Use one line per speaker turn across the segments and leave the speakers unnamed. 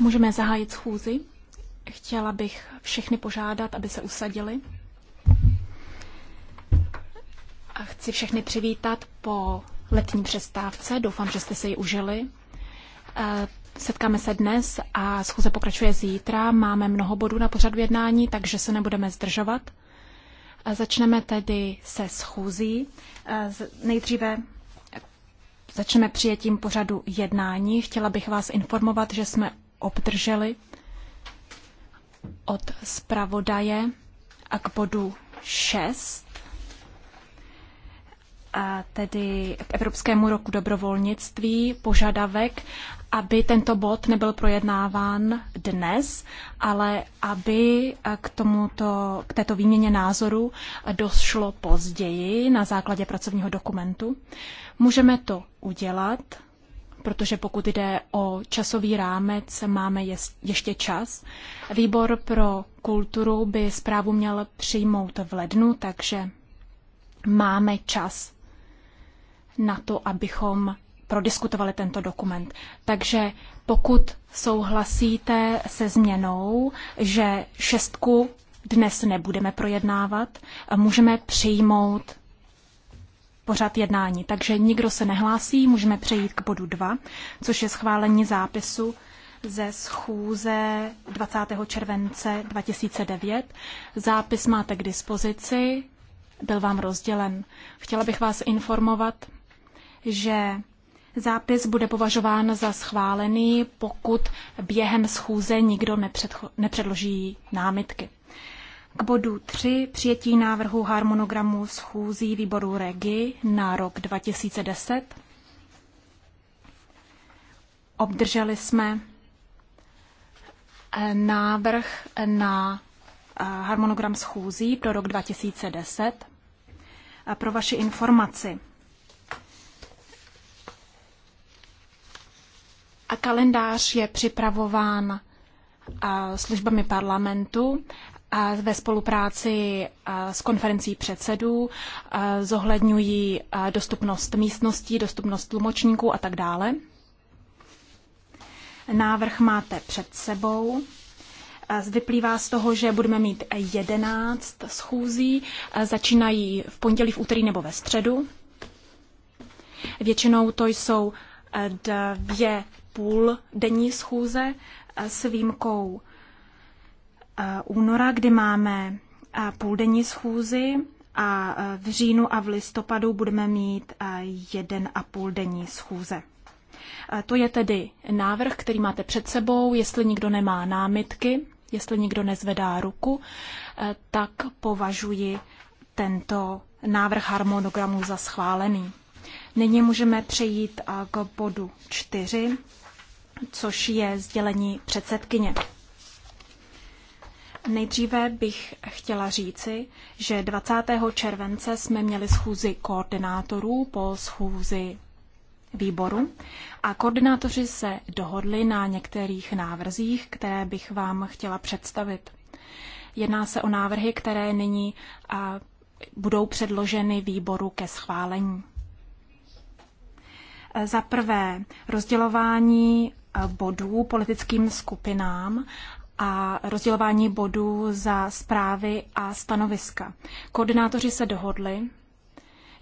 Můžeme zahájit schůzi. Chtěla bych všechny požádat, aby se usadili. A chci všechny přivítat po letní přestávce. Doufám, že jste se ji užili. Eh, setkáme se dnes a schůze pokračuje zítra. Máme mnoho bodů na pořadu jednání, takže se nebudeme zdržovat. Eh, začneme tedy se schůzí. Eh, nejdříve Začneme přijetím pořadu jednání. Chtěla bych vás informovat, že jsme obdrželi od zpravodaje a k bodu 6, a tedy k Evropskému roku dobrovolnictví, požadavek aby tento bod nebyl projednáván dnes, ale aby eh, k, tomuto, k této výměně názoru eh, došlo později na základě pracovního dokumentu. Můžeme to udělat, protože pokud jde o časový rámec, máme ještě čas. Výbor pro kulturu by zprávu měl přijmout v lednu, takže máme čas na to, abychom prodiskutovali tento dokument. Takže pokud souhlasíte se změnou, že šestku dnes nebudeme projednávat, můžeme přijmout pořad jednání. Takže nikdo se nehlásí, můžeme přejít k bodu 2, což je schválení zápisu ze schůze 20. července 2009. Zápis máte k dispozici, byl vám rozdělen. Chtěla bych vás informovat, že Zápis bude považován za schválený, pokud během schůze nikdo nepředloží námitky. K bodu 3 přijetí návrhu harmonogramu schůzí výboru REGI na rok 2010. Obdrželi jsme eh, návrh na eh, harmonogram schůzí pro rok 2010. Pro vaši informaci, A kalendář je připravován službami parlamentu ve spolupráci s konferencí předsedů zohledňují dostupnost místností, dostupnost tlumočníků a tak dále. Návrh máte před sebou. Vyplývá z toho, že budeme mít 11 schůzí, začínají v pondělí, v úterý nebo ve středu. Většinou to jsou dvě půl denní schůze eh, s výjimkou eh, února, kdy máme eh, půldenní schůzi a v říjnu a v listopadu budeme mít jeden a půl denní schůze. To je tedy návrh, který máte před sebou. Jestli nikdo nemá námitky, jestli nikdo nezvedá ruku, tak považuji tento návrh harmonogramu za schválený. Nyní můžeme přejít k bodu 4, což je sdělení předsedkyně. Nejdříve bych chtěla říci, že 20. července jsme měli schůzi koordinátorů po schůzi výboru a koordinátoři se dohodli na některých návrzích, které bych vám chtěla představit. Jedná se o návrhy, které nyní a, budou předloženy výboru ke schválení. Za prvé rozdělování bodů politickým skupinám a rozdělování bodů za zprávy a stanoviska. Koordinátoři se dohodli,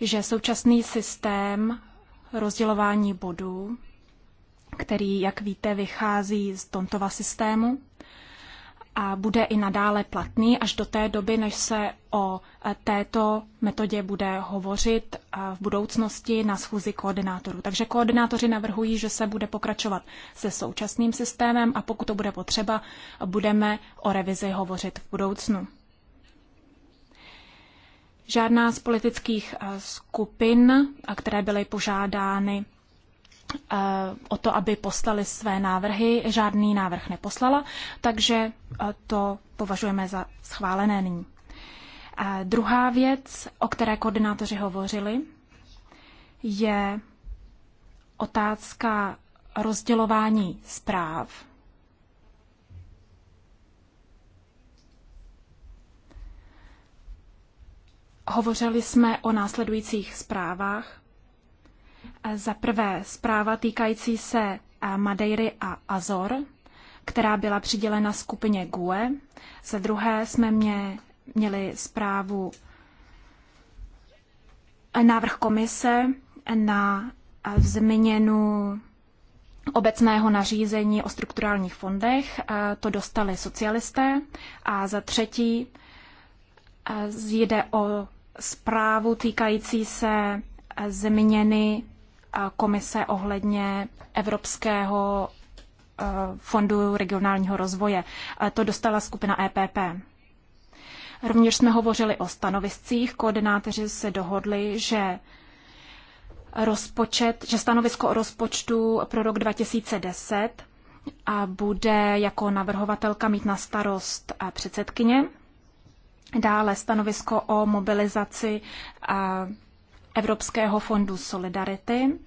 že současný systém rozdělování bodů, který, jak víte, vychází z Tontova systému, a bude i nadále platný až do té doby, než se o e, této metodě bude hovořit e, v budoucnosti na schůzi koordinátorů. Takže koordinátoři navrhují, že se bude pokračovat se současným systémem a pokud to bude potřeba, budeme o revizi hovořit v budoucnu. Žádná z politických e, skupin, které byly požádány Eh, o to, aby poslali své návrhy. Žádný návrh neposlala, takže eh, to považujeme za schválené nyní. A eh, druhá věc, o které koordinátoři hovořili, je otázka rozdělování zpráv. Hovořili jsme o následujících zprávách. Za prvé zpráva týkající se Madeiry a Azor, která byla přidělena skupině GUE. Za druhé jsme mě, měli zprávu návrh komise na změnu obecného nařízení o strukturálních fondech. To dostali socialisté. A za třetí jde o zprávu týkající se změny komise ohledně Evropského eh, fondu regionálního rozvoje. To dostala skupina EPP. Rovněž jsme hovořili o stanoviscích. Koordinátoři se dohodli, že rozpočet, že stanovisko o rozpočtu pro rok 2010 a bude jako navrhovatelka mít na starost eh, předsedkyně. Dále stanovisko o mobilizaci eh, Evropského fondu Solidarity,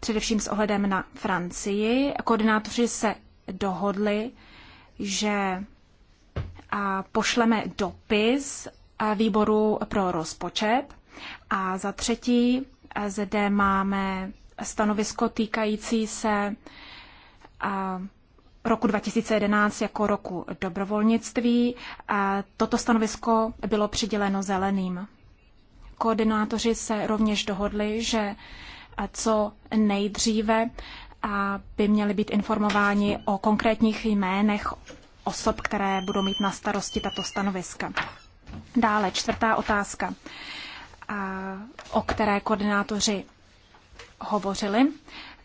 především s ohledem na Francii. Koordinátoři se dohodli, že pošleme dopis výboru pro rozpočet. A za třetí zde máme stanovisko týkající se roku 2011 jako roku dobrovolnictví. A toto stanovisko bylo přiděleno zeleným. Koordinátoři se rovněž dohodli, že co nejdříve a by měli být informováni o konkrétních jménech osob, které budou mít na starosti tato stanoviska. Dále čtvrtá otázka, o které koordinátoři hovořili.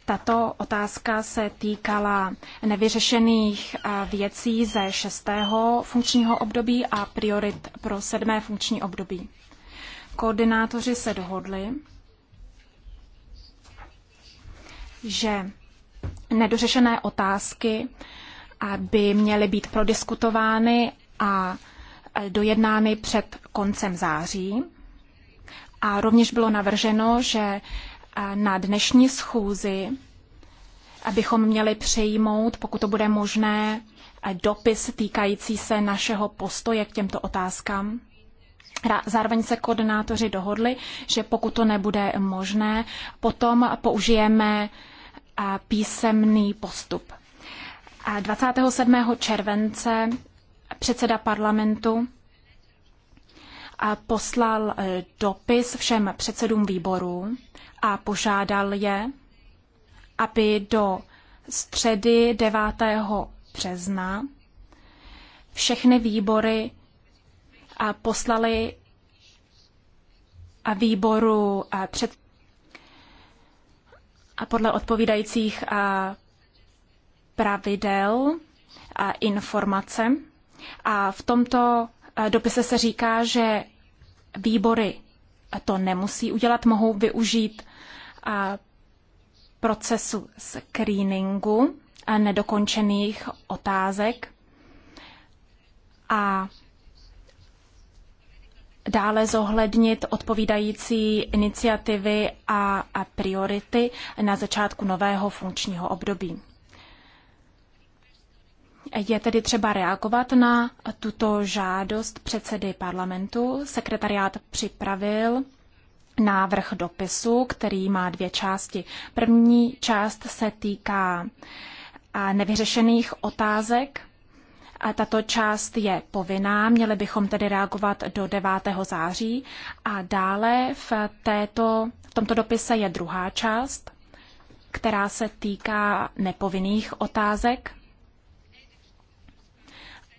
Tato otázka se týkala nevyřešených eh, věcí ze šestého funkčního období a priorit pro sedmé funkční období. Koordinátoři se dohodli, že nedořešené otázky eh, by měly být prodiskutovány a eh, dojednány před koncem září. A rovněž bylo navrženo, že na dnešní schůzi abychom měli přejmout, pokud to bude možné, dopis týkající se našeho postoje k těmto otázkám. Zároveň se koordinátoři dohodli, že pokud to nebude možné, potom použijeme písemný postup. 27. července předseda parlamentu poslal e, dopis všem předsedům výborů a požádal je, aby do středy 9. března všechny výbory a poslali a výboru a před a podle odpovídajících a pravidel a informace. A v tomto dopise se říká, že výbory to nemusí udělat, mohou využít procesu screeningu nedokončených otázek a dále zohlednit odpovídající iniciativy a, a priority na začátku nového funkčního období. Je tedy třeba reagovat na tuto žádost předsedy parlamentu. Sekretariát připravil návrh dopisu, který má dvě části. První část se týká nevyřešených otázek. A tato část je povinná, měli bychom tedy reagovat do 9. září. A dále v, této, v tomto dopise je druhá část, která se týká nepovinných otázek.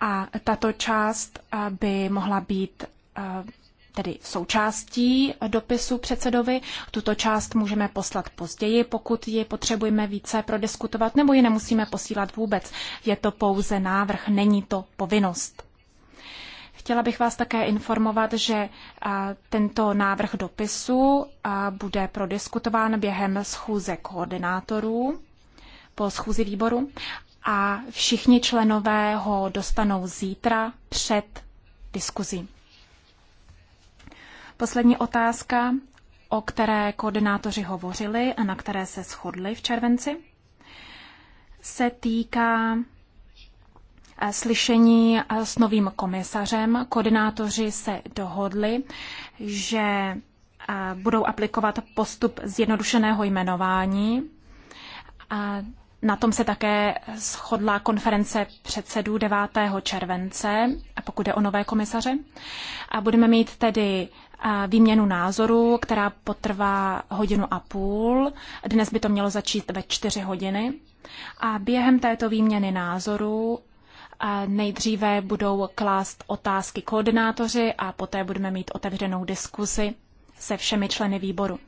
A tato část by mohla být tedy součástí dopisu předsedovi. Tuto část můžeme poslat později, pokud ji potřebujeme více prodiskutovat, nebo ji nemusíme posílat vůbec. Je to pouze návrh, není to povinnost. Chtěla bych vás také informovat, že tento návrh dopisu bude prodiskutován během schůze koordinátorů po schůzi výboru a všichni členové ho dostanou zítra před diskuzí. Poslední otázka, o které koordinátoři hovořili a na které se shodli v červenci, se týká eh, slyšení eh, s novým komisařem. Koordinátoři se dohodli, že eh, budou aplikovat postup zjednodušeného jmenování. A na tom se také shodla konference předsedů 9. července, pokud jde o nové komisaře. A budeme mít tedy výměnu názorů, která potrvá hodinu a půl. Dnes by to mělo začít ve čtyři hodiny. A během této výměny názorů nejdříve budou klást otázky koordinátoři a poté budeme mít otevřenou diskusi se všemi členy výboru.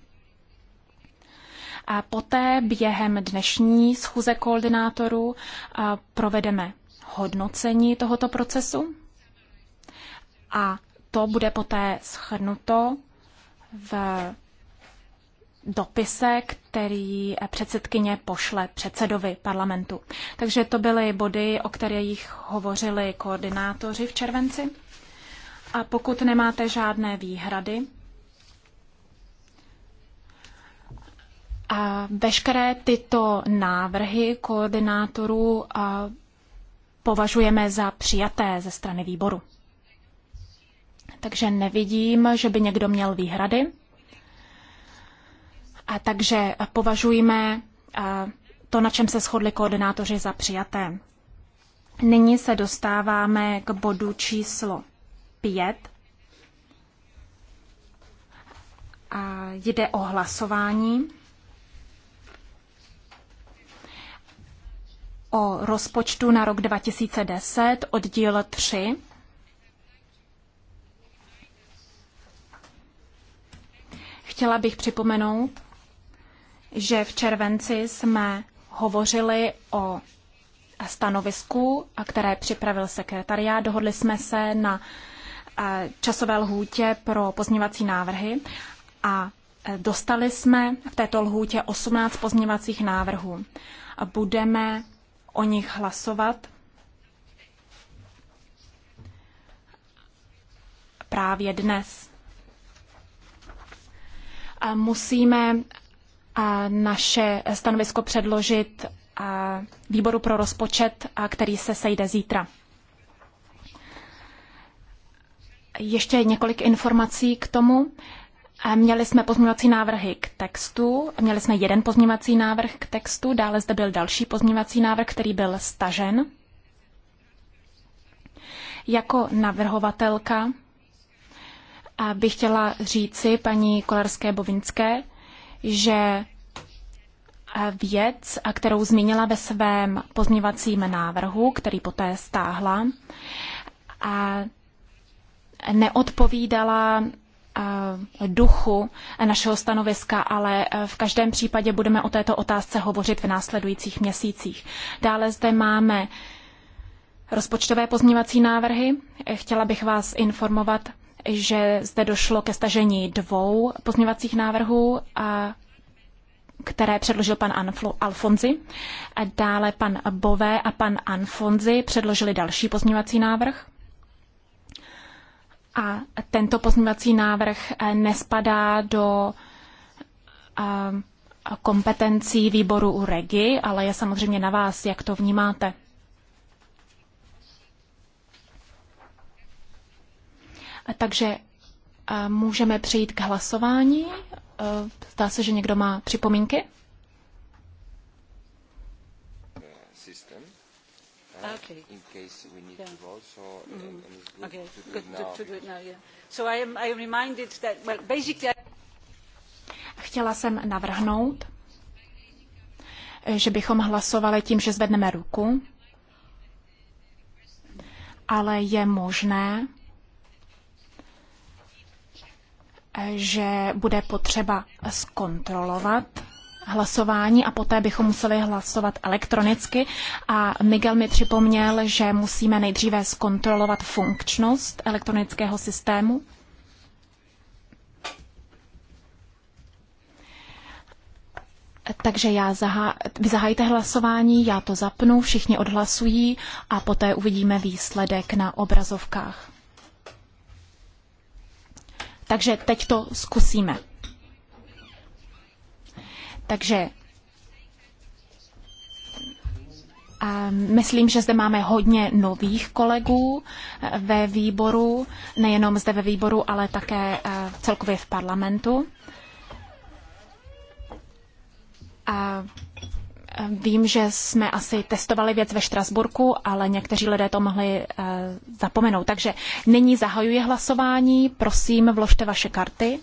A poté během dnešní schůze koordinátorů provedeme hodnocení tohoto procesu a to bude poté schrnuto v dopise, který předsedkyně pošle předsedovi parlamentu. Takže to byly body, o kterých hovořili koordinátoři v červenci. A pokud nemáte žádné výhrady, a veškeré tyto návrhy koordinátorů považujeme za přijaté ze strany výboru takže nevidím, že by někdo měl výhrady. A takže považujeme eh, to, na čem se shodli koordinátoři, za přijaté. Nyní se dostáváme k bodu číslo 5. A jde o hlasování o rozpočtu na rok 2010, oddíl 3. Chtěla bych připomenout, že v červenci jsme hovořili o stanovisku, které připravil sekretariát. Dohodli jsme se na e, časové lhůtě pro pozměvací návrhy a e, dostali jsme v této lhůtě 18 pozměvacích návrhů. Budeme o nich hlasovat právě dnes musíme naše stanovisko předložit výboru pro rozpočet, který se sejde zítra. Ještě několik informací k tomu. Měli jsme pozměňovací návrhy k textu, měli jsme jeden pozměňovací návrh k textu, dále zde byl další pozměňovací návrh, který byl stažen. Jako navrhovatelka bych chtěla říci paní Kolarské Bovinské, že věc, kterou zmínila ve svém pozměvacím návrhu, který poté stáhla, a neodpovídala eh, duchu našeho stanoviska, ale eh, v každém případě budeme o této otázce hovořit v následujících měsících. Dále zde máme rozpočtové pozměvací návrhy. Chtěla bych vás informovat že zde došlo ke stažení dvou pozměňovacích návrhů, a které předložil pan Anflo, Alfonzi. A dále pan Bové a pan Anfonzi předložili další pozměňovací návrh. A tento pozměňovací návrh eh, nespadá do eh, kompetencí výboru u REGI, ale je samozřejmě na vás, jak to vnímáte. Takže můžeme přejít k hlasování. E, zdá se, že někdo má připomínky.
Ah, okay. in case we need yeah. to vote. So, mm -hmm. it's good, okay. to, do good, to
do it now. Yeah. So I am, I am reminded that, well, basically...
Chtěla jsem navrhnout, že bychom hlasovali tím, že zvedneme ruku, ale je možné, že bude potřeba zkontrolovat hlasování a poté bychom museli hlasovat elektronicky. A Miguel mi připomněl, že musíme nejdříve zkontrolovat funkčnost elektronického systému. Takže já zahá... vy zahájíte hlasování, já to zapnu, všichni odhlasují a poté uvidíme výsledek na obrazovkách. Takže teď to zkusíme. Takže Myslím, že zde máme hodně nových kolegů ve výboru, nejenom zde ve výboru, ale také e, celkově v parlamentu. A Vím, že jsme asi testovali věc ve Štrasburku, ale někteří lidé to mohli eh, zapomenout. Takže nyní zahajuji hlasování. Prosím, vložte vaše karty.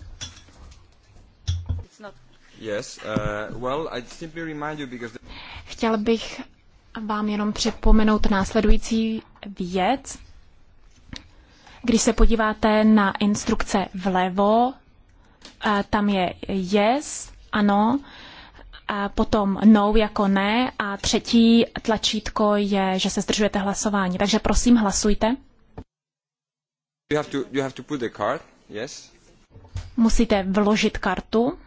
Uh, Chtěl bych vám jenom připomenout následující věc. Když se podíváte na instrukce vlevo, eh, tam je yes, ano, a potom no jako ne a třetí tlačítko je, že se zdržujete hlasování. Takže prosím, hlasujte.
You have to, you have to put the card. Yes.
Musíte vložit kartu.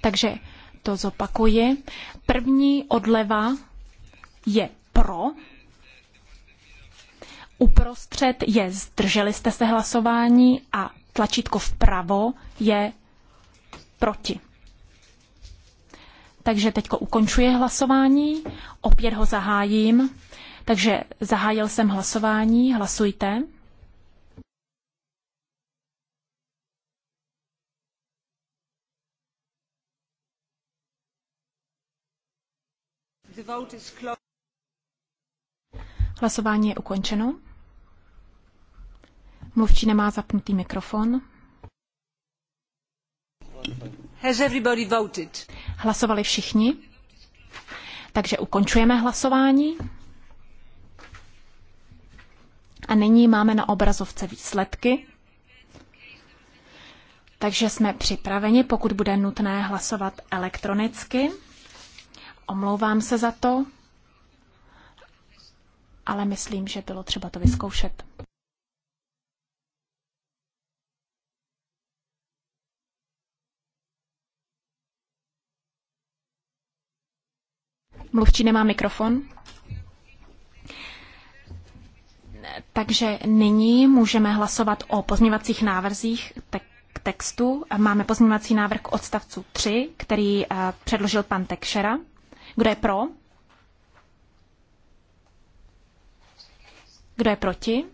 Takže to zopakuje. První odleva je pro. Uprostřed je zdrželi jste se hlasování a tlačítko vpravo je proti. Takže teďko ukončuji hlasování, opět ho zahájím. Takže zahájil jsem hlasování, hlasujte. Hlasování je ukončeno. Mluvčí nemá zapnutý mikrofon.
Has everybody voted?
Hlasovali všichni. Takže ukončujeme hlasování. A nyní máme na obrazovce výsledky. Takže jsme připraveni, pokud bude nutné hlasovat elektronicky. Omlouvám se za to, ale myslím, že bylo třeba to vyzkoušet. Mluvčí nemá mikrofon. Takže nyní můžeme hlasovat o pozměňovacích návrzích k textu. Máme pozměňovací návrh k odstavcu 3, který eh, předložil pan Tekšera. Kdo je pro? Kdo je proti?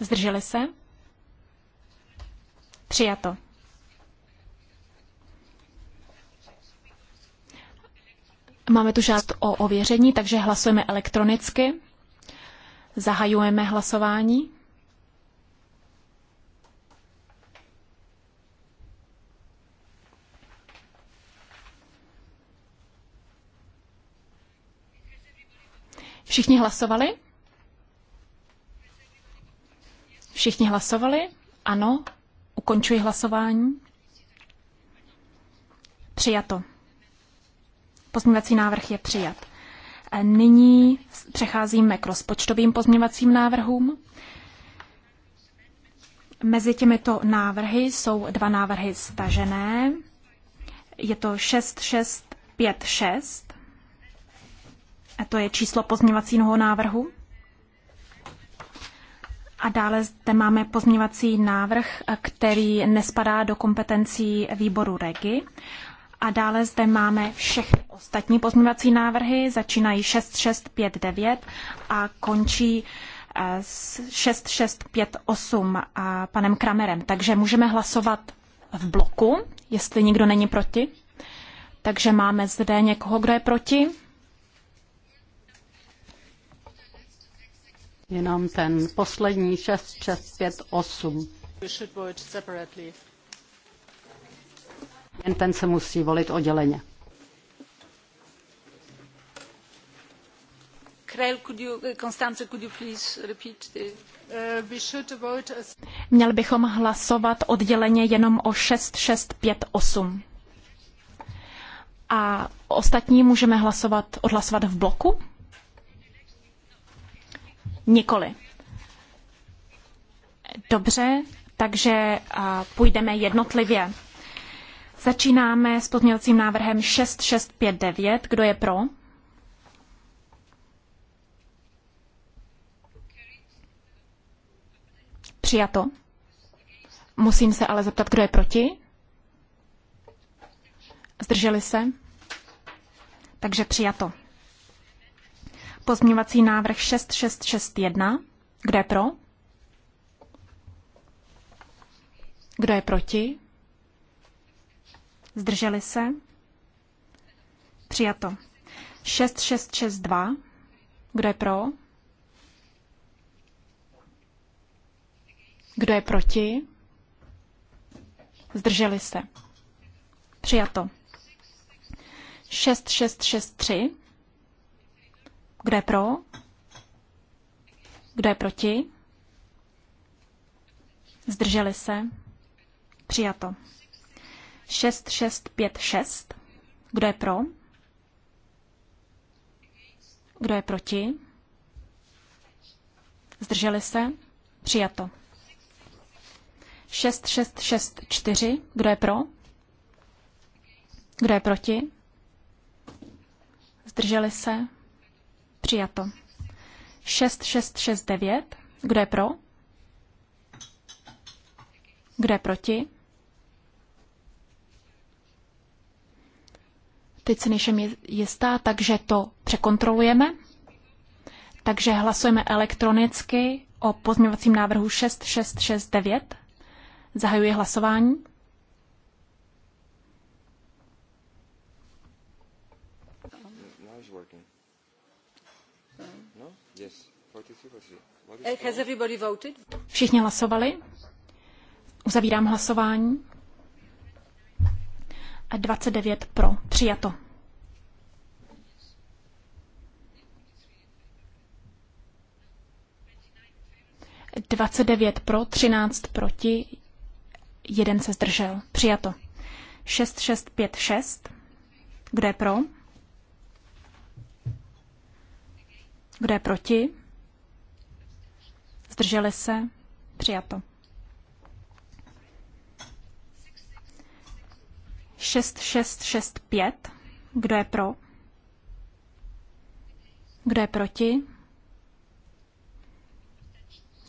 Zdrželi se? Přijato. Máme tu žádost o ověření, takže hlasujeme elektronicky. Zahajujeme hlasování. Všichni hlasovali? Všichni hlasovali? Ano. Ukončuji hlasování. Přijato. Pozměňovací návrh je přijat. E, nyní přecházíme k rozpočtovým pozměňovacím návrhům. Mezi těmito návrhy jsou dva návrhy stažené. Je to 6656 a to je číslo pozměňovacího návrhu. A dále zde máme pozměňovací návrh, který nespadá do kompetencí výboru REGI. A dále zde máme všechny ostatní pozměňovací návrhy, začínají 6659 a končí 6658 eh, a eh, panem Kramerem. Takže můžeme hlasovat v bloku, jestli nikdo není proti. Takže máme zde někoho, kdo je proti.
jenom ten poslední 6, 6, 5, 8. Jen ten se musí volit odděleně. Eh, uh,
měl bychom hlasovat odděleně jenom o 6658. A ostatní můžeme hlasovat, odhlasovat v bloku? nikoli. Dobře, takže půjdeme jednotlivě. Začínáme s pozměňovacím návrhem 6659. Kdo je pro? Přijato. Musím se ale zeptat, kdo je proti? Zdrželi se? Takže přijato. Pozměňovací návrh 6661. Kdo je pro? Kdo je proti? Zdrželi se? Přijato. 6662. Kdo je pro? Kdo je proti? Zdrželi se. Přijato. 6663. Kdo je pro? Kdo je proti? Zdrželi se? Přijato. 6656. Kdo je pro? Kdo je proti? Zdrželi se? Přijato. 6664. Kdo je pro? Kdo je proti? Zdrželi se? Přijato. 6669. Kdo je pro? Kdo je proti? Teď se nejsem jistá, takže to překontrolujeme. Takže hlasujeme elektronicky o pozměňovacím návrhu 6669. Zahajuji hlasování. Všichni hlasovali? Uzavírám hlasování. 29 pro. Přijato. Dvacet devět pro, třináct proti, jeden se zdržel. Přijato. Šest šest pět šest. Kdo je pro? Kdo je proti? Zdrželi se? Přijato. 6665. Kdo je pro? Kdo je proti?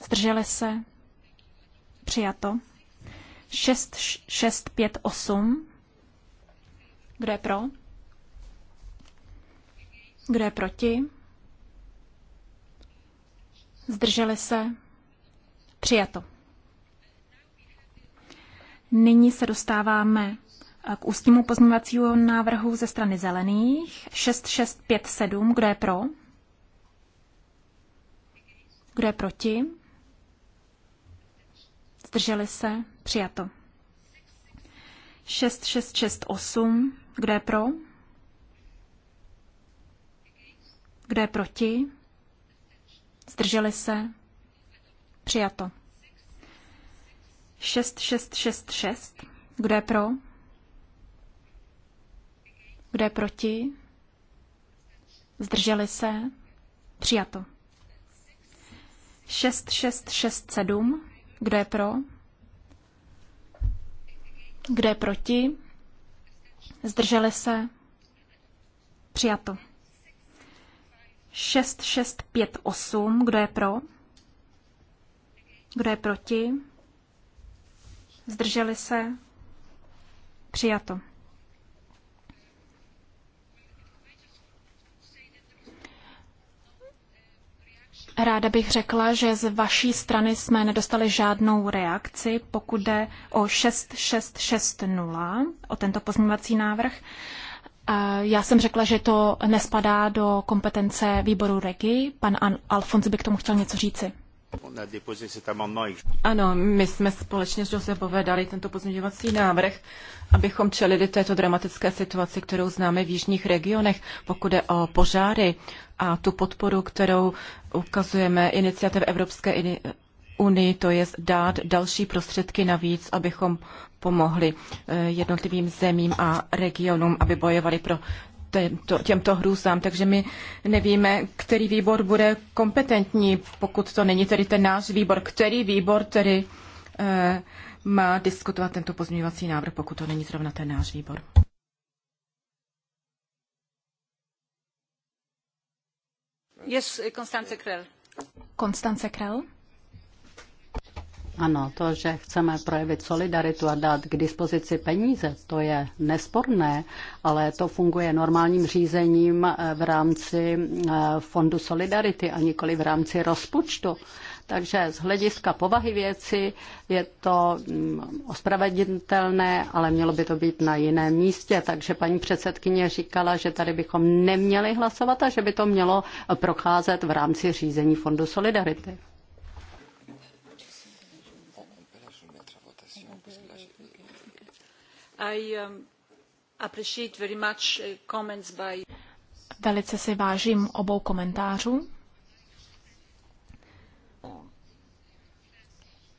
Zdrželi se? Přijato. 6658. Kdo je pro? Kdo je proti? Zdrželi se? Přijato. Nyní se dostáváme eh, k ústnímu pozměňovacího návrhu ze strany zelených 6657. Kdo je pro? Kdo je proti? Zdrželi se? Přijato. 6668. Kdo je pro? Kdo je proti? Zdrželi se? Přijato. 6666. Kdo je pro? Kdo je proti? Zdrželi se? Přijato. 6667. Kdo je pro? Kdo je proti? Zdrželi se? Přijato. 6658, kdo je pro? Kdo je proti? Zdrželi se? Přijato. Ráda bych řekla, že z vaší strany jsme nedostali žádnou reakci, pokud jde o 6660, o tento pozměňovací návrh. Já jsem řekla, že to nespadá do kompetence výboru REGI. Pan Alfons by k tomu chtěl něco říci. Ano, my jsme společně s Josefové dali tento
pozměňovací návrh, abychom čelili této dramatické situaci, kterou známe v jižních regionech, pokud jde o požáry a tu podporu, kterou ukazujeme iniciativ Evropské unii, to je dát další prostředky navíc, abychom pomohli eh, jednotlivým zemím a regionům, aby bojovali pro těmto, těmto hrůzám. Takže my nevíme, který výbor bude kompetentní, pokud to není tedy ten náš výbor. Který výbor tedy eh, má diskutovat tento pozměňovací návrh, pokud to není zrovna ten
náš výbor. Yes, Konstance
Krell. Konstance Krell. Ano, to, že chceme projevit solidaritu a dát k dispozici peníze, to je nesporné, ale to funguje normálním řízením eh, v rámci eh, Fondu Solidarity a nikoli v rámci rozpočtu. Takže z hlediska povahy věci je to mm, ospravedlnitelné, ale mělo by to být na jiném místě. Takže paní předsedkyně říkala, že tady bychom neměli hlasovat a že by to mělo procházet v rámci řízení Fondu Solidarity.
Um, uh,
Velice si vážím obou komentářů.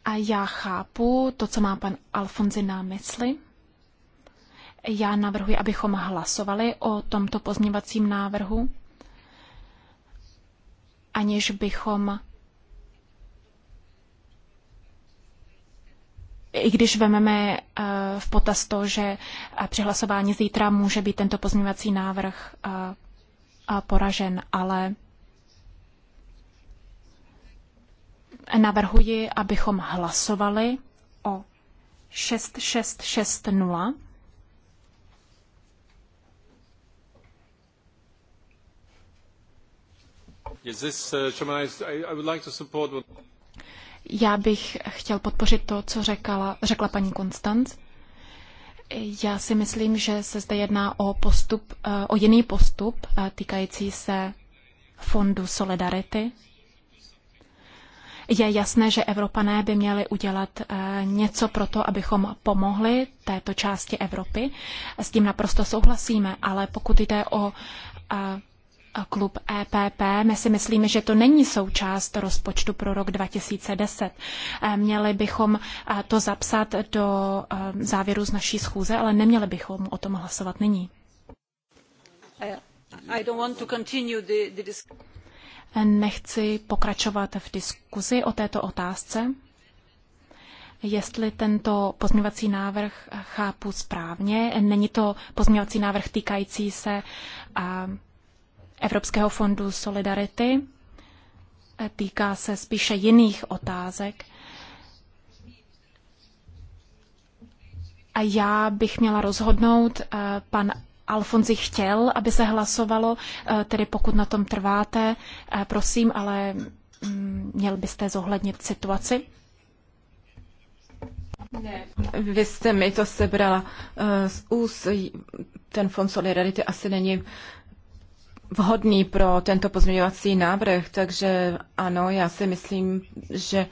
A já chápu to, co má pan Alfonzi na mysli. Já navrhuji, abychom hlasovali o tomto pozměňovacím návrhu, aniž bychom i když vememe eh, v potaz to, že eh, při hlasování zítra může být tento pozměňovací návrh eh, poražen, ale navrhuji, abychom hlasovali o 6660.
Yes, this, uh, Chairman, I, I would like to support what...
Já bych chtěl podpořit to, co řekla, řekla paní Konstanc. Já si myslím, že se zde jedná o, postup, eh, o jiný postup eh, týkající se fondu Solidarity. Je jasné, že Evropané by měli udělat eh, něco pro to, abychom pomohli této části Evropy. S tím naprosto souhlasíme, ale pokud jde o klub EPP. My si myslíme, že to není součást rozpočtu pro rok 2010. Eh, měli bychom eh, to zapsat do eh, závěru z naší schůze, ale neměli bychom o tom hlasovat nyní. Nechci pokračovat v diskuzi o této otázce. Jestli tento pozměňovací návrh chápu správně, není to pozměňovací návrh týkající se Evropského fondu Solidarity. E, týká se spíše jiných otázek. A já bych měla rozhodnout, e, pan Alfonzi chtěl, aby se hlasovalo, e, tedy pokud na tom trváte, prosím, ale mm, měl byste zohlednit situaci. Ne. Vy jste mi to sebrala z
úst. Ten fond Solidarity asi není vhodný pro tento pozměňovací návrh, takže ano, já si myslím, že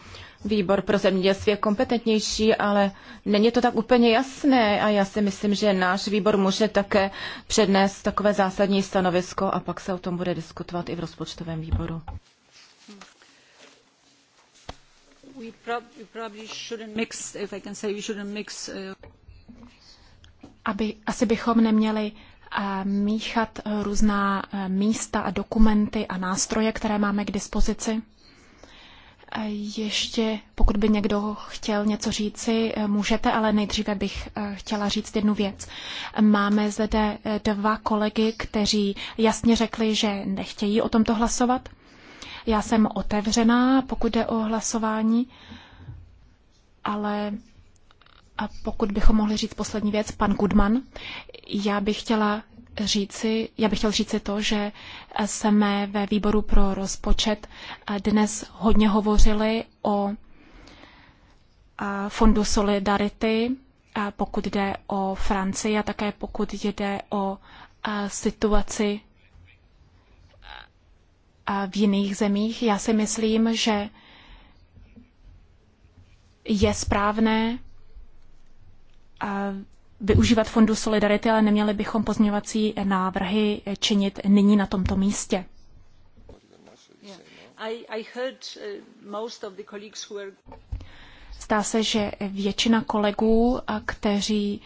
výbor pro zemědělství je kompetentnější, ale není to tak úplně jasné a já si myslím, že náš výbor může také přednést takové zásadní stanovisko a pak se o tom bude diskutovat i v rozpočtovém výboru.
Uh,
Aby, asi bychom neměli míchat různá eh, místa a dokumenty a nástroje, které máme k dispozici. Eh, ještě, pokud by někdo chtěl něco říci, eh, můžete, ale nejdříve bych chtěla říct jednu věc. Máme zde dva kolegy, kteří jasně řekli, že nechtějí o tomto hlasovat. Já jsem otevřená, pokud jde o hlasování, ale a pokud bychom mohli říct poslední věc, pan Goodman, já bych chtěla říci, já bych chtěl říci to, že jsme ve výboru pro rozpočet dnes hodně hovořili o fondu Solidarity, pokud jde o Francii a také pokud jde o situaci v jiných zemích. Já si myslím, že je správné využívat fondu Solidarity, ale neměli bychom pozměňovací návrhy činit nyní na tomto místě. Uh, Zdá se, že většina kolegů, kteří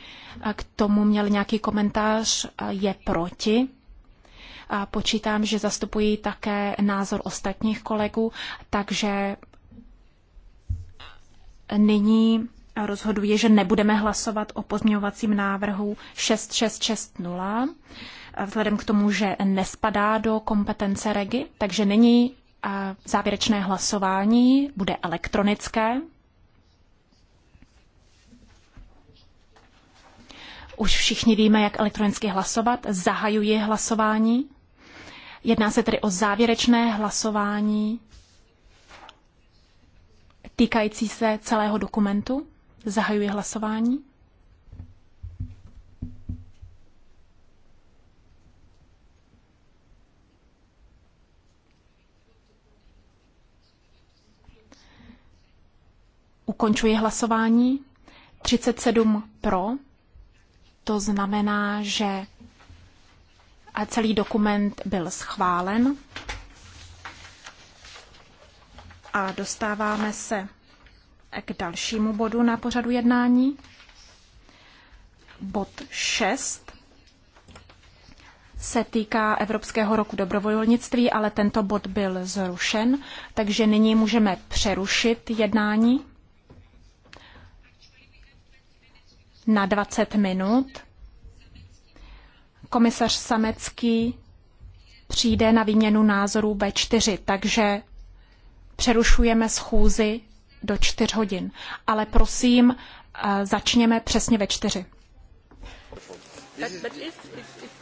k tomu měli nějaký komentář, je proti. A počítám, že zastupují také názor ostatních kolegů, takže nyní rozhoduji, že nebudeme hlasovat o pozměňovacím návrhu 6660, vzhledem k tomu, že nespadá do kompetence REGI, takže není závěrečné hlasování, bude elektronické. Už všichni víme, jak elektronicky hlasovat. Zahajuji hlasování. Jedná se tedy o závěrečné hlasování týkající se celého dokumentu. Zahajuji hlasování. Ukončuji hlasování. 37 pro. To znamená, že a celý dokument byl schválen. A dostáváme se k dalšímu bodu na pořadu jednání. Bod 6 se týká Evropského roku dobrovolnictví, ale tento bod byl zrušen, takže nyní můžeme přerušit jednání na 20 minut. Komisař Samecký přijde na výměnu názorů B4, takže přerušujeme schůzi do čtyř hodin. Ale prosím, eh, začněme přesně ve čtyři.
But, but if, if, if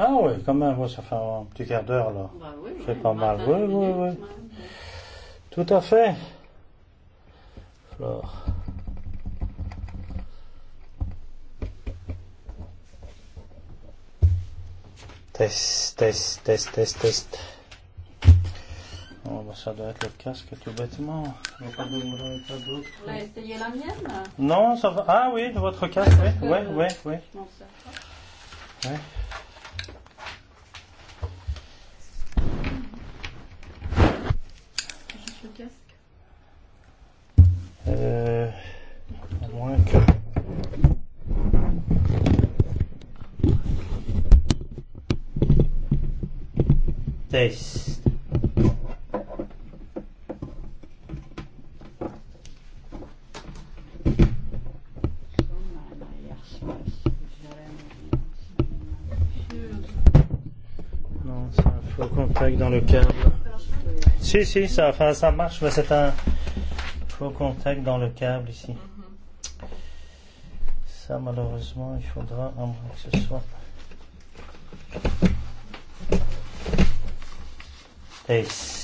Ah oui, quand même, ouais, ça fait un petit quart d'heure là. Bah oui, c'est pas mal. Oui, oui, oui. Ouais. Tout à fait. Flore. Test, test, test, test, test. Oh, bah ça doit être le casque tout bêtement. Il a pas de Vous l'avez
essayé la mienne
Non, ça va. Ah oui, de votre casque, oui, oui, oui. oui. Ouais. text. Non, c'est un faux contact dans le câble. Si, si, ça, enfin, ça marche, mais c'est un faux contact dans le câble ici. Ça, malheureusement, il faudra un que ce soit. Thanks.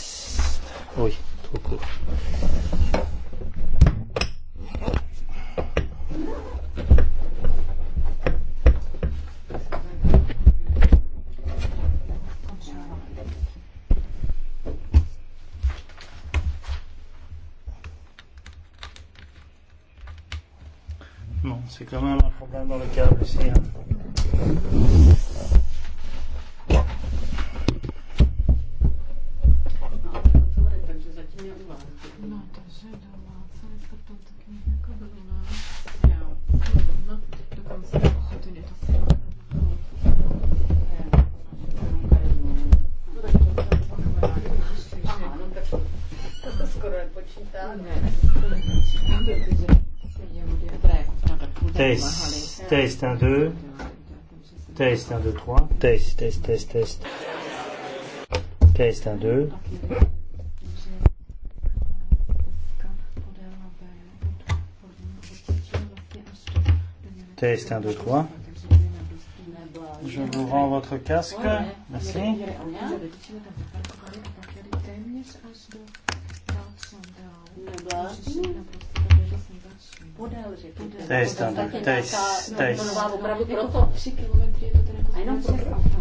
2. Test 1, 2, 3. Test, test, test, test. Test 1, 2. Test 1, 2, 3. Je vous rends votre casque. Merci.
To je standard, to je, to je... je, to je, to je to teda jako...
A jenom proto.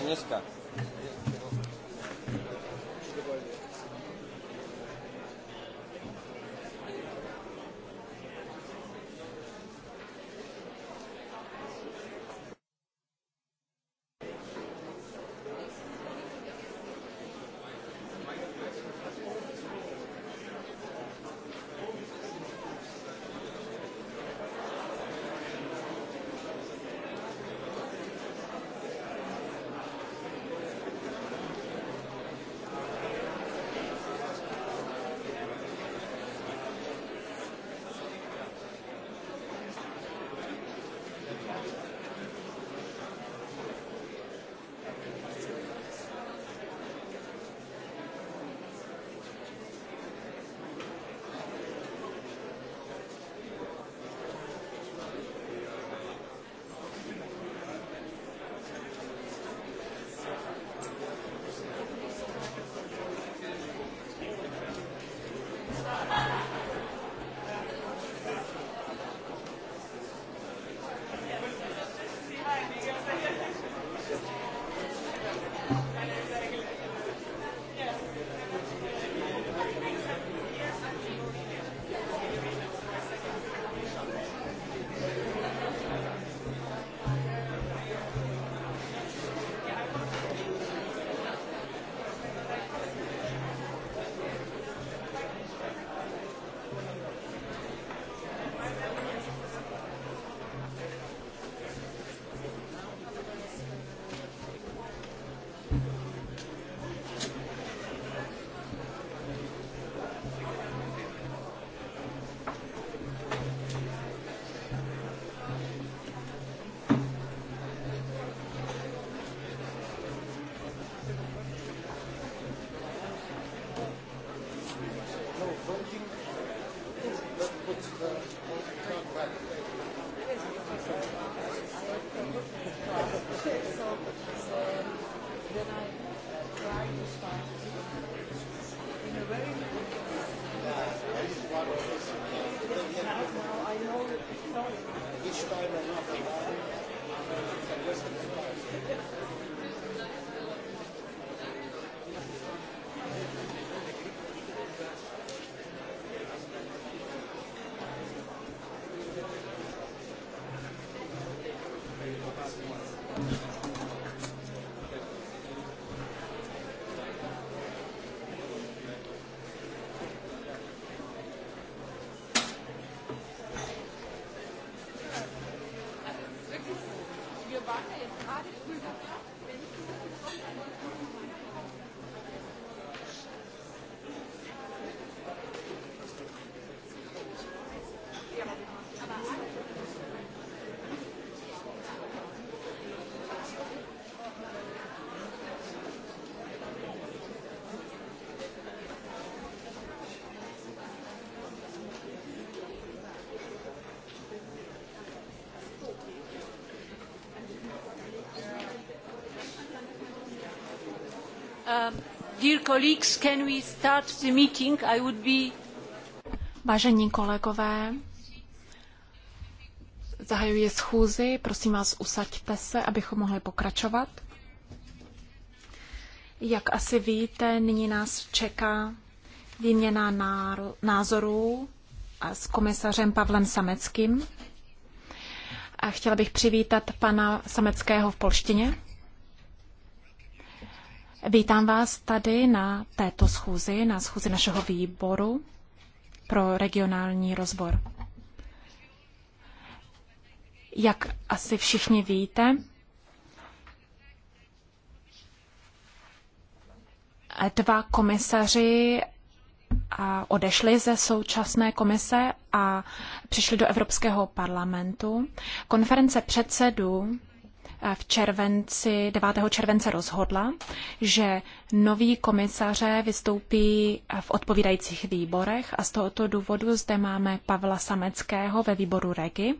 Agnieszka.
Vážení kolegové, zahajuji schůzi, prosím vás, usaďte se, abychom mohli pokračovat. Jak asi víte, nyní nás čeká výměna názorů s komisařem Pavlem Sameckým. A chtěla bych přivítat pana Sameckého v polštině. Vítám vás tady na této schůzi, na schůzi našeho výboru pro regionální rozbor. Jak asi všichni víte, dva komisaři odešli ze současné komise a přišli do Evropského parlamentu. Konference předsedů Eh, v červenci, 9. července rozhodla, že noví komisaře vystoupí eh, v odpovídajících výborech a z tohoto důvodu zde máme Pavla Sameckého ve výboru REGI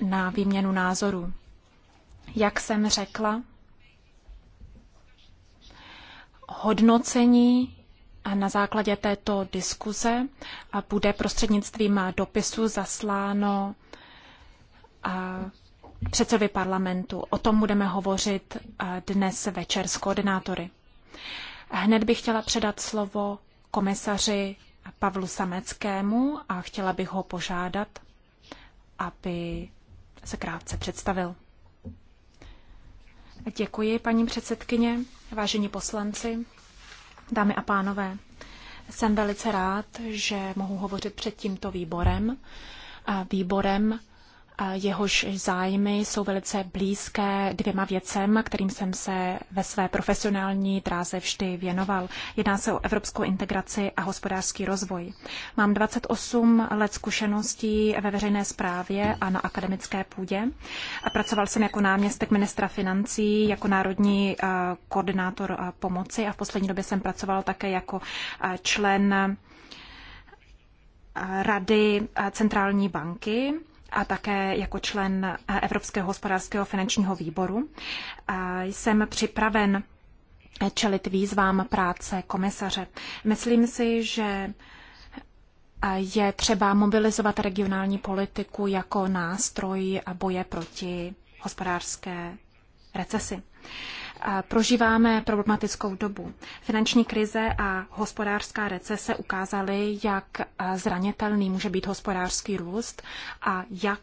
na výměnu názoru. Jak jsem řekla, hodnocení a eh, na základě této diskuze bude prostřednictvím dopisu zasláno předsedovi parlamentu. O tom budeme hovořit eh, dnes večer s koordinátory. Hned bych chtěla předat slovo komisaři Pavlu Sameckému a chtěla bych ho požádat, aby se krátce představil. Děkuji, paní předsedkyně, vážení poslanci, dámy a pánové. Jsem velice rád, že mohu hovořit před tímto výborem, výborem, jehož zájmy jsou velice blízké dvěma věcem, kterým jsem se ve své profesionální dráze vždy věnoval. Jedná se o evropskou integraci a hospodářský rozvoj. Mám 28 let zkušeností ve veřejné správě a na akademické půdě. Pracoval jsem jako náměstek ministra financí, jako národní eh, koordinátor eh, pomoci a v poslední době jsem pracoval také jako eh, člen Rady centrální banky a také jako člen eh, Evropského hospodářského finančního výboru jsem připraven eh, čelit výzvám práce komisaře. Myslím si, že eh, je třeba mobilizovat regionální politiku jako nástroj boje proti hospodářské recesi. Prožíváme problematickou dobu. Finanční krize a hospodářská recese ukázaly, jak eh, zranitelný může být hospodářský růst a jak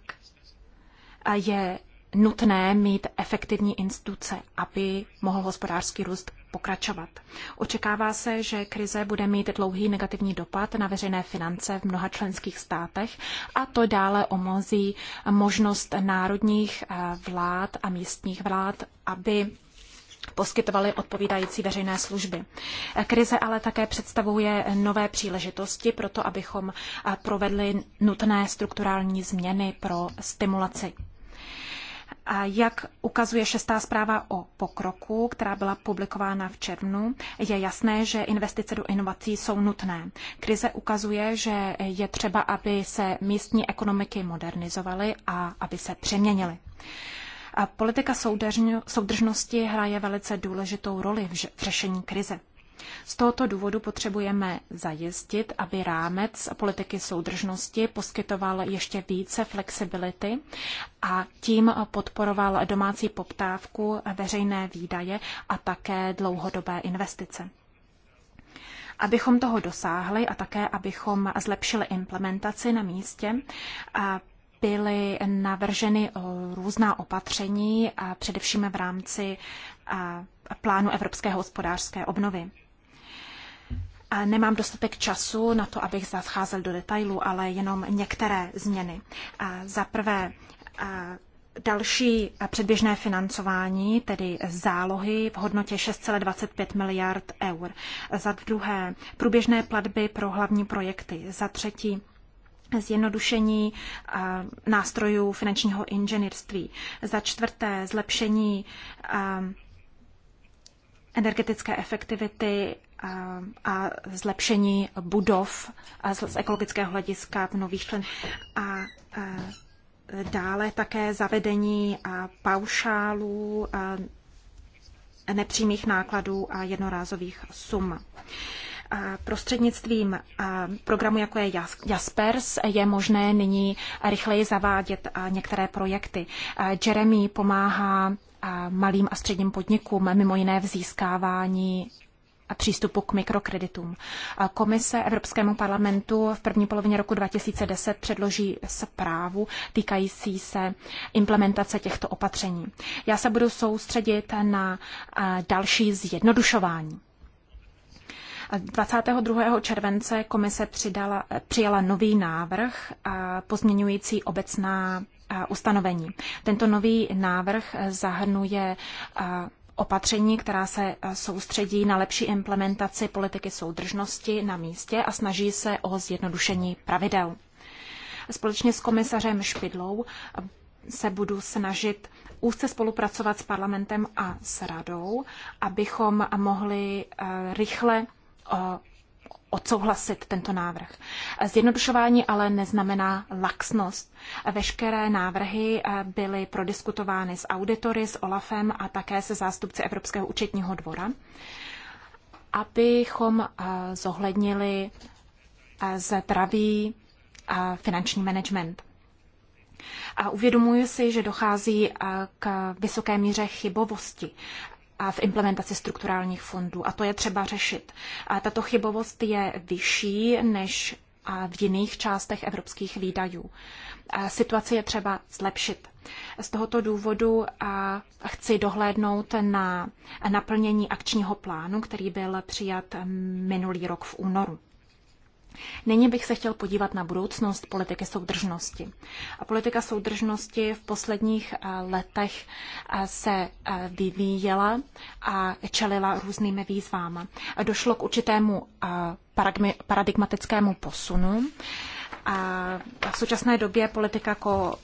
eh, je nutné mít efektivní instituce, aby mohl hospodářský růst pokračovat. Očekává se, že krize bude mít dlouhý negativní dopad na veřejné finance v mnoha členských státech a to dále omozí možnost národních eh, vlád a místních vlád, aby poskytovaly odpovídající veřejné služby. Krize ale také představuje nové příležitosti pro to, abychom provedli nutné strukturální změny pro stimulaci. A jak ukazuje šestá zpráva o pokroku, která byla publikována v červnu, je jasné, že investice do inovací jsou nutné. Krize ukazuje, že je třeba, aby se místní ekonomiky modernizovaly a aby se přeměnily. A politika soudržnosti hraje velice důležitou roli v řešení krize. Z tohoto důvodu potřebujeme zajistit, aby rámec politiky soudržnosti poskytoval ještě více flexibility a tím podporoval domácí poptávku, veřejné výdaje a také dlouhodobé investice. Abychom toho dosáhli a také abychom zlepšili implementaci na místě, byly navrženy různá opatření, a především v rámci plánu Evropské hospodářské obnovy. A nemám dostatek času na to, abych zacházel do detailů, ale jenom některé změny. Za prvé, Další předběžné financování, tedy zálohy v hodnotě 6,25 miliard eur. Za druhé průběžné platby pro hlavní projekty. Za třetí zjednodušení eh, nástrojů finančního inženýrství. Za čtvrté, zlepšení eh, energetické efektivity eh, a zlepšení budov z ekologického hlediska v nových členech. A dále také zavedení paušálů nepřímých nákladů a jednorázových sum prostřednictvím programu, jako je Jaspers, je možné nyní rychleji zavádět některé projekty. Jeremy pomáhá malým a středním podnikům, mimo jiné v získávání přístupu k mikrokreditům. Komise Evropskému parlamentu v první polovině roku 2010 předloží zprávu týkající se implementace těchto opatření. Já se budu soustředit na další zjednodušování. 22. července komise přidala, přijala nový návrh pozměňující obecná ustanovení. Tento nový návrh zahrnuje opatření, která se soustředí na lepší implementaci politiky soudržnosti na místě a snaží se o zjednodušení pravidel. Společně s komisařem Špidlou se budu snažit úzce spolupracovat s parlamentem a s radou, abychom mohli rychle odsouhlasit tento návrh. Zjednodušování ale neznamená laxnost. Veškeré návrhy eh, byly prodiskutovány s auditory, s OLAFem a také se zástupci Evropského účetního dvora, abychom eh, zohlednili eh, zdravý finanční management. A uvědomuji si, že dochází k vysoké míře chybovosti v implementaci strukturálních fondů a to je třeba řešit. A tato chybovost je vyšší než v jiných částech evropských výdajů. Situaci je třeba zlepšit. Z tohoto důvodu chci dohlédnout na naplnění akčního plánu, který byl přijat minulý rok v únoru. Nyní bych se chtěl podívat na budoucnost politiky soudržnosti. A politika soudržnosti v posledních eh, letech eh, se eh, vyvíjela a čelila různými výzvám. Došlo k určitému paradigmatickému posunu. A v současné době politika ko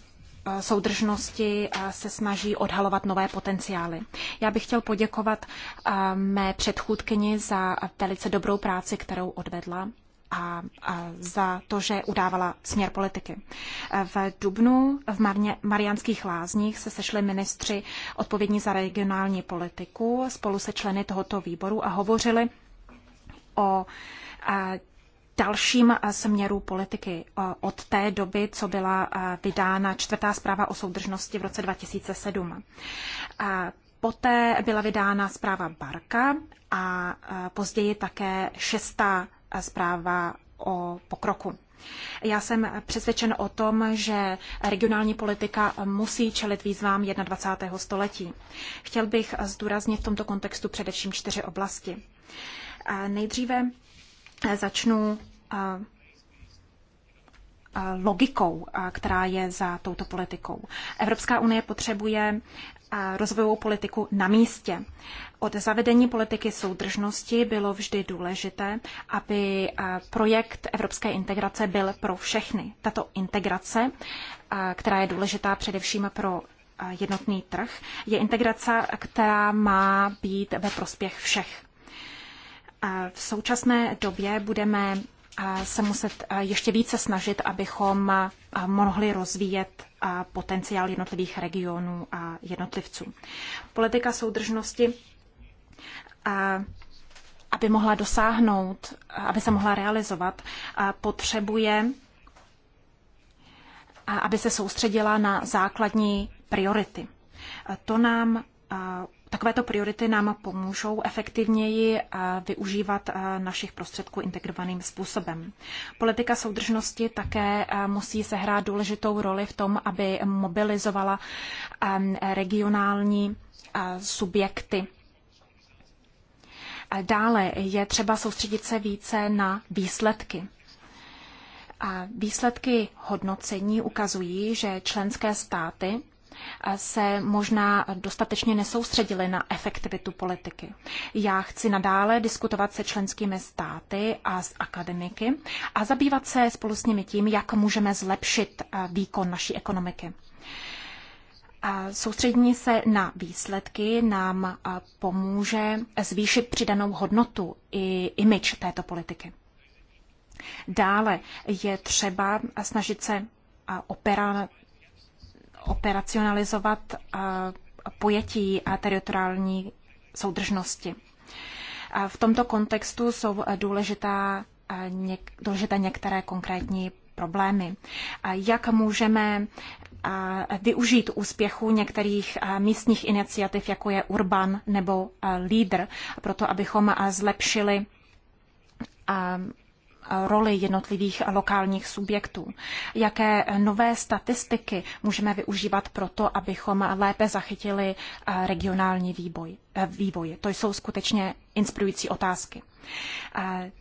soudržnosti se snaží odhalovat nové potenciály. Já bych chtěl poděkovat mé předchůdkyni za velice dobrou práci, kterou odvedla a, a za to, že udávala směr politiky. V Dubnu v Mariánských lázních se sešli ministři odpovědní za regionální politiku spolu se členy tohoto výboru a hovořili o a, dalším směru politiky od té doby, co byla vydána čtvrtá zpráva o soudržnosti v roce 2007. A poté byla vydána zpráva Barka a později také šestá zpráva o pokroku. Já jsem přesvědčen o tom, že regionální politika musí čelit výzvám 21. století. Chtěl bych zdůraznit v tomto kontextu především čtyři oblasti. Nejdříve začnu logikou, která je za touto politikou. Evropská unie potřebuje rozvojovou politiku na místě. Od zavedení politiky soudržnosti bylo vždy důležité, aby projekt evropské integrace byl pro všechny. Tato integrace, která je důležitá především pro jednotný trh, je integrace, která má být ve prospěch všech. V současné době budeme se muset ještě více snažit, abychom mohli rozvíjet potenciál jednotlivých regionů a jednotlivců. Politika soudržnosti, aby mohla dosáhnout, aby se mohla realizovat, potřebuje, aby se soustředila na základní priority. To nám takovéto priority nám pomůžou efektivněji eh, využívat eh, našich prostředků integrovaným způsobem. Politika soudržnosti také eh, musí sehrát důležitou roli v tom, aby mobilizovala regionální subjekty. Dále je třeba soustředit se více na výsledky. A výsledky hodnocení ukazují, že členské státy se možná dostatečně nesoustředili na efektivitu politiky. Já chci nadále diskutovat se členskými státy a s akademiky a zabývat se spolu s nimi tím, jak můžeme zlepšit eh, výkon naší ekonomiky. Soustředění se na výsledky nám eh, pomůže zvýšit přidanou hodnotu i image této politiky. Dále je třeba snažit se eh, operat operacionalizovat eh, pojetí teritoriální soudržnosti. V tomto kontextu jsou eh, důležitá, eh, něk, důležité některé konkrétní problémy. Jak můžeme využít úspěchu některých místních iniciativ, jako je Urban nebo Leader, proto abychom zlepšili roli jednotlivých lokálních subjektů. Jaké nové statistiky můžeme využívat pro to, abychom lépe zachytili eh, regionální výboj, eh, vývoj. To jsou skutečně inspirující otázky. Eh,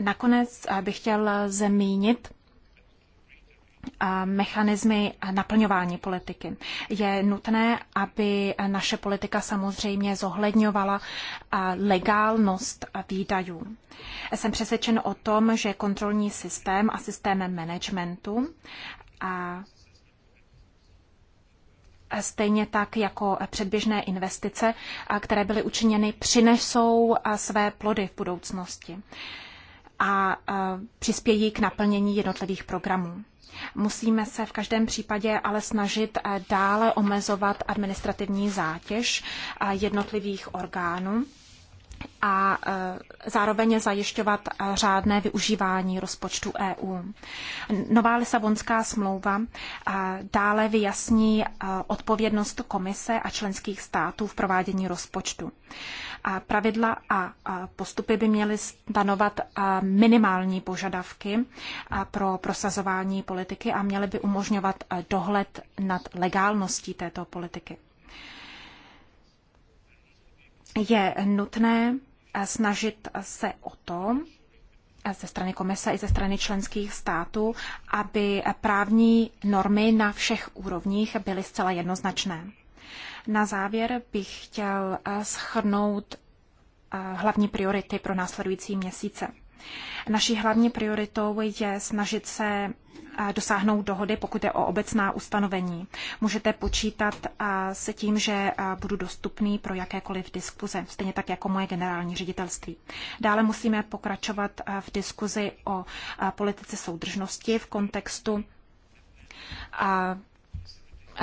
nakonec bych chtěl zmínit mechanismy naplňování politiky. Je nutné, aby naše politika samozřejmě zohledňovala legálnost výdajů. Jsem přesvědčen o tom, že kontrolní systém a systém managementu a stejně tak jako předběžné investice, které byly učiněny, přinesou své plody v budoucnosti a přispějí k naplnění jednotlivých programů. Musíme se v každém případě ale snažit eh, dále omezovat administrativní zátěž eh, jednotlivých orgánů a e, zároveň zajišťovat e, řádné využívání rozpočtu EU. Nová Lisabonská smlouva e, dále vyjasní odpovědnost komise a členských států v provádění rozpočtu. Pravidla a postupy by měly stanovat minimální požadavky pro prosazování politiky a měly by umožňovat dohled nad legálností této politiky je nutné eh, snažit se o to, eh, ze strany komise i ze strany členských států, aby eh, právní normy na všech úrovních byly zcela jednoznačné. Na závěr bych chtěl schrnout hlavní priority pro následující měsíce. Naší hlavní prioritou je snažit se eh, dosáhnout dohody, pokud je o obecná ustanovení. Můžete počítat eh, se tím, že eh, budu dostupný pro jakékoliv diskuze, stejně tak jako moje generální ředitelství. Dále musíme pokračovat v diskuzi o politice soudržnosti v kontextu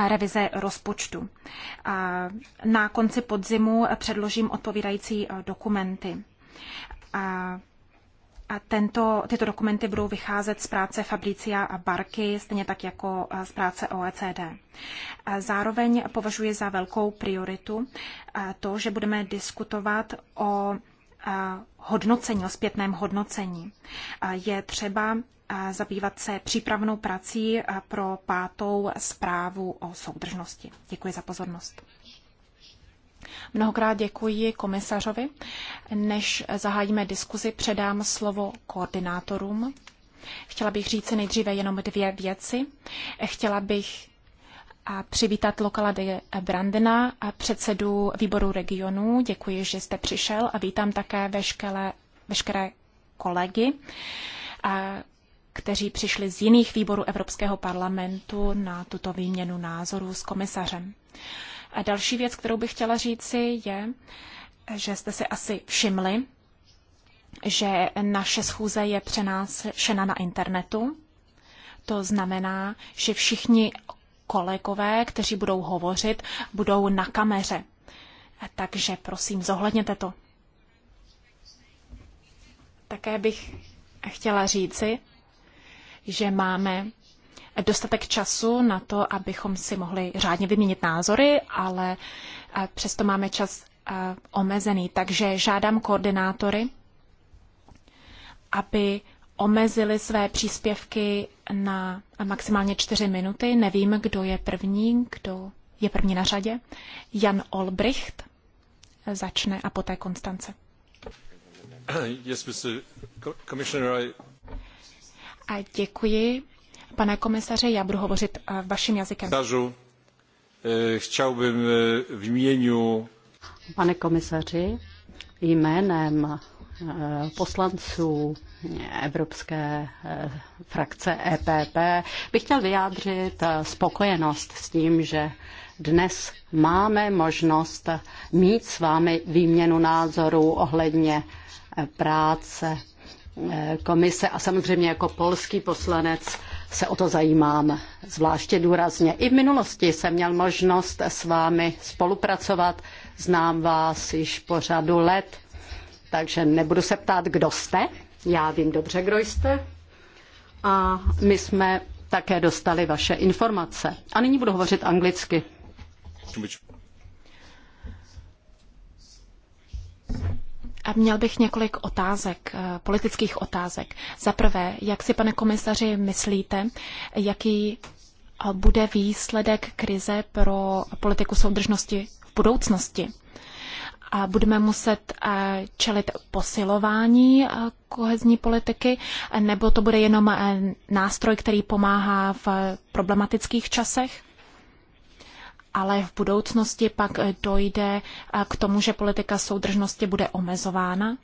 revize rozpočtu. Na konci podzimu předložím odpovídající dokumenty. A a tento, tyto dokumenty budou vycházet z práce Fabricia a Barky, stejně tak jako z práce OECD. A zároveň považuji za velkou prioritu to, že budeme diskutovat o hodnocení, o zpětném hodnocení. Je třeba zabývat se přípravnou prací pro pátou zprávu o soudržnosti. Děkuji za pozornost. Mnohokrát děkuji komisařovi. Než zahájíme diskuzi, předám slovo koordinátorům. Chtěla bych říct nejdříve jenom dvě věci. Chtěla bych a přivítat Lokala de Brandena, a předsedu výboru regionů. Děkuji, že jste přišel a vítám také veškeré, veškeré kolegy, a, kteří přišli z jiných výborů Evropského parlamentu na tuto výměnu názorů s komisařem. A další věc, kterou bych chtěla říci, je, že jste si asi všimli, že naše schůze je přenášena na internetu. To znamená, že všichni kolegové, kteří budou hovořit, budou na kameře. Takže prosím, zohledněte to. Také bych chtěla říci, že máme dostatek času na to, abychom si mohli řádně vyměnit názory, ale eh, přesto máme čas eh, omezený. Takže žádám koordinátory, aby omezili své příspěvky na maximálně čtyři minuty. Nevím, kdo je první, kdo je první na řadě. Jan Olbricht začne a poté Konstance.
Yes, Mr. Commissioner, I...
A děkuji, Pane komisaři, já budu
hovořit eh, vaším jazykem. Komisařu,
eh, chtěl bych eh,
v Pane komisaři, jménem poslanců Evropské frakce EPP bych chtěl vyjádřit spokojenost s tím, že dnes máme možnost mít s vámi výměnu názorů ohledně práce komise a samozřejmě jako polský poslanec se o to zajímám zvláště důrazně. I v minulosti jsem měl možnost s vámi spolupracovat, znám vás již po řadu let, takže nebudu se ptát, kdo jste, já vím dobře, kdo jste. A my jsme také dostali vaše informace. A nyní budu hovořit anglicky. A měl bych několik otázek, eh,
politických otázek. Za prvé, jak si, pane komisaři, myslíte, jaký eh, bude výsledek krize pro politiku soudržnosti v budoucnosti? A budeme muset eh, čelit posilování kohezní politiky, nebo to bude jenom nástroj, který pomáhá v problematických časech? ale v budoucnosti pak eh, dojde eh, k tomu, že politika soudržnosti bude omezována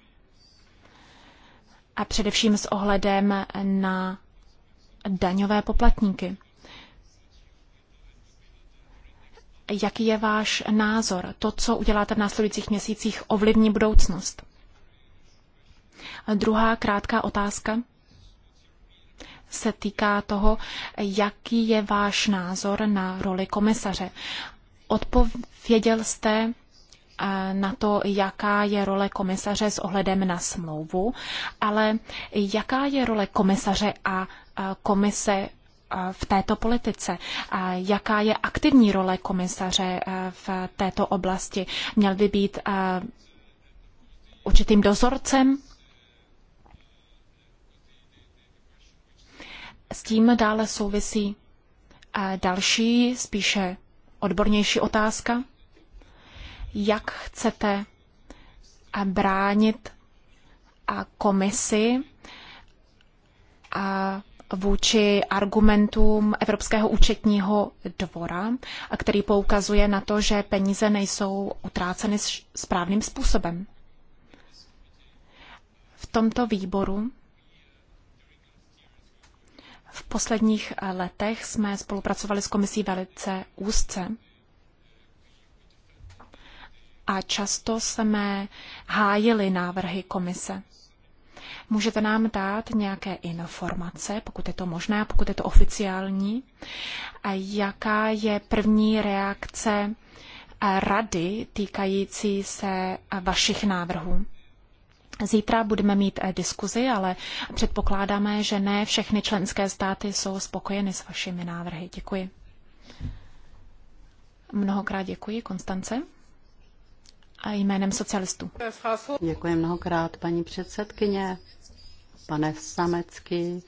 a především s ohledem eh, na daňové poplatníky. Jaký je váš názor? To, co uděláte v následujících měsících, ovlivní budoucnost. A druhá krátká otázka se týká toho, jaký je váš názor na roli komisaře. Odpověděl jste eh, na to, jaká je role komisaře s ohledem na smlouvu, ale jaká je role komisaře a eh, komise eh, v této politice? A jaká je aktivní role komisaře v této oblasti? Měl by být určitým dozorcem S tím dále souvisí další, spíše odbornější otázka. Jak chcete eh, bránit eh, komisi eh, vůči argumentům Evropského účetního dvora, který poukazuje na to, že peníze nejsou utráceny správným způsobem. V tomto výboru v posledních eh, letech jsme spolupracovali s komisí velice úzce a často jsme hájili návrhy komise. Můžete nám dát nějaké informace, pokud je to možné, pokud je to oficiální, a jaká je první reakce eh, rady týkající se eh, vašich návrhů? Zítra budeme mít eh, diskuzi, ale předpokládáme, že ne všechny členské státy jsou spokojeny s vašimi návrhy. Děkuji. Mnohokrát děkuji, Konstance.
A jménem socialistů. Děkuji mnohokrát, paní předsedkyně, pane Samecky.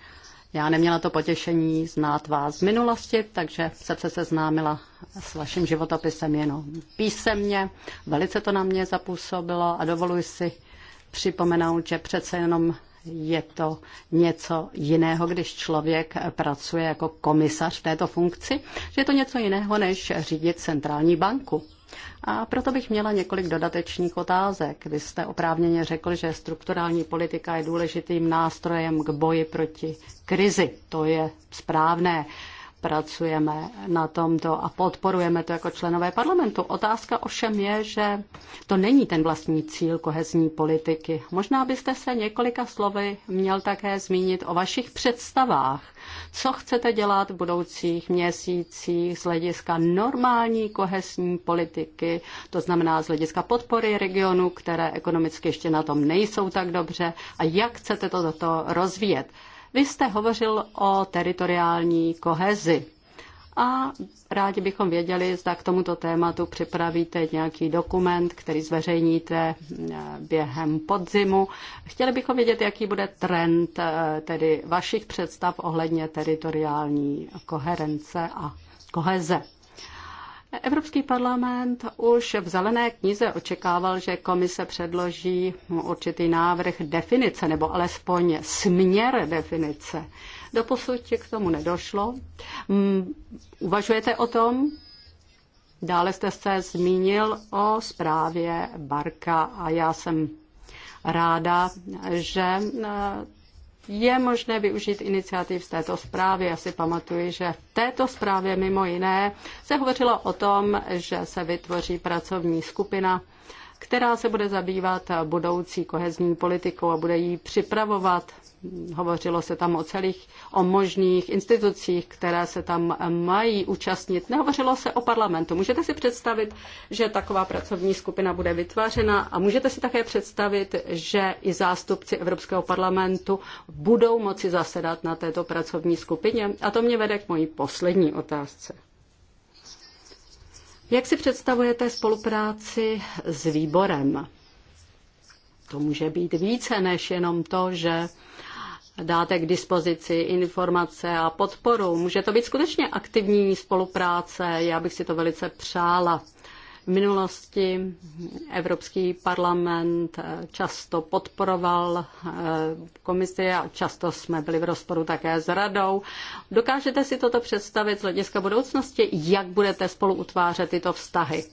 Já neměla to potěšení znát vás z minulosti, takže jsem se seznámila s vaším životopisem jenom písemně. Velice to na mě zapůsobilo a dovoluji si připomenout, že přece jenom je to něco jiného, když člověk pracuje jako komisař v této funkci, že je to něco jiného, než řídit centrální banku. A proto bych měla několik dodatečných otázek. Vy jste oprávněně řekl, že strukturální politika je důležitým nástrojem k boji proti krizi. To je správné, pracujeme na tomto a podporujeme to jako členové parlamentu. Otázka ovšem je, že to není ten vlastní cíl kohezní politiky. Možná byste se několika slovy měl také zmínit o vašich představách. Co chcete dělat v budoucích měsících z hlediska normální kohesní politiky, to znamená z hlediska podpory regionu, které ekonomicky ještě na tom nejsou tak dobře a jak chcete toto rozvíjet. Vy jste hovořil o teritoriální kohezi a rádi bychom věděli, zda k tomuto tématu připravíte nějaký dokument, který zveřejníte eh, během podzimu. Chtěli bychom vědět, jaký bude trend eh, tedy vašich představ ohledně teritoriální koherence a koheze. Evropský parlament už v zelené knize očekával, že komise předloží určitý návrh definice nebo alespoň směr definice. Doposud k tomu nedošlo. Uvažujete o tom? Dále jste se zmínil o zprávě Barka a já jsem ráda, že je možné využít iniciativ z této zprávy. Já si pamatuju, že v této zprávě mimo jiné se hovořilo o tom, že se vytvoří pracovní skupina, která se bude zabývat budoucí kohezní politikou a bude ji připravovat Hovořilo se tam o celých, o možných institucích, které se tam mají účastnit. Nehovořilo se o parlamentu. Můžete si představit, že taková pracovní skupina bude vytvářena a můžete si také představit, že i zástupci Evropského parlamentu budou moci zasedat na této pracovní skupině. A to mě vede k mojí poslední otázce. Jak si představujete spolupráci s výborem? To může být více než jenom to, že dáte k dispozici informace a podporu. Může to být skutečně aktivní spolupráce, já bych si to velice přála. V minulosti Evropský parlament často podporoval eh, komisi a často jsme byli v rozporu také s radou. Dokážete si toto představit z hlediska budoucnosti, jak budete spolu utvářet tyto vztahy?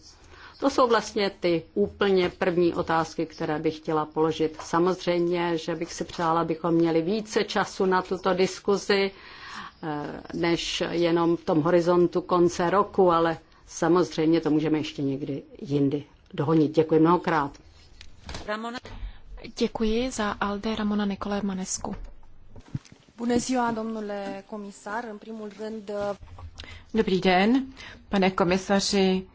To jsou vlastně ty úplně první otázky, které bych chtěla položit. Samozřejmě, že bych si přála, abychom měli více času na tuto diskuzi, eh, než jenom v tom horizontu konce roku, ale samozřejmě to můžeme ještě někdy jindy dohonit. Děkuji mnohokrát.
Ramona. Děkuji za Alde Ramona Nikolé Manesku. Bună ziua, domnule comisar. În primul rând...
Dobrý den, pane komisaři.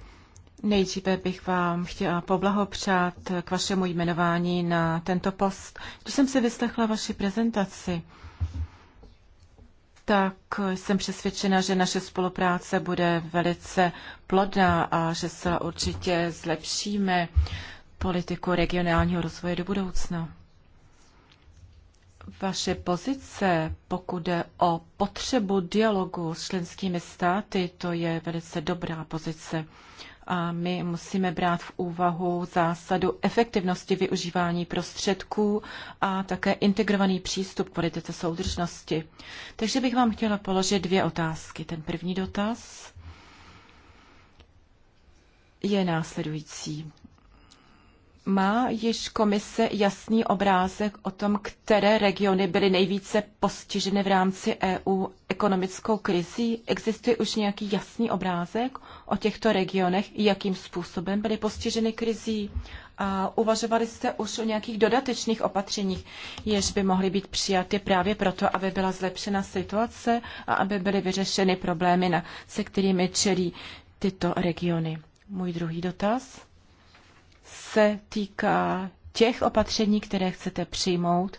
Nejdříve bych vám chtěla poblahopřát k vašemu jmenování na tento post. Když jsem si vyslechla vaši prezentaci, tak jsem přesvědčena, že naše spolupráce bude velice plodná a že se určitě zlepšíme politiku regionálního rozvoje do budoucna. Vaše pozice, pokud jde o potřebu dialogu s členskými státy, to je velice dobrá pozice a my musíme brát v úvahu zásadu efektivnosti využívání prostředků a také integrovaný přístup k politice soudržnosti. Takže bych vám chtěla položit dvě otázky. Ten první dotaz je následující. Má již komise jasný obrázek o tom, které regiony byly nejvíce postiženy v rámci EU ekonomickou krizí? Existuje už nějaký jasný obrázek o těchto regionech, jakým způsobem byly postiženy krizí? A uvažovali jste už o nějakých dodatečných opatřeních, jež by mohly být přijaty právě proto, aby byla zlepšena situace a aby byly vyřešeny problémy, se kterými čelí tyto regiony. Můj druhý dotaz se týká těch opatření, které chcete přijmout,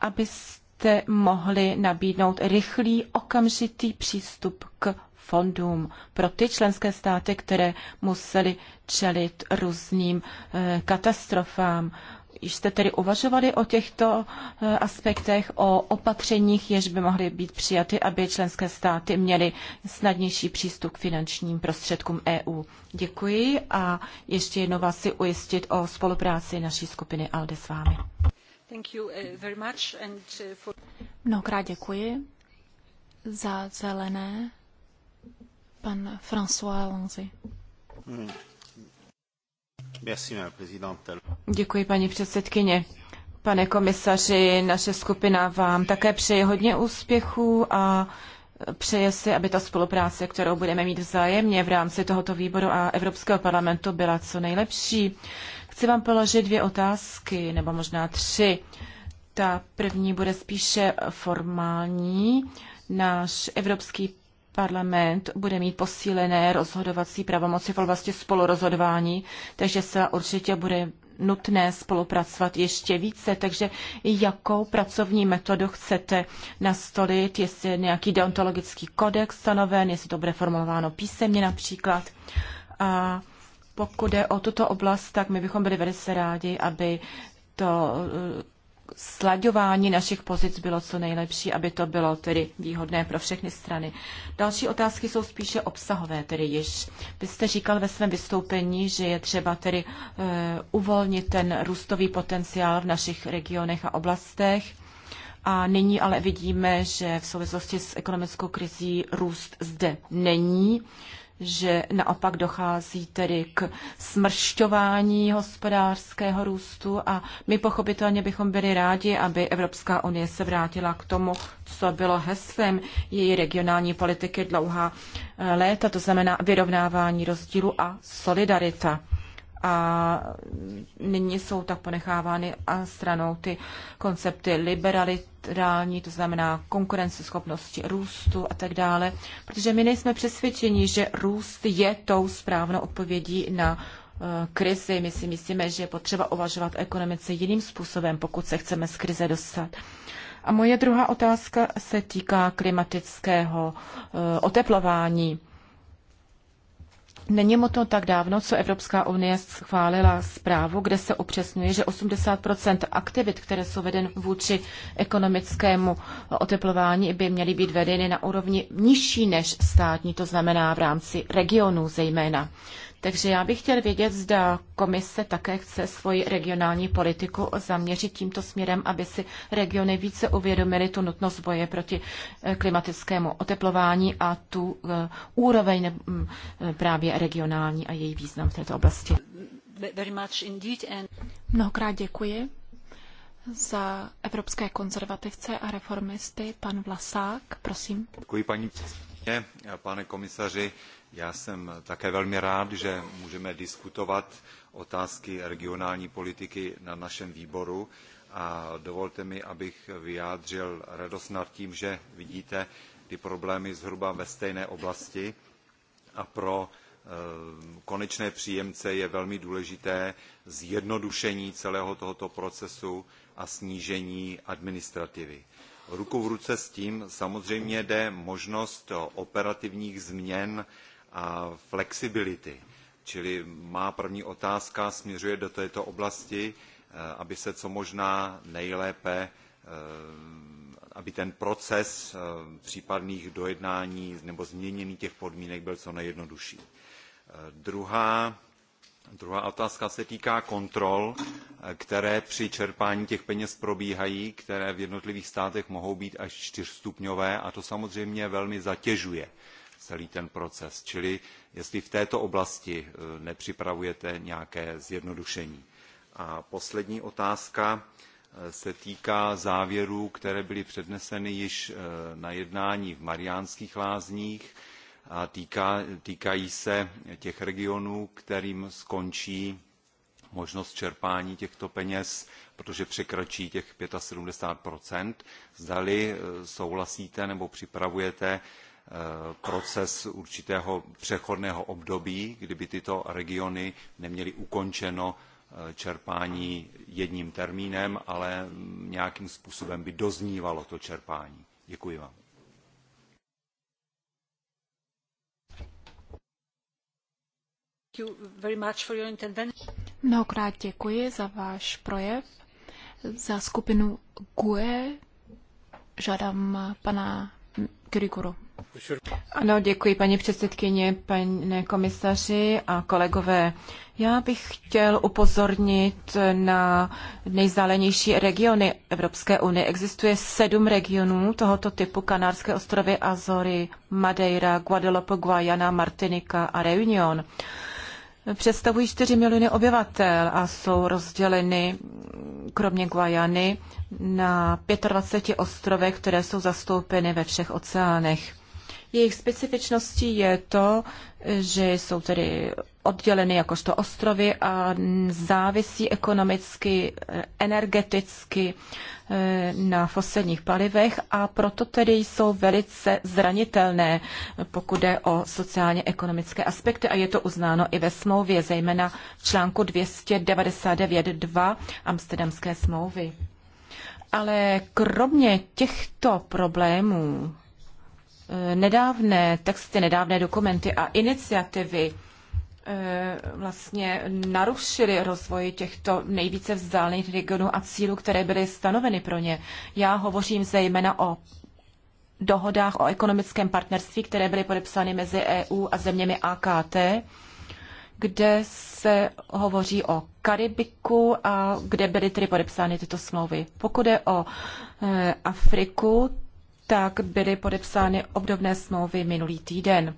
abyste mohli nabídnout rychlý, okamžitý přístup k fondům pro ty členské státy, které museli čelit různým eh, katastrofám, Jste tedy uvažovali o těchto eh, aspektech, o opatřeních, jež by mohly být přijaty, aby členské státy měly snadnější přístup k finančním prostředkům EU. Děkuji a ještě jednou vás si ujistit o spolupráci naší skupiny ALDE s vámi.
Eh, eh,
Mnohokrát děkuji za zelené pan François Lanzi.
Hmm.
Děkuji, paní předsedkyně. Pane komisaři, naše skupina vám také přeje hodně úspěchů a přeje si, aby ta spolupráce, kterou budeme mít vzájemně v rámci tohoto výboru a Evropského parlamentu, byla co nejlepší. Chci vám položit dvě otázky, nebo možná tři. Ta první bude spíše formální. Náš Evropský parlament bude mít posílené rozhodovací pravomoci v oblasti spolurozhodování, takže se určitě bude nutné spolupracovat ještě více. Takže jakou pracovní metodu chcete nastolit, jestli je nějaký deontologický kodex stanoven, jestli to bude formulováno písemně například. A pokud je o tuto oblast, tak my bychom byli velice rádi, aby to slaďování našich pozic bylo co nejlepší, aby to bylo tedy výhodné pro všechny strany. Další otázky jsou spíše obsahové, tedy již. Vy jste říkal ve svém vystoupení, že je třeba tedy eh, uvolnit ten růstový potenciál v našich regionech a oblastech. A nyní ale vidíme, že v souvislosti s ekonomickou krizí růst zde není že naopak dochází tedy k smršťování hospodářského růstu a my pochopitelně bychom byli rádi, aby Evropská unie se vrátila k tomu, co bylo heslem její regionální politiky dlouhá eh, léta, to znamená vyrovnávání rozdílu a solidarita a nyní jsou tak ponechávány a stranou ty koncepty liberální, to znamená konkurenceschopnosti, růstu a tak dále, protože my nejsme přesvědčeni, že růst je tou správnou odpovědí na eh, krizi. My si myslíme, že je potřeba uvažovat ekonomice jiným způsobem, pokud se chceme z krize dostat. A moje druhá otázka se týká klimatického eh, oteplování. Není mu to tak dávno, co Evropská unie schválila zprávu, kde se upřesňuje, že 80 aktivit, které jsou veden vůči ekonomickému oteplování, by měly být vedeny na úrovni nižší než státní, to znamená v rámci regionů zejména. Takže já bych chtěl vědět, zda komise také chce svoji regionální politiku zaměřit tímto směrem, aby si regiony více uvědomily tu nutnost boje proti eh, klimatickému oteplování a tu eh, úroveň eh, právě regionální a její význam v této oblasti.
Mnohokrát děkuji za evropské konzervativce a reformisty, pan Vlasák, prosím.
Děkuji paní předsedkyně, pane komisaři. Já jsem také velmi rád, že můžeme diskutovat otázky regionální politiky na našem výboru a dovolte mi, abych vyjádřil radost nad tím, že vidíte ty problémy zhruba ve stejné oblasti a pro eh, konečné příjemce je velmi důležité zjednodušení celého tohoto procesu a snížení administrativy. Ruku v ruce s tím samozřejmě jde možnost operativních změn a flexibility. Čili má první otázka směřuje do této oblasti, eh, aby se co možná nejlépe, eh, aby ten proces eh, případných dojednání nebo změnění těch podmínek byl co nejjednodušší. Druhá Druhá otázka se týká kontrol, které při čerpání těch peněz probíhají, které v jednotlivých státech mohou být až čtyřstupňové a to samozřejmě velmi zatěžuje celý ten proces. Čili jestli v této oblasti eh, nepřipravujete nějaké zjednodušení. A poslední otázka eh, se týká závěrů, které byly předneseny již eh, na jednání v Mariánských lázních a týká, týkají se těch regionů, kterým skončí možnost čerpání těchto peněz, protože překročí těch 75 Zdali souhlasíte nebo připravujete Eh, proces určitého přechodného období, kdyby tyto regiony neměly ukončeno eh, čerpání jedním termínem, ale nějakým způsobem by doznívalo to čerpání. Děkuji vám.
Mnohokrát děkuji za váš projev. Za skupinu GUE žádám pana Kirikuru.
Ano,
děkuji paní předsedkyně, pane komisaři a kolegové. Já bych chtěl upozornit na nejzálenější regiony Evropské unie. Existuje sedm regionů tohoto typu, Kanárské ostrovy, Azory, Madeira, Guadeloupe, Guayana, Martinika a Reunion. Představují 4 miliony obyvatel a jsou rozděleny, kromě Guajany, na 25 ostrovech, které jsou zastoupeny ve všech oceánech. Jejich specifičností je to, že jsou tedy odděleny jakožto ostrovy a závisí ekonomicky, energeticky eh, na fosilních palivech a proto tedy jsou velice zranitelné, pokud jde o sociálně-ekonomické aspekty a je to uznáno i ve smlouvě, zejména v článku 299.2 Amsterdamské smlouvy. Ale kromě těchto problémů nedávné texty, nedávné dokumenty a iniciativy eh, vlastně narušily rozvoj těchto nejvíce vzdálených regionů a cílů, které byly stanoveny pro ně. Já hovořím zejména o dohodách o ekonomickém partnerství, které byly podepsány mezi EU a zeměmi AKT, kde se hovoří o Karibiku a kde byly tedy podepsány tyto smlouvy. Pokud je o eh, Afriku, tak byly podepsány obdobné smlouvy minulý týden.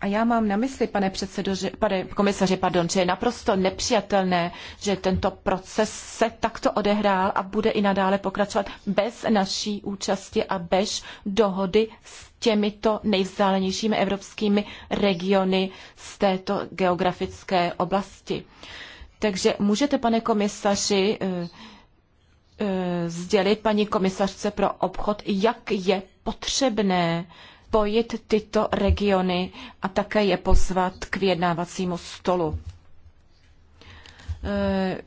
A já mám na mysli, pane, předsedo, že, pane komisaři, pardon, že je naprosto nepřijatelné, že tento proces se takto odehrál a bude i nadále pokračovat bez naší účasti a bez dohody s těmito nejvzdálenějšími evropskými regiony z této geografické oblasti. Takže můžete, pane komisaři, eh, Eh, sdělit paní komisařce pro obchod, jak je potřebné pojit tyto regiony a také je pozvat k vyjednávacímu stolu. Eh,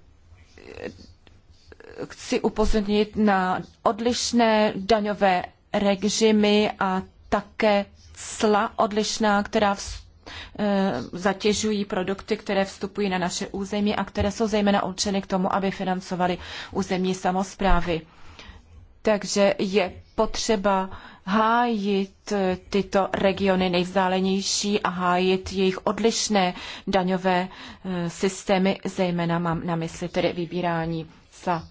chci upozornit na odlišné daňové režimy a také cla odlišná, která vstupují Eh, zatěžují produkty, které vstupují na naše území a které jsou zejména určeny k tomu, aby financovaly územní samozprávy. Takže je potřeba hájit eh, tyto regiony nejvzdálenější a hájit jejich odlišné daňové eh, systémy, zejména mám na mysli tedy vybírání sa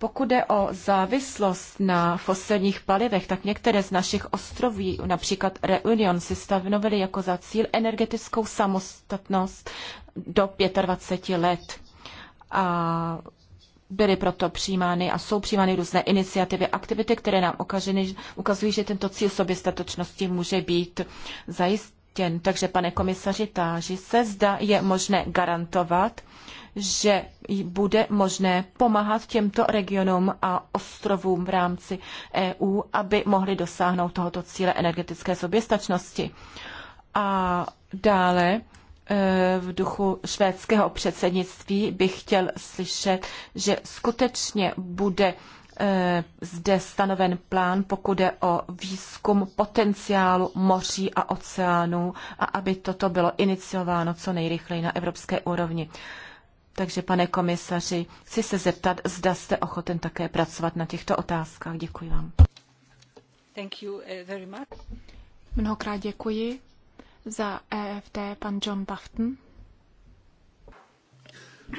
pokud jde o závislost na fosilních palivech, tak některé z našich ostroví, například Reunion, si stanovili jako za cíl energetickou samostatnost do 25 let. A byly proto přijímány a jsou přijímány různé iniciativy, aktivity, které nám ukazují, ukazují, že tento cíl soběstatočnosti může být zajistěn. Takže, pane komisaři, táži se, zda je možné garantovat, že bude možné pomáhat těmto regionům a ostrovům v rámci EU, aby mohli dosáhnout tohoto cíle energetické soběstačnosti. A dále e, v duchu švédského předsednictví bych chtěl slyšet, že skutečně bude e, zde stanoven plán, pokud je o výzkum potenciálu moří a oceánů a aby toto bylo iniciováno co nejrychleji na evropské úrovni. Takže, pane komisaři, chci se zeptat, zda jste ochoten také pracovat na těchto
otázkách. Děkuji vám.
Thank you eh, very much.
Mnohokrát děkuji za EFT pan John Bafton. Uh,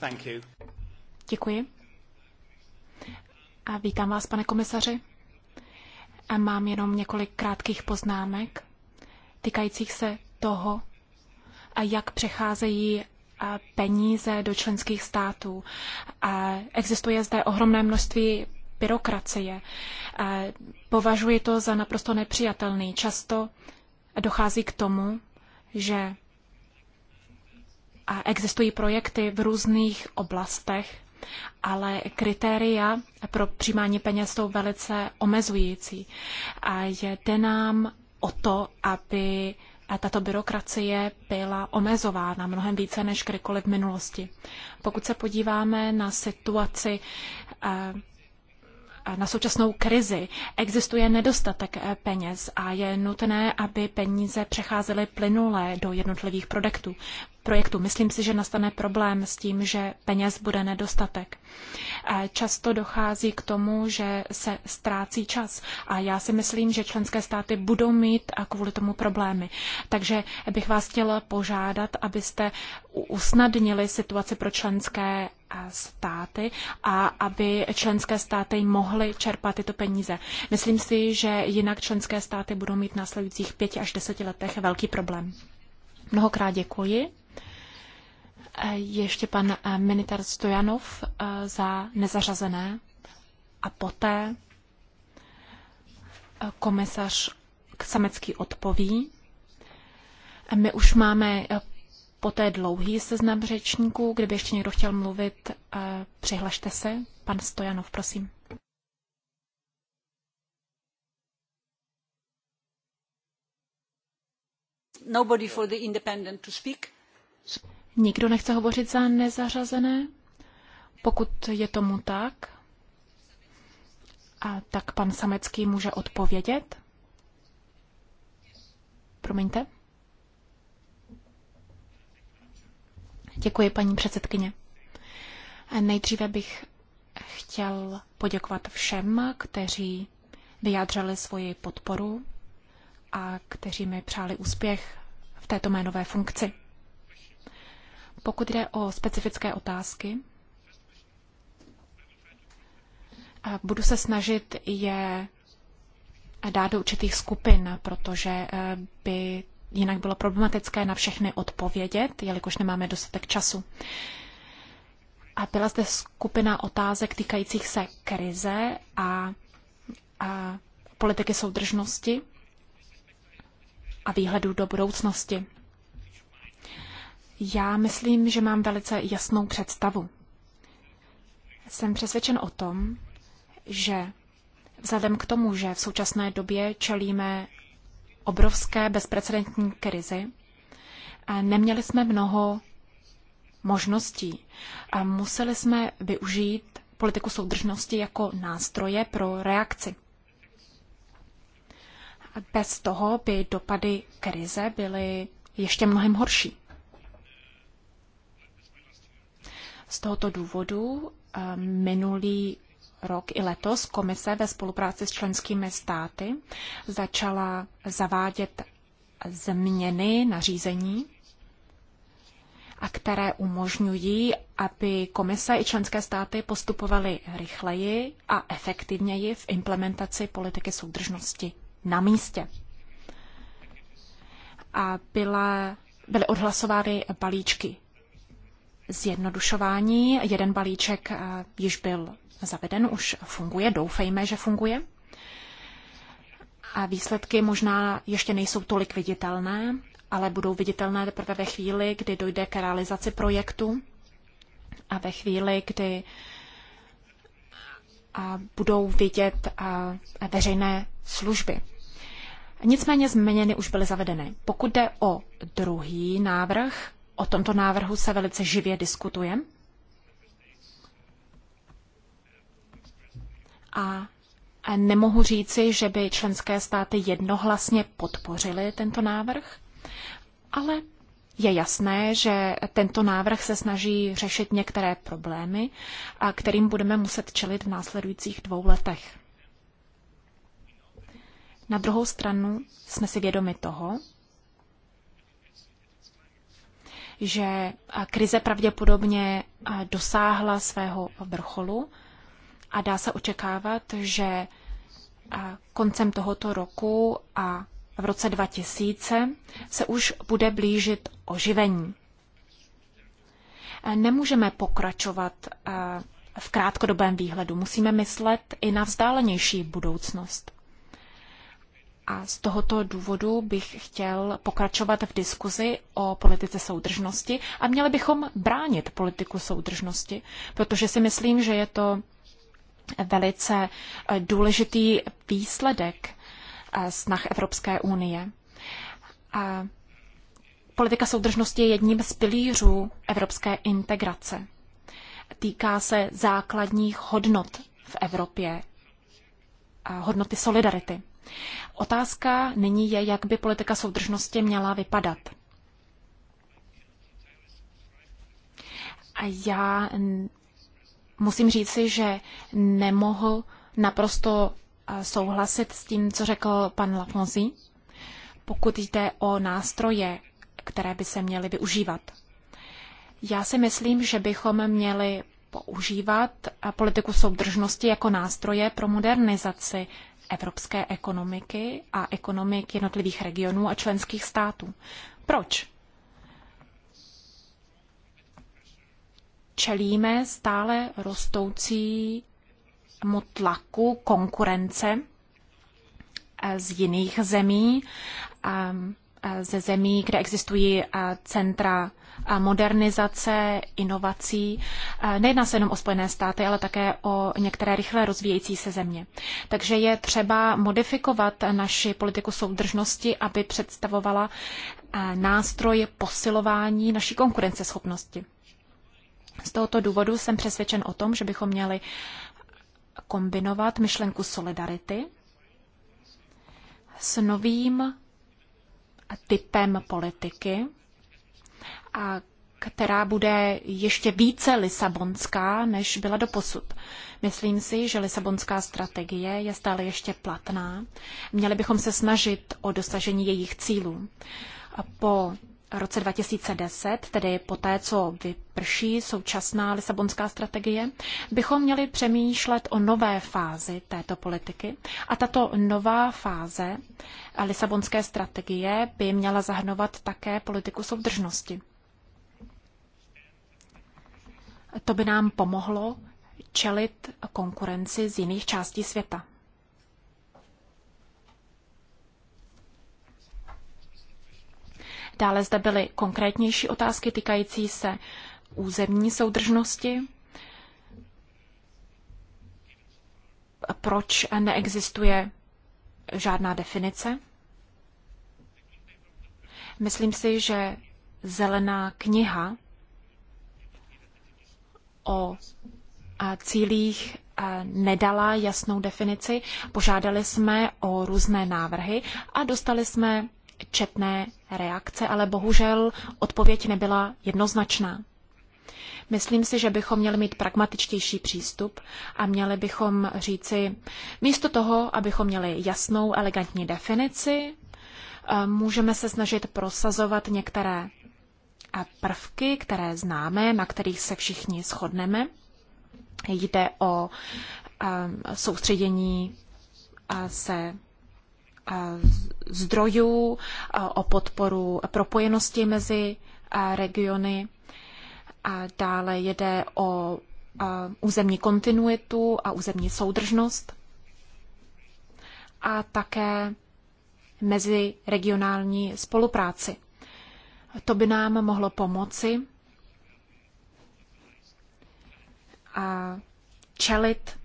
thank you. Děkuji. A vítám vás, pane komisaři. A mám jenom několik krátkých poznámek týkajících se toho, a jak přecházejí peníze do členských států. Existuje zde ohromné množství byrokracie. Považuji to za naprosto nepřijatelný. Často dochází k tomu, že existují projekty v různých oblastech, ale kritéria pro přijímání peněz jsou velice omezující. A jde nám o to, aby a tato byrokracie byla omezována mnohem více než kdykoliv v minulosti. Pokud se podíváme na situaci eh, na současnou krizi existuje nedostatek eh, peněz a je nutné, aby peníze přecházely plynule do jednotlivých projektů. projektů. Myslím si, že nastane problém s tím, že peněz bude nedostatek. Často dochází k tomu, že se ztrácí čas a já si myslím, že členské státy budou mít a eh, kvůli tomu problémy. Takže bych vás chtěla požádat, abyste usnadnili situaci pro členské státy a aby členské státy mohly čerpat tyto peníze. Myslím si, že jinak členské státy budou mít v následujících pěti až deseti letech velký problém. Mnohokrát děkuji. E, ještě pan e, minister Stojanov e, za nezařazené a poté komisař Samecký odpoví. My už máme poté dlouhý seznam řečníků. Kdyby ještě někdo chtěl mluvit, eh, přihlašte se. Pan Stojanov, prosím.
Nobody for the independent to speak.
Nikdo nechce hovořit za nezařazené? Pokud je tomu tak, a tak pan Samecký může odpovědět? Promiňte? Děkuji, paní předsedkyně. Nejdříve bych chtěl poděkovat všem, kteří vyjádřili svoji podporu a kteří mi přáli úspěch v této mé nové funkci. Pokud jde o specifické otázky, budu se snažit je dát do určitých skupin, protože eh, by jinak bylo problematické na všechny odpovědět, jelikož nemáme dostatek času. A byla zde skupina otázek týkajících se krize a, a politiky soudržnosti a výhledu do budoucnosti. Já myslím, že mám velice jasnou představu. Jsem přesvědčen o tom, že vzhledem k tomu, že v současné době čelíme obrovské bezprecedentní krizi, neměli jsme mnoho možností. A museli jsme využít politiku soudržnosti jako nástroje pro reakci. Bez toho by dopady krize byly ještě mnohem horší. Z tohoto důvodu eh, minulý rok i letos komise ve spolupráci s členskými státy začala zavádět změny nařízení, a které umožňují, aby komise i členské státy postupovaly rychleji a efektivněji v implementaci politiky soudržnosti na místě. A byla, byly odhlasovány balíčky zjednodušování. Jeden balíček eh, již byl zaveden, už funguje, doufejme, že funguje. A výsledky možná ještě nejsou tolik viditelné, ale budou viditelné teprve ve chvíli, kdy dojde k realizaci projektu a ve chvíli, kdy a budou vidět a veřejné služby. Nicméně změny už byly zavedeny. Pokud jde o druhý návrh, o tomto návrhu se velice živě diskutuje. A nemohu říci, že by členské státy jednohlasně podpořily tento návrh, ale je jasné, že tento návrh se snaží řešit některé problémy, a kterým budeme muset čelit v následujících dvou letech. Na druhou stranu jsme si vědomi toho, že krize pravděpodobně dosáhla svého vrcholu a dá se očekávat, že koncem tohoto roku a v roce 2000 se už bude blížit oživení. Nemůžeme pokračovat v krátkodobém výhledu. Musíme myslet i na vzdálenější budoucnost. A z tohoto důvodu bych chtěl pokračovat v diskuzi o politice soudržnosti a měli bychom bránit politiku soudržnosti, protože si myslím, že je to velice eh, důležitý výsledek eh, snah Evropské unie. A politika soudržnosti je jedním z pilířů evropské integrace. Týká se základních hodnot v Evropě, hodnoty solidarity. Otázka nyní je, jak by politika soudržnosti měla vypadat. A já musím říci, že nemohl naprosto eh, souhlasit s tím, co řekl pan Lafonzi, pokud jde o nástroje, které by se měly využívat. Já si myslím, že bychom měli používat eh, politiku soudržnosti jako nástroje pro modernizaci evropské ekonomiky a ekonomik jednotlivých regionů a členských států. Proč? čelíme stále rostoucímu tlaku konkurence eh, z jiných zemí, ehm, eh, ze zemí, kde existují eh, centra modernizace, inovací. Nejedná se jenom o Spojené státy, ale také o některé rychle rozvíjející se země. Takže je třeba modifikovat naši politiku soudržnosti, aby představovala nástroj posilování naší konkurenceschopnosti. Z tohoto důvodu jsem přesvědčen o tom, že bychom měli kombinovat myšlenku solidarity s novým typem politiky, a která bude ještě více lisabonská, než byla do posud. Myslím si, že lisabonská strategie je stále ještě platná. Měli bychom se snažit o dosažení jejich cílů. A po roce 2010, tedy po té, co vyprší současná Lisabonská strategie, bychom měli přemýšlet o nové fázi této politiky. A tato nová fáze Lisabonské strategie by měla zahrnovat také politiku soudržnosti. To by nám pomohlo čelit konkurenci z jiných částí světa. Dále zde byly konkrétnější otázky týkající se územní soudržnosti. Proč neexistuje žádná definice? Myslím si, že zelená kniha o cílích nedala jasnou definici. Požádali jsme o různé návrhy a dostali jsme četné reakce, ale bohužel odpověď nebyla jednoznačná. Myslím si, že bychom měli mít pragmatičtější přístup a měli bychom říci, místo toho, abychom měli jasnou, elegantní definici, eh, můžeme se snažit prosazovat některé prvky, které známe, na kterých se všichni shodneme. Jde o eh, soustředění eh, se zdrojů, o podporu propojenosti mezi regiony. A dále jde o územní kontinuitu a územní soudržnost a také mezi regionální spolupráci. To by nám mohlo pomoci a čelit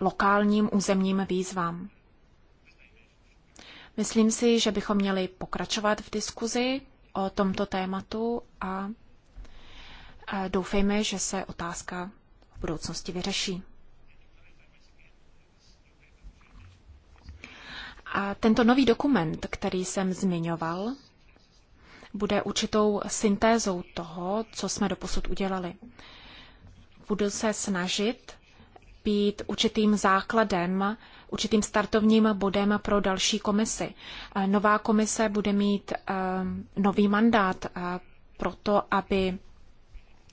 lokálním územním výzvám. Myslím si, že bychom měli pokračovat v diskuzi o tomto tématu a doufejme, že se otázka v budoucnosti vyřeší. A tento nový dokument, který jsem zmiňoval, bude určitou syntézou toho, co jsme doposud udělali. Budu se snažit být určitým základem určitým startovním bodem pro další komisi. Nová komise bude mít eh, nový mandát eh, pro to, aby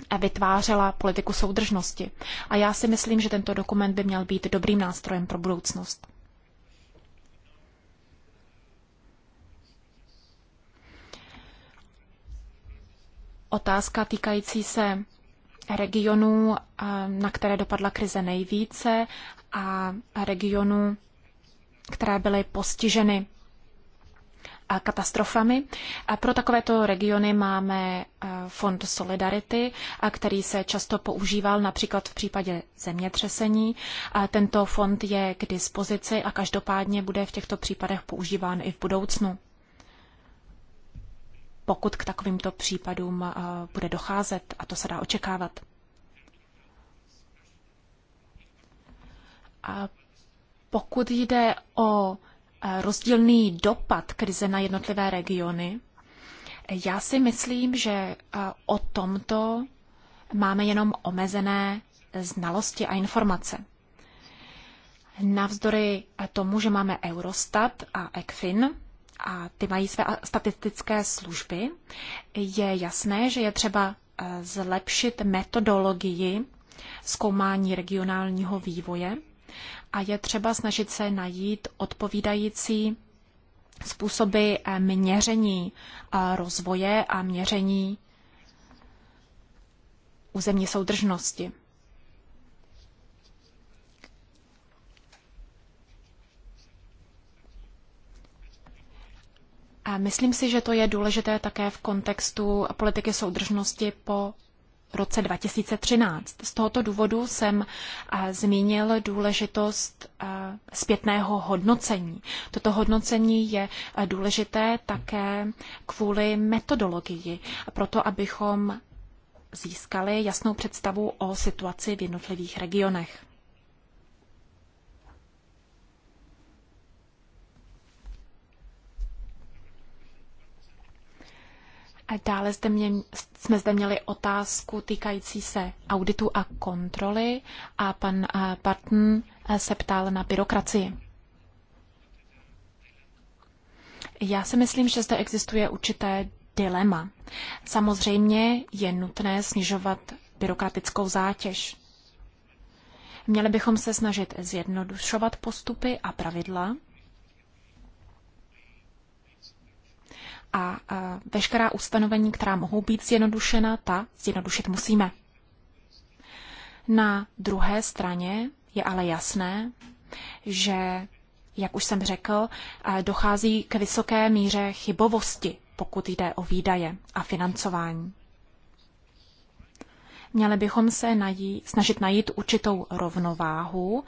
eh, vytvářela politiku soudržnosti. A já si myslím, že tento dokument by měl být dobrým nástrojem pro budoucnost. Otázka týkající se regionů, eh, na které dopadla krize nejvíce a regionů, které byly postiženy eh, katastrofami. A pro takovéto regiony máme eh, fond Solidarity, který se často používal například v případě zemětřesení. A tento fond je k dispozici a každopádně bude v těchto případech používán i v budoucnu pokud k takovýmto případům eh, bude docházet a to se dá očekávat. A pokud jde o eh, rozdílný dopad krize na jednotlivé regiony, já si myslím, že eh, o tomto máme jenom omezené znalosti a informace. Navzdory tomu, že máme Eurostat a ECFIN, a ty mají své statistické služby, je jasné, že je třeba eh, zlepšit metodologii zkoumání regionálního vývoje a je třeba snažit se najít odpovídající způsoby eh, měření eh, rozvoje a měření územní soudržnosti. Myslím si, že to je důležité také v kontextu politiky soudržnosti po roce 2013. Z tohoto důvodu jsem zmínil důležitost zpětného hodnocení. Toto hodnocení je důležité také kvůli metodologii, proto abychom získali jasnou představu o situaci v jednotlivých regionech. Dále zde mě, jsme zde měli otázku týkající se auditu a kontroly a pan eh, Barton eh, se ptal na byrokracii. Já si myslím, že zde existuje určité dilema. Samozřejmě je nutné snižovat byrokratickou zátěž. Měli bychom se snažit zjednodušovat postupy a pravidla, a veškerá ustanovení, která mohou být zjednodušena, ta zjednodušit musíme. Na druhé straně je ale jasné, že, jak už jsem řekl, dochází k vysoké míře chybovosti, pokud jde o výdaje a financování. Měli bychom se najít, snažit najít určitou rovnováhu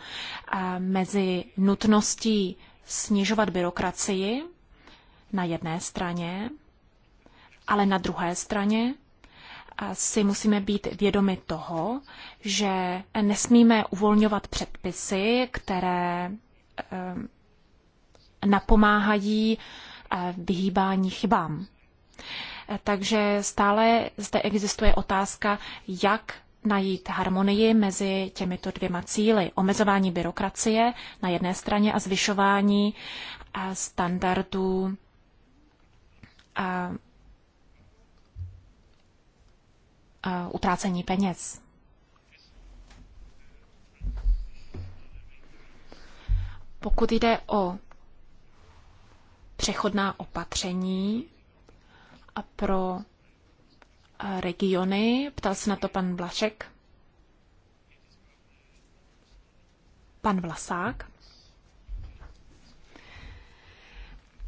mezi nutností snižovat byrokracii na jedné straně, ale na druhé straně si musíme být vědomi toho, že nesmíme uvolňovat předpisy, které eh, napomáhají eh, vyhýbání chybám. Eh, takže stále zde existuje otázka, jak najít harmonii mezi těmito dvěma cíly. Omezování byrokracie na jedné straně a zvyšování standardů a, a utrácení peněz. Pokud jde o přechodná opatření a pro regiony, ptal se na to pan Blašek, pan Vlasák.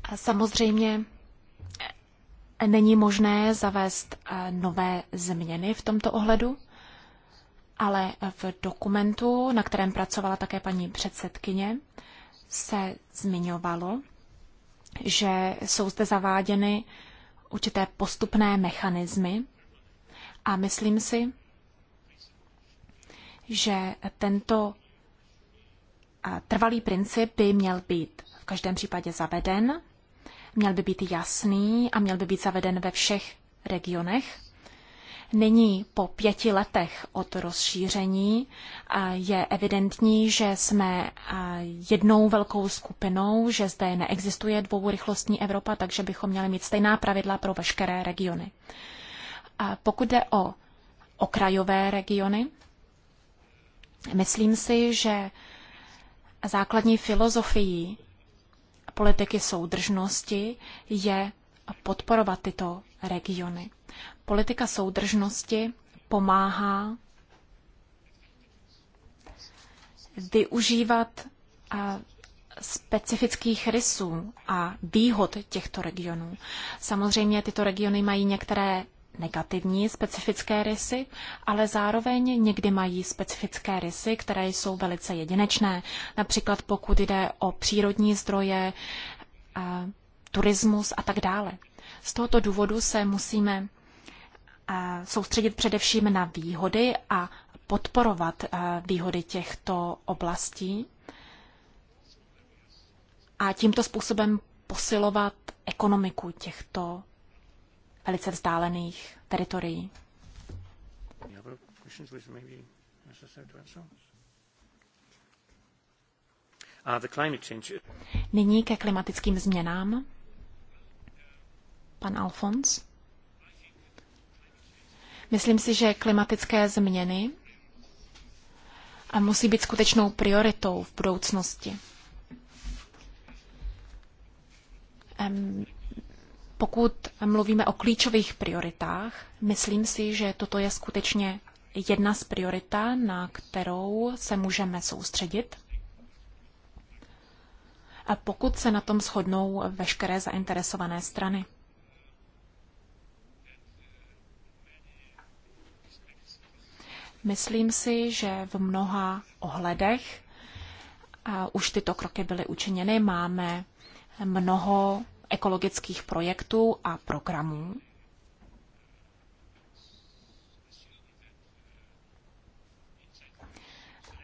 A samozřejmě Není možné zavést eh, nové změny v tomto ohledu, ale v dokumentu, na kterém pracovala také paní předsedkyně, se zmiňovalo, že jsou zde zaváděny určité postupné mechanismy a myslím si, že tento eh, trvalý princip by měl být v každém případě zaveden měl by být jasný a měl by být zaveden ve všech regionech. Nyní po pěti letech od rozšíření je evidentní, že jsme jednou velkou skupinou, že zde neexistuje dvourychlostní Evropa, takže bychom měli mít stejná pravidla pro veškeré regiony. A pokud jde o okrajové regiony, myslím si, že základní filozofií politiky soudržnosti je podporovat tyto regiony. Politika soudržnosti pomáhá využívat specifických rysů a výhod těchto regionů. Samozřejmě tyto regiony mají některé negativní specifické rysy, ale zároveň někdy mají specifické rysy, které jsou velice jedinečné. Například pokud jde o přírodní zdroje, eh, turismus a tak dále. Z tohoto důvodu se musíme eh, soustředit především na výhody a podporovat eh, výhody těchto oblastí a tímto způsobem posilovat ekonomiku těchto velice vzdálených teritorií. Uh, Nyní ke klimatickým změnám. Pan Alfons. Myslím si, že klimatické změny eh, musí být skutečnou prioritou v budoucnosti. Pokud mluvíme o klíčových prioritách, myslím si, že toto je skutečně jedna z priorita, na kterou se můžeme soustředit. A pokud se na tom shodnou veškeré zainteresované strany. Myslím si, že v mnoha ohledech už tyto kroky byly učiněny. Máme mnoho ekologických projektů a programů.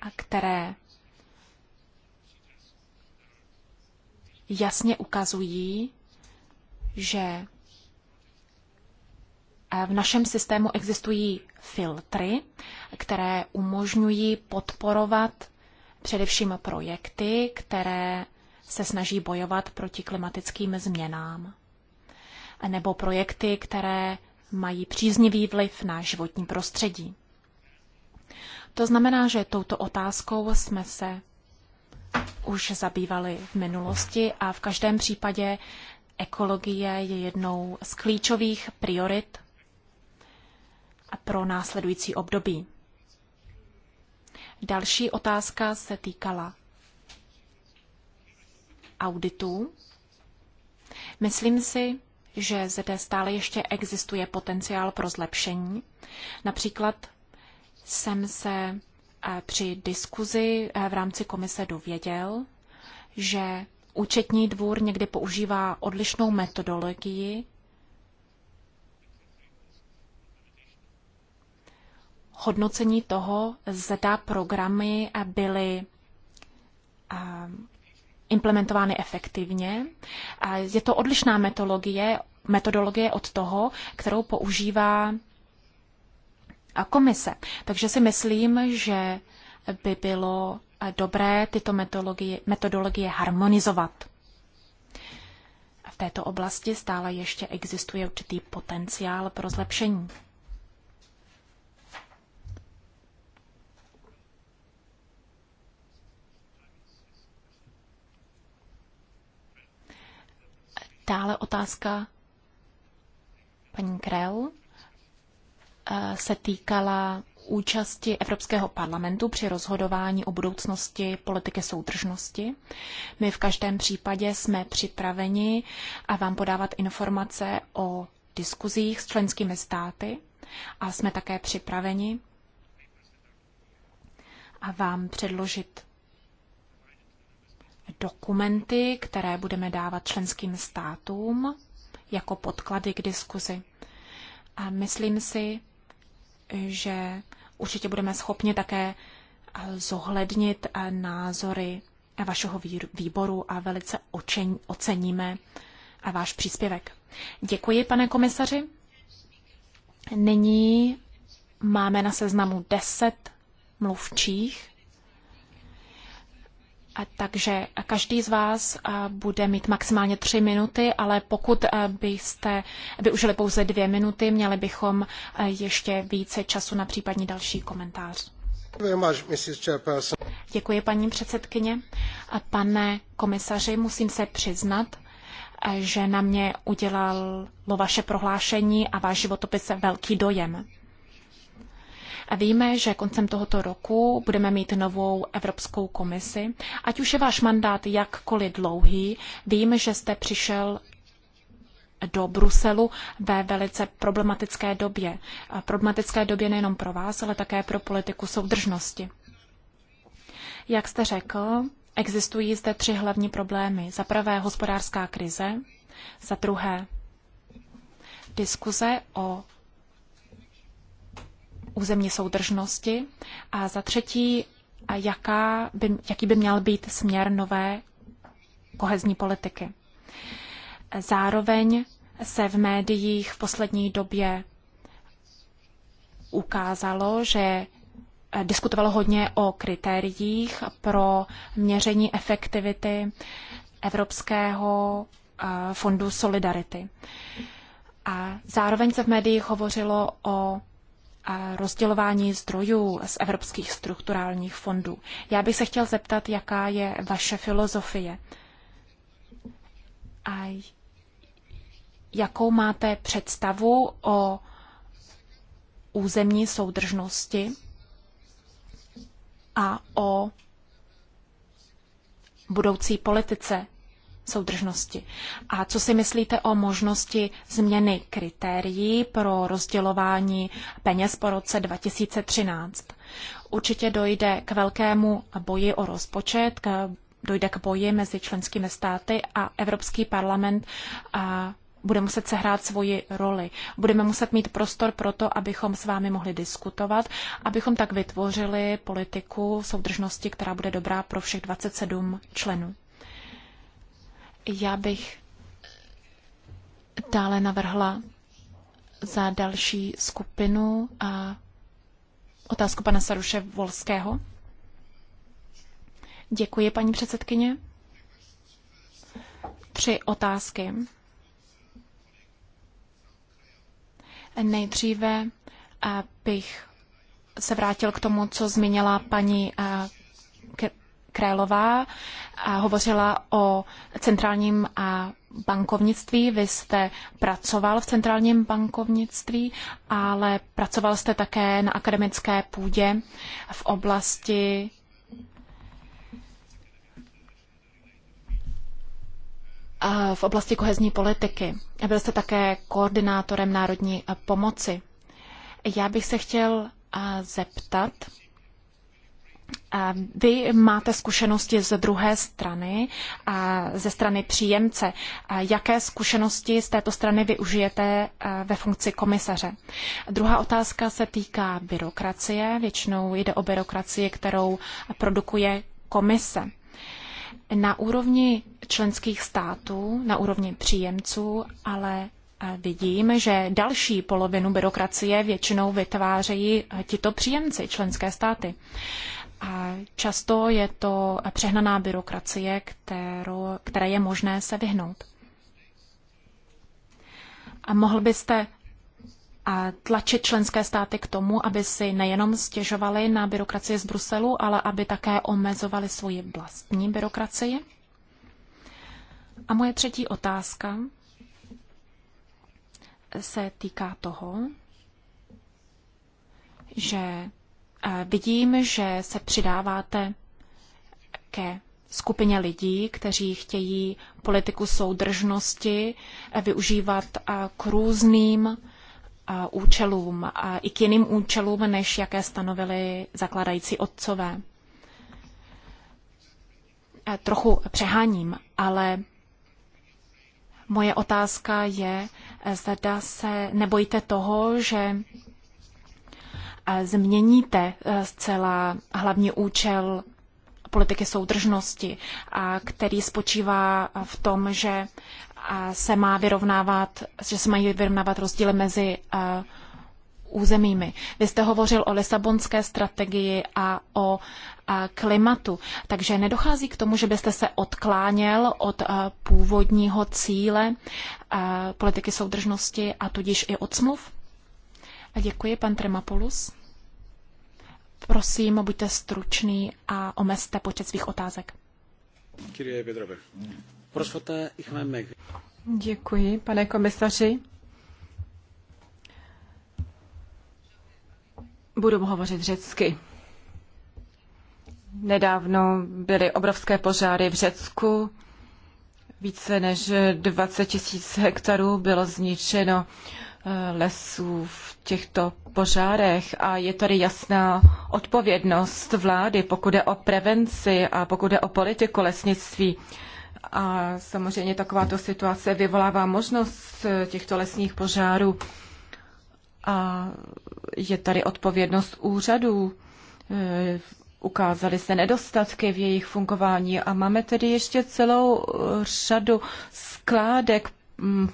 A které jasně ukazují, že eh, v našem systému existují filtry, které umožňují podporovat především projekty, které se snaží bojovat proti klimatickým změnám, nebo projekty, které mají příznivý vliv na životní prostředí. To znamená, že touto otázkou jsme se už zabývali v minulosti a v každém případě ekologie je jednou z klíčových priorit pro následující období. Další otázka se týkala auditů. Myslím si, že zde stále ještě existuje potenciál pro zlepšení. Například jsem se eh, při diskuzi eh, v rámci komise dověděl, že účetní dvůr někdy používá odlišnou metodologii hodnocení toho, zda programy byly eh, implementovány efektivně. Je to odlišná metodologie, metodologie od toho, kterou používá komise. Takže si myslím, že by bylo dobré tyto metodologie, metodologie harmonizovat. V této oblasti stále ještě existuje určitý potenciál pro zlepšení. Dále otázka paní Krell eh, se týkala účasti Evropského parlamentu při rozhodování o budoucnosti politiky soudržnosti. My v každém případě jsme připraveni a vám podávat informace o diskuzích s členskými státy a jsme také připraveni a vám předložit dokumenty, které budeme dávat členským státům jako podklady k diskuzi. A myslím si, že určitě budeme schopni také zohlednit názory vašeho výboru a velice oceníme váš příspěvek. Děkuji, pane komisaři. Nyní máme na seznamu 10 mluvčích takže každý z vás bude mít maximálně tři minuty, ale pokud byste využili pouze dvě minuty, měli bychom ještě více času na případní další komentář. Děkuji, paní předsedkyně. A pane komisaři, musím se přiznat, že na mě udělalo vaše prohlášení a váš životopis velký dojem. A víme, že koncem tohoto roku budeme mít novou Evropskou komisi. Ať už je váš mandát jakkoliv dlouhý, víme, že jste přišel do Bruselu ve velice problematické době. Problematické době nejenom pro vás, ale také pro politiku soudržnosti. Jak jste řekl, existují zde tři hlavní problémy. Za prvé hospodářská krize, za druhé diskuze o územní soudržnosti? A za třetí, jaká by, jaký by měl být směr nové kohezní politiky? Zároveň se v médiích v poslední době ukázalo, že diskutovalo hodně o kritériích pro měření efektivity Evropského eh, fondu Solidarity. A zároveň se v médiích hovořilo o rozdělování zdrojů z evropských strukturálních fondů. Já bych se chtěl zeptat, jaká je vaše filozofie a jakou máte představu o územní soudržnosti a o budoucí politice soudržnosti. A co si myslíte o možnosti změny kritérií pro rozdělování peněz po roce 2013? Určitě dojde k velkému boji o rozpočet, k, dojde k boji mezi členskými státy a Evropský parlament a bude muset sehrát svoji roli. Budeme muset mít prostor pro to, abychom s vámi mohli diskutovat, abychom tak vytvořili politiku soudržnosti, která bude dobrá pro všech 27 členů. Já bych dále navrhla za další skupinu a otázku pana Saruše Volského. Děkuji, paní předsedkyně. Tři otázky. Nejdříve bych se vrátil k tomu, co zmínila paní eh, Králová hovořila o centrálním a bankovnictví. Vy jste pracoval v centrálním bankovnictví, ale pracoval jste také na akademické půdě v oblasti v oblasti kohezní politiky. Byl jste také koordinátorem národní pomoci. Já bych se chtěl zeptat, vy máte zkušenosti z druhé strany, ze strany příjemce. Jaké zkušenosti z této strany využijete ve funkci komisaře? Druhá otázka se týká byrokracie. Většinou jde o byrokracii, kterou produkuje komise. Na úrovni členských států, na úrovni příjemců, ale vidím, že další polovinu byrokracie většinou vytvářejí tito příjemci, členské státy. A často je to přehnaná byrokracie, kterou, které je možné se vyhnout. A mohl byste a tlačit členské státy k tomu, aby si nejenom stěžovali na byrokracii z Bruselu, ale aby také omezovali svoji vlastní byrokracii? A moje třetí otázka se týká toho, že Vidím, že se přidáváte ke skupině lidí, kteří chtějí politiku soudržnosti využívat k různým účelům, i k jiným účelům, než jaké stanovili zakladající otcové. Trochu přeháním, ale moje otázka je, zda se nebojíte toho, že změníte eh, zcela hlavní účel politiky soudržnosti, který spočívá v tom, že se má vyrovnávat, že se mají vyrovnávat rozdíly mezi eh, územími. Vy jste hovořil o Lisabonské strategii a o klimatu, takže nedochází k tomu, že byste se odkláněl od eh, původního cíle politiky soudržnosti a tudíž i od smluv? děkuji, pan Tremapolus. Prosím, buďte stručný a omezte počet svých otázek.
Děkuji, pane komisaři. Budu hovořit řecky. Nedávno byly obrovské požáry v Řecku. Více než 20 tisíc hektarů bylo zničeno lesů v těchto požárech a je tady jasná odpovědnost vlády, pokud je o prevenci a pokud je o politiku lesnictví. A samozřejmě takováto situace vyvolává možnost těchto lesních požárů a je tady odpovědnost úřadů. Eh, ukázaly se nedostatky v jejich fungování a máme tedy ještě celou eh, řadu skládek mm,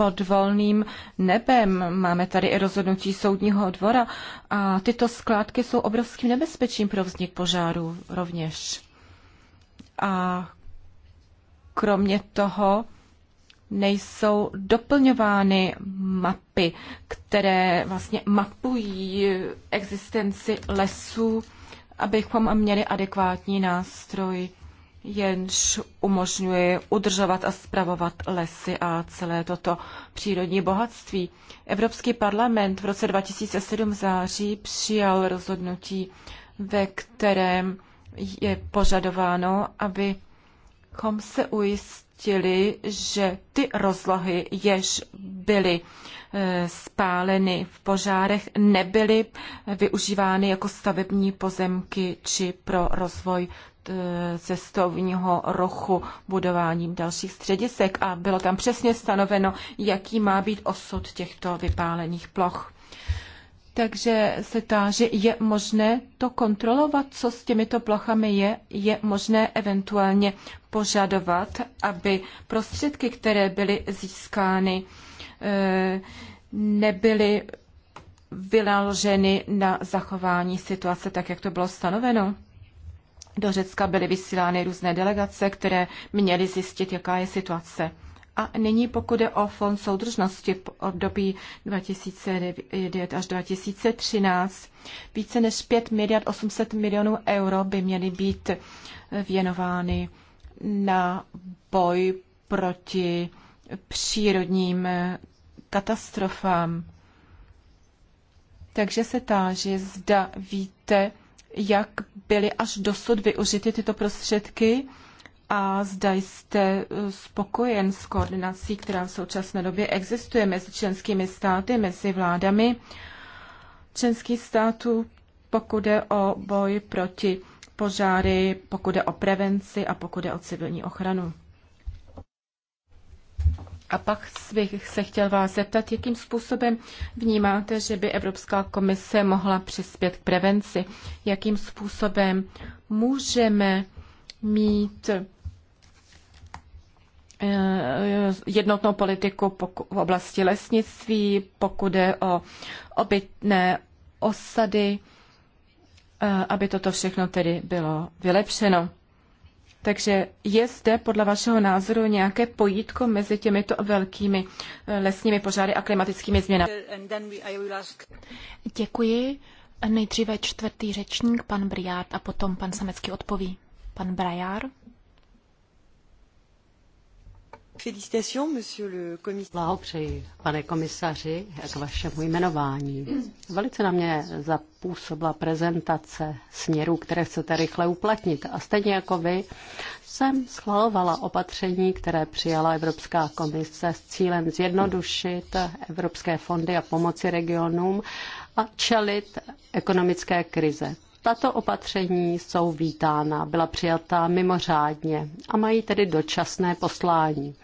pod volným nebem. Máme tady i rozhodnutí soudního dvora a tyto skládky jsou obrovským nebezpečím pro vznik požáru rovněž. A kromě toho nejsou doplňovány mapy, které vlastně mapují existenci lesů, abychom měli adekvátní nástroj jenž umožňuje udržovat a zpravovat lesy a celé toto přírodní bohatství. Evropský parlament v roce 2007 září přijal rozhodnutí, ve kterém je požadováno, abychom se ujistili, že ty rozlohy, jež byly eh, spáleny v požárech, nebyly využívány jako stavební pozemky či pro rozvoj Eh, cestovního rochu budováním dalších středisek a bylo tam přesně stanoveno, jaký má být osud těchto vypálených ploch. Takže se táže, je možné to kontrolovat, co s těmito plochami je, je možné eventuálně požadovat, aby prostředky, které byly získány, eh, nebyly vynaloženy na zachování situace tak, jak to bylo stanoveno. Do Řecka byly vysílány různé delegace, které měly zjistit, jaká je situace. A nyní, pokud je o fond soudržnosti v období 2009 až 2013, více než 5 miliard 800 milionů euro by měly být věnovány na boj proti přírodním katastrofám. Takže se táži, zda víte, jak byly až dosud využity tyto prostředky a zda jste eh, spokojen s koordinací, která v současné době existuje mezi členskými státy, mezi vládami členských států, pokud jde o boj proti požáry, pokud jde o prevenci a pokud jde o civilní ochranu. A pak bych se chtěl vás zeptat, jakým způsobem vnímáte, že by Evropská komise mohla přispět k prevenci? Jakým způsobem můžeme mít eh, jednotnou politiku v oblasti lesnictví, pokud je o obytné osady, eh, aby toto všechno tedy bylo vylepšeno. Takže je zde podle vašeho názoru nějaké pojítko mezi těmito
velkými eh, lesními požáry a klimatickými změnami? Děkuji. Nejdříve čtvrtý řečník, pan Briard, a potom pan Samecký odpoví. Pan Briard.
Blahopřeji, pane komisaři, k vašemu jmenování. Velice na mě zapůsobila prezentace směrů, které chcete rychle uplatnit. A stejně jako vy jsem schvalovala opatření, které přijala Evropská komise s cílem zjednodušit evropské fondy a pomoci regionům a čelit ekonomické krize. Tato opatření jsou vítána, byla přijata mimořádně a mají tedy dočasné poslání.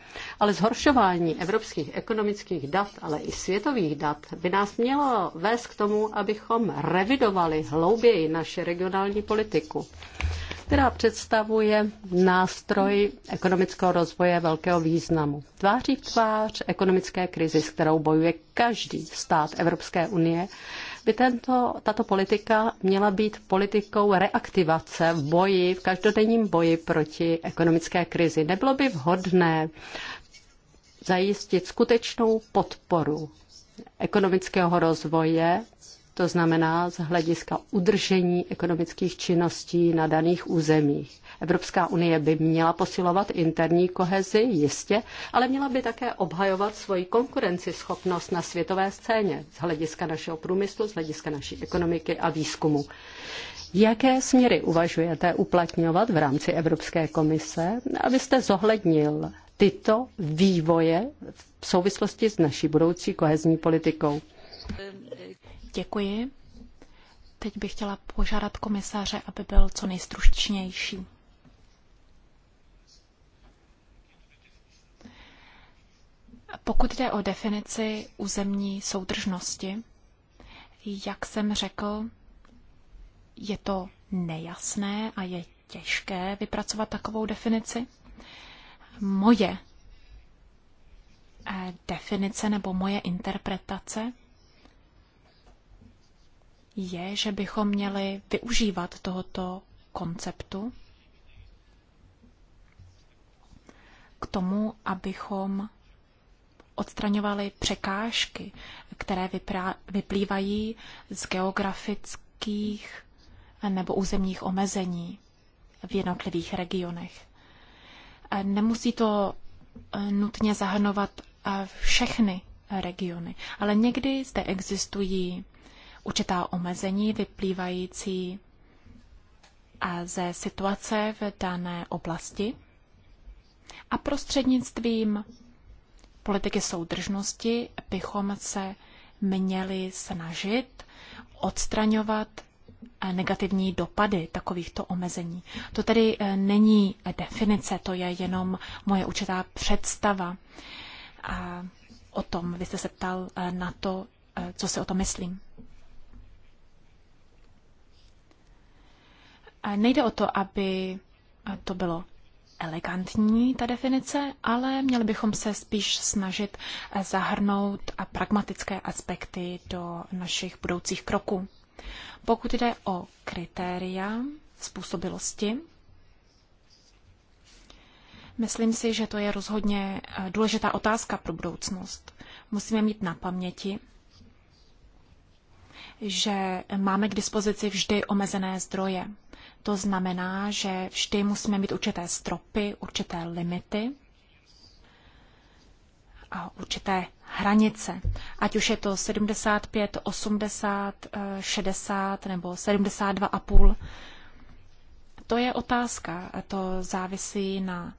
Ale zhoršování evropských ekonomických dat, ale i světových dat by nás mělo vést k tomu, abychom revidovali hlouběji naši regionální politiku, která představuje nástroj ekonomického rozvoje velkého významu. Tváří v tvář ekonomické krizi, s kterou bojuje každý stát Evropské unie, by tento, tato politika měla být politikou reaktivace v boji, v každodenním boji proti ekonomické krizi. Nebylo by vhodné zajistit skutečnou podporu ekonomického rozvoje to znamená z hlediska udržení ekonomických činností na daných územích. Evropská unie by měla posilovat interní kohezi, jistě, ale měla by také obhajovat svoji konkurenceschopnost na světové scéně z hlediska našeho průmyslu, z hlediska naší ekonomiky a výzkumu. Jaké směry uvažujete uplatňovat v rámci Evropské komise, abyste zohlednil tyto vývoje v souvislosti s naší budoucí kohezní politikou? Děkuji.
Teď bych chtěla požádat komisaře, aby byl co nejstručnější. Pokud jde o definici územní soudržnosti, jak jsem řekl, je to nejasné a je těžké vypracovat takovou definici. Moje eh, definice nebo moje interpretace je, že bychom měli využívat tohoto konceptu k tomu, abychom odstraňovali překážky, které vyplývají z geografických nebo územních omezení v jednotlivých regionech. Nemusí to e, nutně zahrnovat e, všechny regiony, ale někdy zde existují určitá omezení vyplývající ze situace v dané oblasti a prostřednictvím politiky soudržnosti bychom se měli snažit odstraňovat eh, negativní dopady takovýchto omezení. To tedy eh, není definice, to je jenom moje určitá představa a o tom. Vy jste se ptal eh, na to, co si o tom myslím. Nejde o to, aby to bylo elegantní, ta definice, ale měli bychom se spíš snažit zahrnout a pragmatické aspekty do našich budoucích kroků. Pokud jde o kritéria způsobilosti, myslím si, že to je rozhodně eh, důležitá otázka pro budoucnost. Musíme mít na paměti, že máme k dispozici vždy omezené zdroje. To znamená, že vždy musíme mít určité stropy, určité limity a určité hranice. Ať už je to 75, 80, 60 nebo 72,5. To je otázka. To závisí na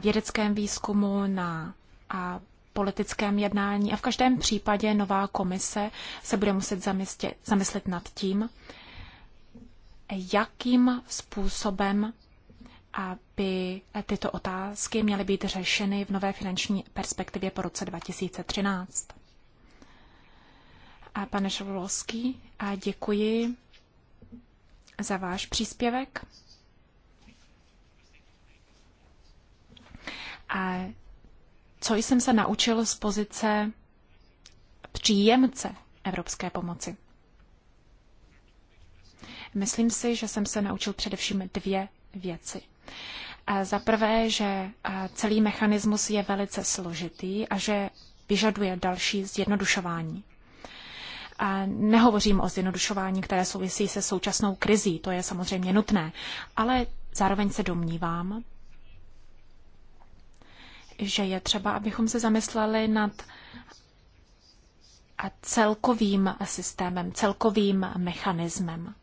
vědeckém výzkumu, na a politickém jednání a v každém případě nová komise se bude muset zamyslet, zamyslet nad tím, jakým způsobem aby tyto otázky měly být řešeny v nové finanční perspektivě po roce 2013. A pane Šavlovský, a děkuji za váš příspěvek. A co jsem se naučil z pozice příjemce evropské pomoci? Myslím si, že jsem se naučil především dvě věci. Za prvé, že celý mechanismus je velice složitý a že vyžaduje další zjednodušování. A nehovořím o zjednodušování, které souvisí se současnou krizí, to je samozřejmě nutné, ale zároveň se domnívám, že je třeba, abychom se zamysleli nad celkovým systémem, celkovým mechanismem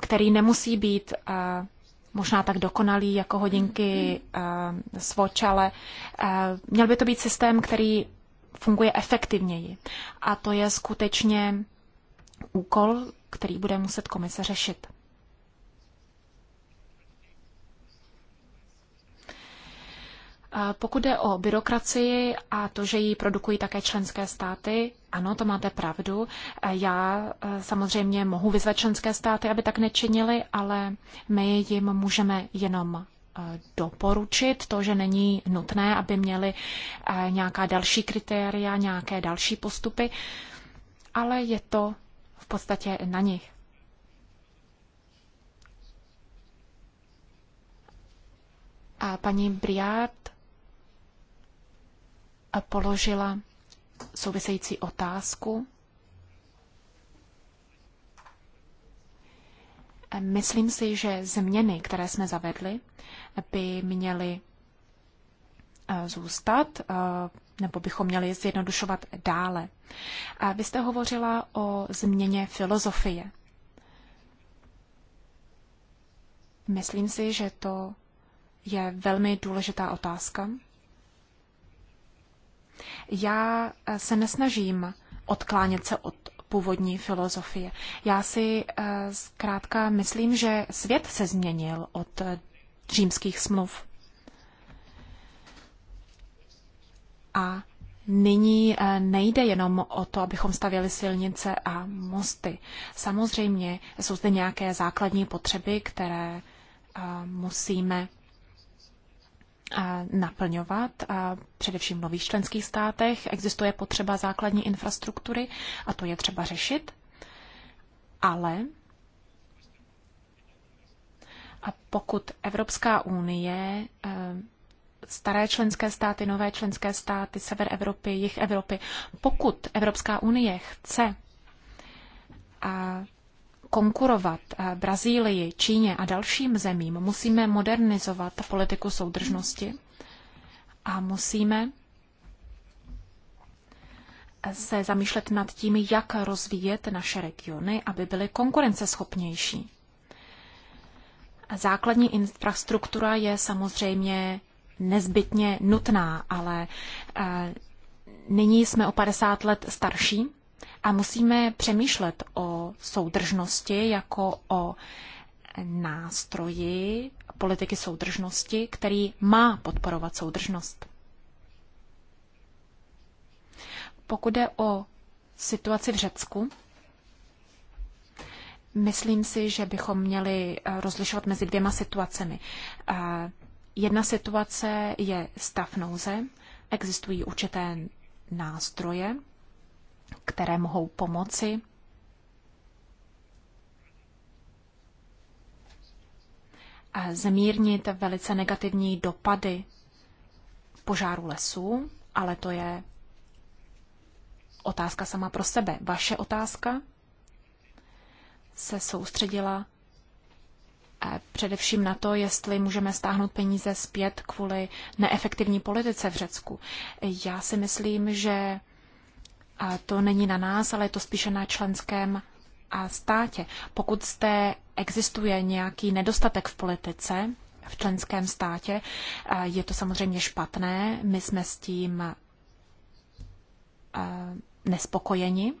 který nemusí být eh, možná tak dokonalý jako hodinky eh, Swatch, ale eh, měl by to být systém, který funguje efektivněji. A to je skutečně úkol, který bude muset komise řešit. Pokud jde o byrokracii a to, že ji produkují také členské státy, ano, to máte pravdu. E, já e, samozřejmě mohu vyzvat členské státy, aby tak nečinili, ale my jim můžeme jenom e, doporučit to, že není nutné, aby měli nějaká další kritéria, nějaké další postupy, ale je to v podstatě na nich. A paní Briard položila související otázku. Myslím si, že změny, které jsme zavedli, by měly eh, zůstat, eh, nebo bychom měli zjednodušovat dále. A vy jste hovořila o změně filozofie. Myslím si, že to je velmi důležitá otázka. Já eh, se nesnažím odklánět se od původní filozofie. Já si eh, zkrátka myslím, že svět se změnil od eh, římských smluv. A nyní nejde jenom o to, abychom stavěli silnice a mosty. Samozřejmě jsou zde nějaké základní potřeby, které musíme naplňovat, a především v nových členských státech. Existuje potřeba základní infrastruktury a to je třeba řešit, ale a pokud Evropská unie eh, staré členské státy, nové členské státy, sever Evropy, jich Evropy. Pokud Evropská unie chce a konkurovat eh, Brazílii, Číně a dalším zemím, musíme modernizovat politiku soudržnosti a musíme se zamýšlet nad tím, jak rozvíjet naše regiony, aby byly konkurenceschopnější. Základní infrastruktura je samozřejmě nezbytně nutná, ale eh, nyní jsme o 50 let starší a musíme přemýšlet o soudržnosti jako o nástroji politiky soudržnosti, který má podporovat soudržnost. Pokud jde o situaci v Řecku, myslím si, že bychom měli eh, rozlišovat mezi dvěma situacemi. Eh, jedna situace je stav nouze, existují určité nástroje, které mohou pomoci. A zmírnit velice negativní dopady požáru lesů, ale to je otázka sama pro sebe. Vaše otázka se soustředila eh, především na to, jestli můžeme stáhnout peníze zpět kvůli neefektivní politice v Řecku. Já si myslím, že a to není na nás, ale je to spíše na členském a státě. Pokud zde existuje nějaký nedostatek v politice, v členském státě, je to samozřejmě špatné. My jsme s tím nespokojeni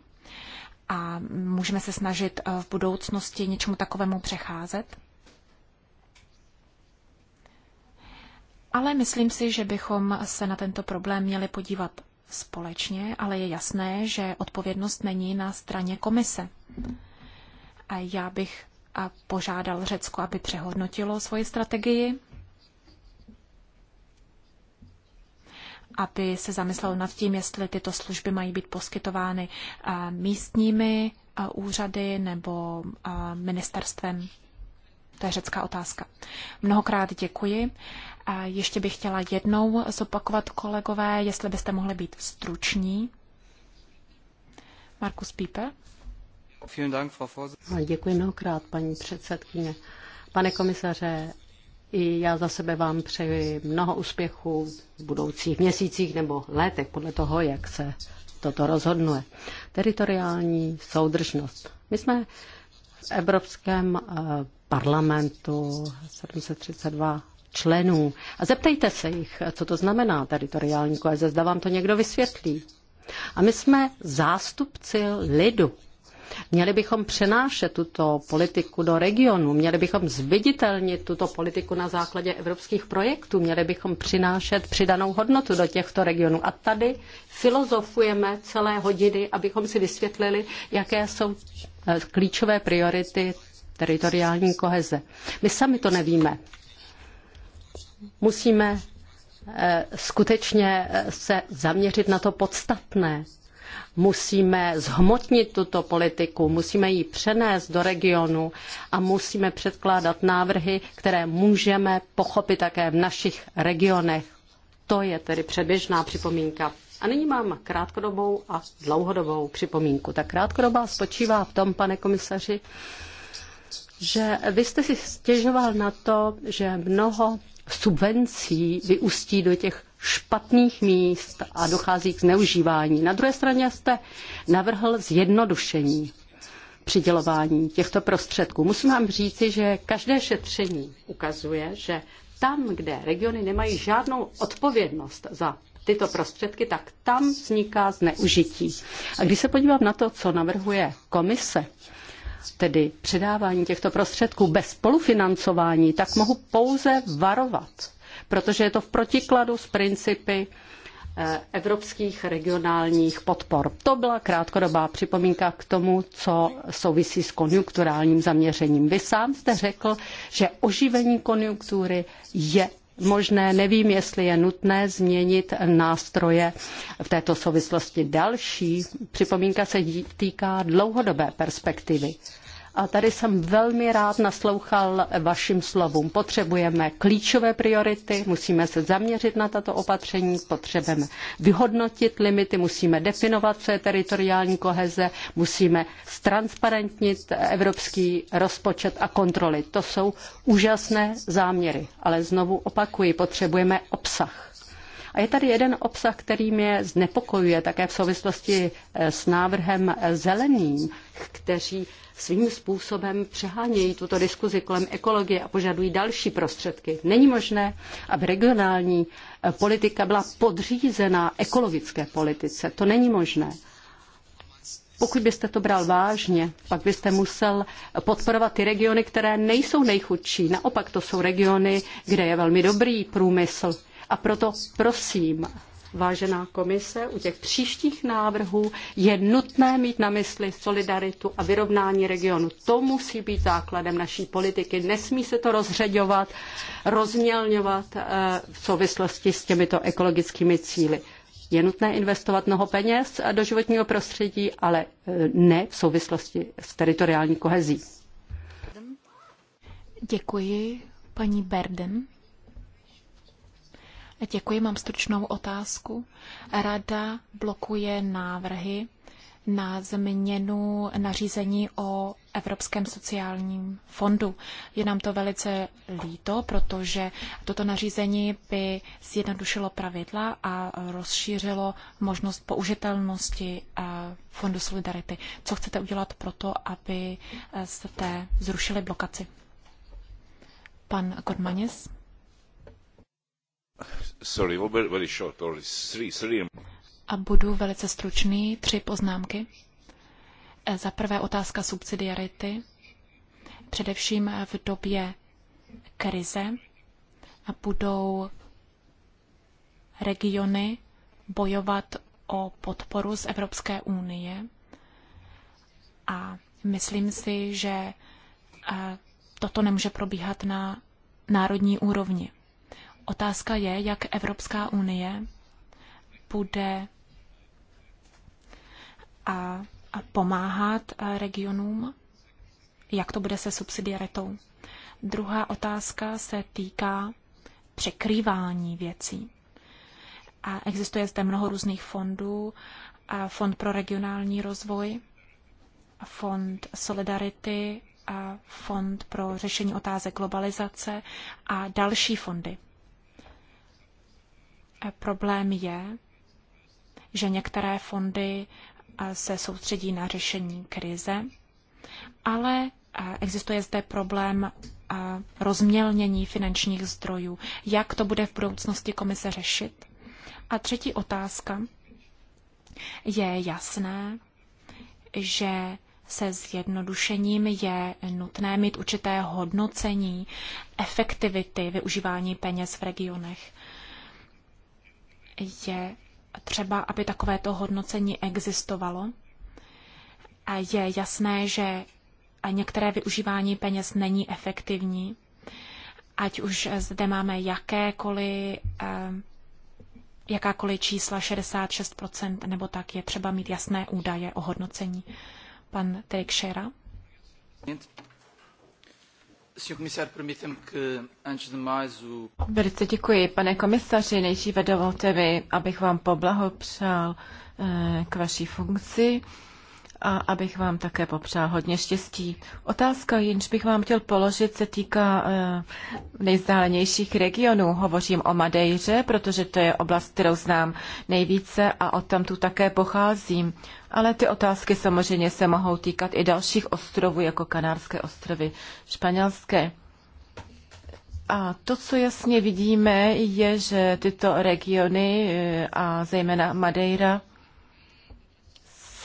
a můžeme se snažit v budoucnosti něčemu takovému přecházet. Ale myslím si, že bychom se na tento problém měli podívat společně, ale je jasné, že odpovědnost není na straně komise. A já bych a požádal Řecko, aby přehodnotilo svoji strategii, aby se zamyslel nad tím, jestli tyto služby mají být poskytovány místními úřady nebo ministerstvem. To je řecká otázka. Mnohokrát děkuji. A Ještě bych chtěla jednou zopakovat, kolegové, jestli byste mohli být struční. Markus
Pípe. Děkuji mnohokrát, paní předsedkyně. Pane komisaře, i já za sebe vám přeji mnoho úspěchů v budoucích měsících nebo letech, podle toho, jak se toto rozhodnuje. Teritoriální soudržnost. My jsme v Evropském eh, parlamentu 732 členů a zeptejte se jich, co to znamená teritoriální koheze, zda vám to někdo vysvětlí. A my jsme zástupci lidu. Měli bychom přenášet tuto politiku do regionu, měli bychom zviditelnit tuto politiku na základě evropských projektů, měli bychom přinášet přidanou hodnotu do těchto regionů. A tady filozofujeme celé hodiny, abychom si vysvětlili, jaké jsou eh, klíčové priority teritoriální koheze. My sami to nevíme musíme eh, skutečně eh, se zaměřit na to podstatné. Musíme zhmotnit tuto politiku, musíme ji přenést do regionu a musíme předkládat návrhy, které můžeme pochopit také v našich regionech. To je tedy předběžná připomínka. A nyní mám krátkodobou a dlouhodobou připomínku. Ta krátkodobá spočívá v tom, pane komisaři, že vy jste si stěžoval na to, že mnoho subvencí vyústí do těch špatných míst a dochází k zneužívání. Na druhé straně jste navrhl zjednodušení přidělování těchto prostředků. Musím vám říci, že každé šetření ukazuje, že tam, kde regiony nemají žádnou odpovědnost za tyto prostředky, tak tam vzniká zneužití. A když se podívám na to, co navrhuje komise, tedy předávání těchto prostředků bez spolufinancování, tak mohu pouze varovat, protože je to v protikladu s principy eh, evropských regionálních podpor. To byla krátkodobá připomínka k tomu, co souvisí s konjunkturálním zaměřením. Vy sám jste řekl, že oživení konjunktury je možné. Nevím, jestli je nutné změnit nástroje v této souvislosti. Další připomínka se týká dlouhodobé perspektivy a tady jsem velmi rád naslouchal vašim slovům. Potřebujeme klíčové priority, musíme se zaměřit na tato opatření, potřebujeme vyhodnotit limity, musíme definovat, co je teritoriální koheze, musíme stransparentnit evropský rozpočet a kontroly. To jsou úžasné záměry, ale znovu opakuji, potřebujeme obsah. A je tady jeden obsah, který mě znepokojuje také v souvislosti eh, s návrhem eh, zeleným, kteří svým způsobem přehánějí tuto diskuzi kolem ekologie a požadují další prostředky. Není možné, aby regionální eh, politika byla podřízená ekologické politice. To není možné. Pokud byste to bral vážně, pak byste musel podporovat ty regiony, které nejsou nejchudší. Naopak to jsou regiony, kde je velmi dobrý průmysl. A proto prosím, vážená komise, u těch příštích návrhů je nutné mít na mysli solidaritu a vyrovnání regionu. To musí být základem naší politiky. Nesmí se to rozředovat, rozmělňovat eh, v souvislosti s těmito ekologickými cíli. Je nutné investovat mnoho peněz eh, do životního prostředí, ale eh, ne v souvislosti s teritoriální kohezí.
Děkuji, paní Berden. Děkuji, mám stručnou otázku. Rada blokuje návrhy na změnu nařízení o Evropském sociálním fondu. Je nám to velice líto, protože toto nařízení by zjednodušilo pravidla a rozšířilo možnost použitelnosti eh, Fondu Solidarity. Co chcete udělat pro to, aby eh, zrušili blokaci? Pan Kodmanis.
Sorry, very, short, or three, three.
A budu velice stručný, tři poznámky. E, za prvé otázka subsidiarity, především v době krize a budou regiony bojovat o podporu z Evropské unie. A myslím si, že e, toto nemůže probíhat na národní úrovni. Otázka je, jak Evropská unie bude a, a pomáhat regionům, jak to bude se subsidiaritou. Druhá otázka se týká překrývání věcí. A existuje zde mnoho různých fondů. A fond pro regionální rozvoj, a fond Solidarity, a fond pro řešení otázek globalizace a další fondy. Eh, problém je, že některé fondy eh, se soustředí na řešení krize, ale eh, existuje zde problém rozmělnění finančních zdrojů. Jak to bude v budoucnosti komise řešit? A třetí otázka. Je jasné, že se zjednodušením je nutné mít určité hodnocení efektivity využívání peněz v regionech je třeba, aby takovéto hodnocení existovalo. A je jasné, že některé využívání peněz není efektivní, ať už zde máme jakékoliv, eh, jakákoliv čísla 66% nebo tak, je třeba mít jasné údaje o hodnocení. Pan Teixeira.
Velice děkuji, pane komisaři. Nejdříve dovolte mi, abych vám poblahopřál eh, k vaší funkci a abych vám také popřál hodně štěstí. Otázka, jenž bych vám chtěl položit, se týká eh, nejzdálenějších regionů. Hovořím o Madejře, protože to je oblast, kterou znám nejvíce a od tam tu také pocházím. Ale ty otázky samozřejmě se mohou týkat i dalších ostrovů, jako Kanárské ostrovy, španělské. A to, co jasně vidíme, je, že tyto regiony eh, a zejména Madeira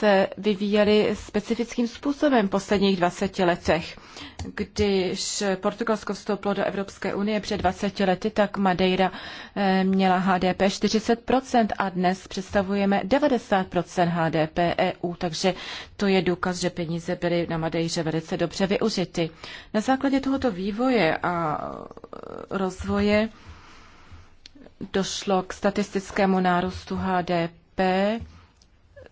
se vyvíjely specifickým způsobem v posledních 20 letech. Když Portugalsko vstoupilo do Evropské unie před 20 lety, tak Madeira eh, měla HDP 40% a dnes představujeme 90% HDP EU, takže to je důkaz, že peníze byly na Madeiře velice dobře využity. Na základě tohoto vývoje a eh, rozvoje došlo k statistickému nárůstu HDP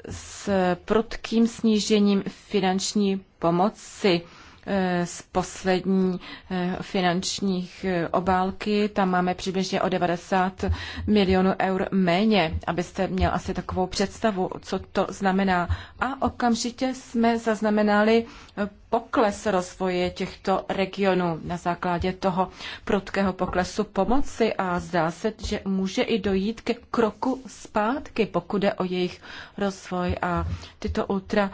s prudkým snížením finanční pomoci. Eh, z poslední eh, finančních eh, obálky. Tam máme přibližně o 90 milionů eur méně, abyste měl asi takovou představu, co to znamená. A okamžitě jsme zaznamenali pokles rozvoje těchto regionů na základě toho prudkého poklesu pomoci a zdá se, že může i dojít ke kroku zpátky, pokud jde o jejich rozvoj a tyto ultra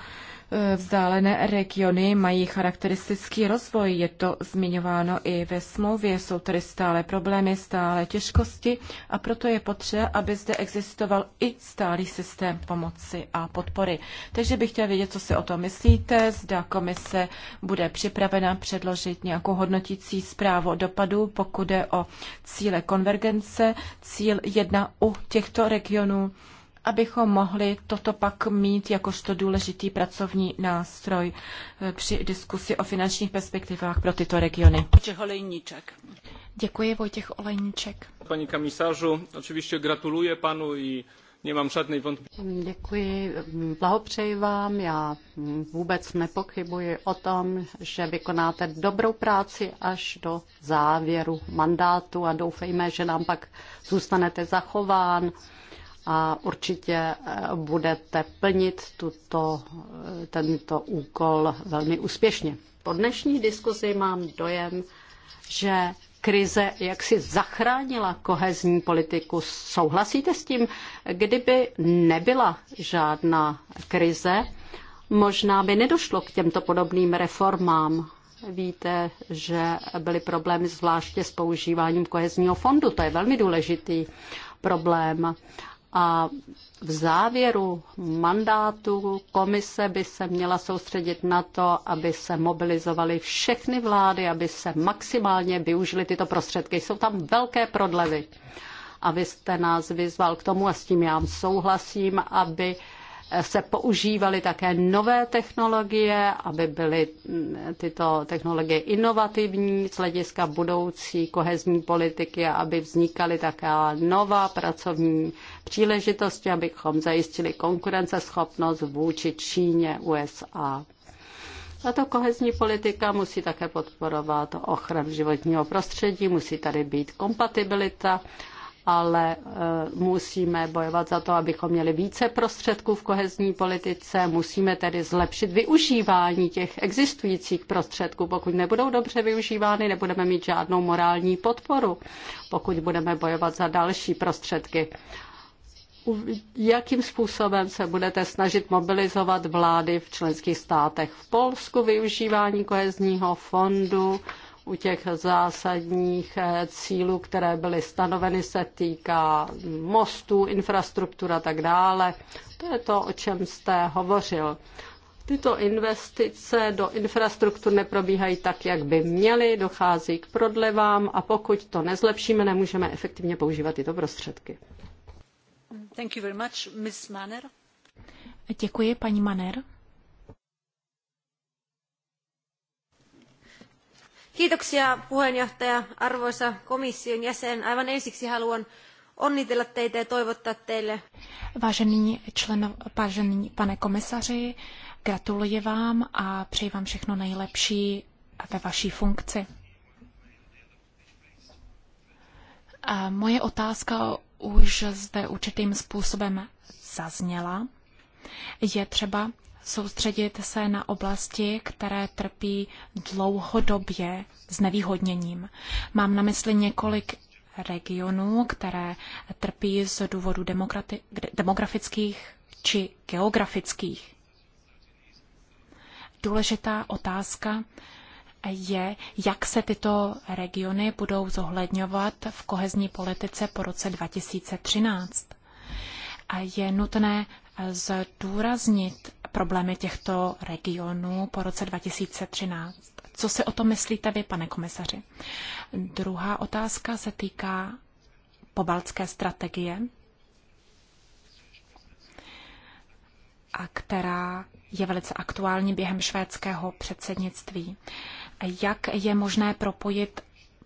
Eh, vzdálené regiony mají charakteristický rozvoj, je to zmiňováno i ve smlouvě, jsou tady stále problémy, stále těžkosti a proto je potřeba, aby zde existoval i stálý systém pomoci a podpory. Takže bych chtěla vědět, co si o tom myslíte, zda komise bude připravena předložit nějakou hodnotící zprávu o dopadu, pokud jde o cíle konvergence, cíl jedna u těchto regionů abychom mohli toto pak mít jakožto důležitý pracovní nástroj eh, při diskusi o finančních perspektivách pro tyto regiony.
Děkuji, Vojtěch Olejníček.
Pani komisařu, oczywiście gratuluję panu i nemám žádný
vątpliwości. Děkuji, blahopřeji vám. Já vůbec nepochybuji o tom, že vykonáte dobrou práci až do závěru mandátu a doufejme, že nám pak zůstanete zachován a určitě eh, budete plnit tuto, eh, tento úkol velmi úspěšně. Po dnešní diskuzi mám dojem, že krize jaksi zachránila kohezní politiku. Souhlasíte s tím? Kdyby nebyla žádná krize, možná by nedošlo k těmto podobným reformám. Víte, že byly problémy zvláště s používáním kohezního fondu. To je velmi důležitý problém a v závěru mandátu komise by se měla soustředit na to, aby se mobilizovaly všechny vlády, aby se maximálně využily tyto prostředky. Jsou tam velké prodlevy. A vy jste nás vyzval k tomu, a s tím já souhlasím, aby se používaly také nové technologie, aby byly mm, tyto technologie inovativní z hlediska budoucí kohezní politiky a aby vznikaly také nová pracovní příležitosti, abychom zajistili konkurenceschopnost vůči Číně, USA. Tato kohezní politika musí také podporovat ochranu životního prostředí, musí tady být kompatibilita ale e, musíme bojovat za to, abychom měli více prostředků v kohezní politice, musíme tedy zlepšit využívání těch existujících prostředků. Pokud nebudou dobře využívány, nebudeme mít žádnou morální podporu, pokud budeme bojovat za další prostředky jakým způsobem se budete snažit mobilizovat vlády v členských státech. V Polsku využívání kohezního fondu u těch zásadních eh, cílů, které byly stanoveny, se týká mostů, infrastruktura a tak dále. To je to, o čem jste hovořil. Tyto investice do infrastruktur neprobíhají tak, jak by měly, dochází k prodlevám a pokud to nezlepšíme, nemůžeme efektivně používat tyto prostředky. Thank you very much, Ms. Manner. Děkuji, paní Maner. Kiitoksia puheenjohtaja, arvoisa komission jäsen. Aivan ensiksi haluan onnitella teitä ja toivottaa
teille. Vážený, člen, vážený pane komisaři, gratuluji vám a přeji vám všechno nejlepší ve vaší funkci. A moje otázka už zde určitým způsobem zazněla. Je třeba soustředit se na oblasti, které trpí dlouhodobě znevýhodněním. Mám na mysli několik regionů, které trpí z důvodu demografických či geografických. Důležitá otázka je, jak se tyto regiony budou zohledňovat v kohezní politice po roce 2013. A je nutné zdůraznit problémy těchto regionů po roce 2013. Co si o tom myslíte vy, pane komisaři? Druhá otázka se týká pobaltské strategie, a která je velice aktuální během švédského předsednictví. Jak je možné propojit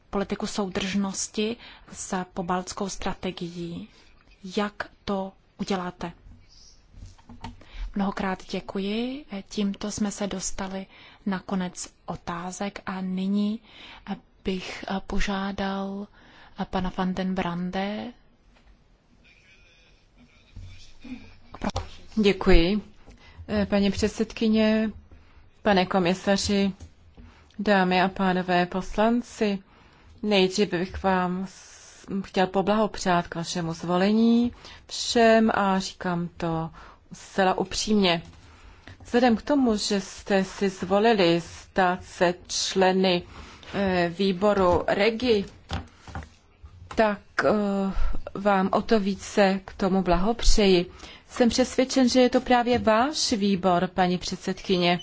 politiku soudržnosti s pobaltskou strategií? Jak to uděláte? Mnohokrát děkuji. Tímto jsme se dostali na konec otázek a nyní bych požádal pana van den Brande.
Děkuji. Paní předsedkyně, pane komisaři, dámy a pánové poslanci, nejdřív bych vám chtěl poblahopřát k vašemu zvolení všem a říkám to zcela upřímně. Vzhledem k tomu, že jste si zvolili stát se členy eh, výboru REGI, tak eh, vám o to více k tomu blahopřeji. Jsem přesvědčen, že je to právě váš výbor, paní předsedkyně,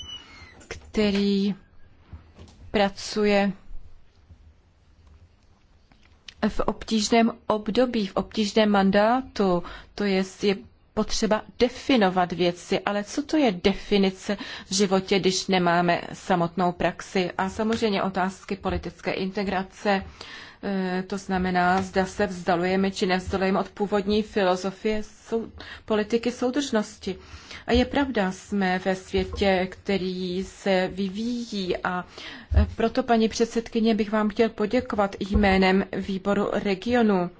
který pracuje v obtížném období, v obtížném mandátu, to je, je potřeba definovat věci, ale co to je definice v životě, když nemáme samotnou praxi? A samozřejmě otázky politické integrace, eh, to znamená, zda se vzdalujeme či nevzdalujeme od původní filozofie sou, politiky soudržnosti. A je pravda, jsme ve světě, který se vyvíjí a eh, proto, paní předsedkyně, bych vám chtěl poděkovat jménem výboru regionu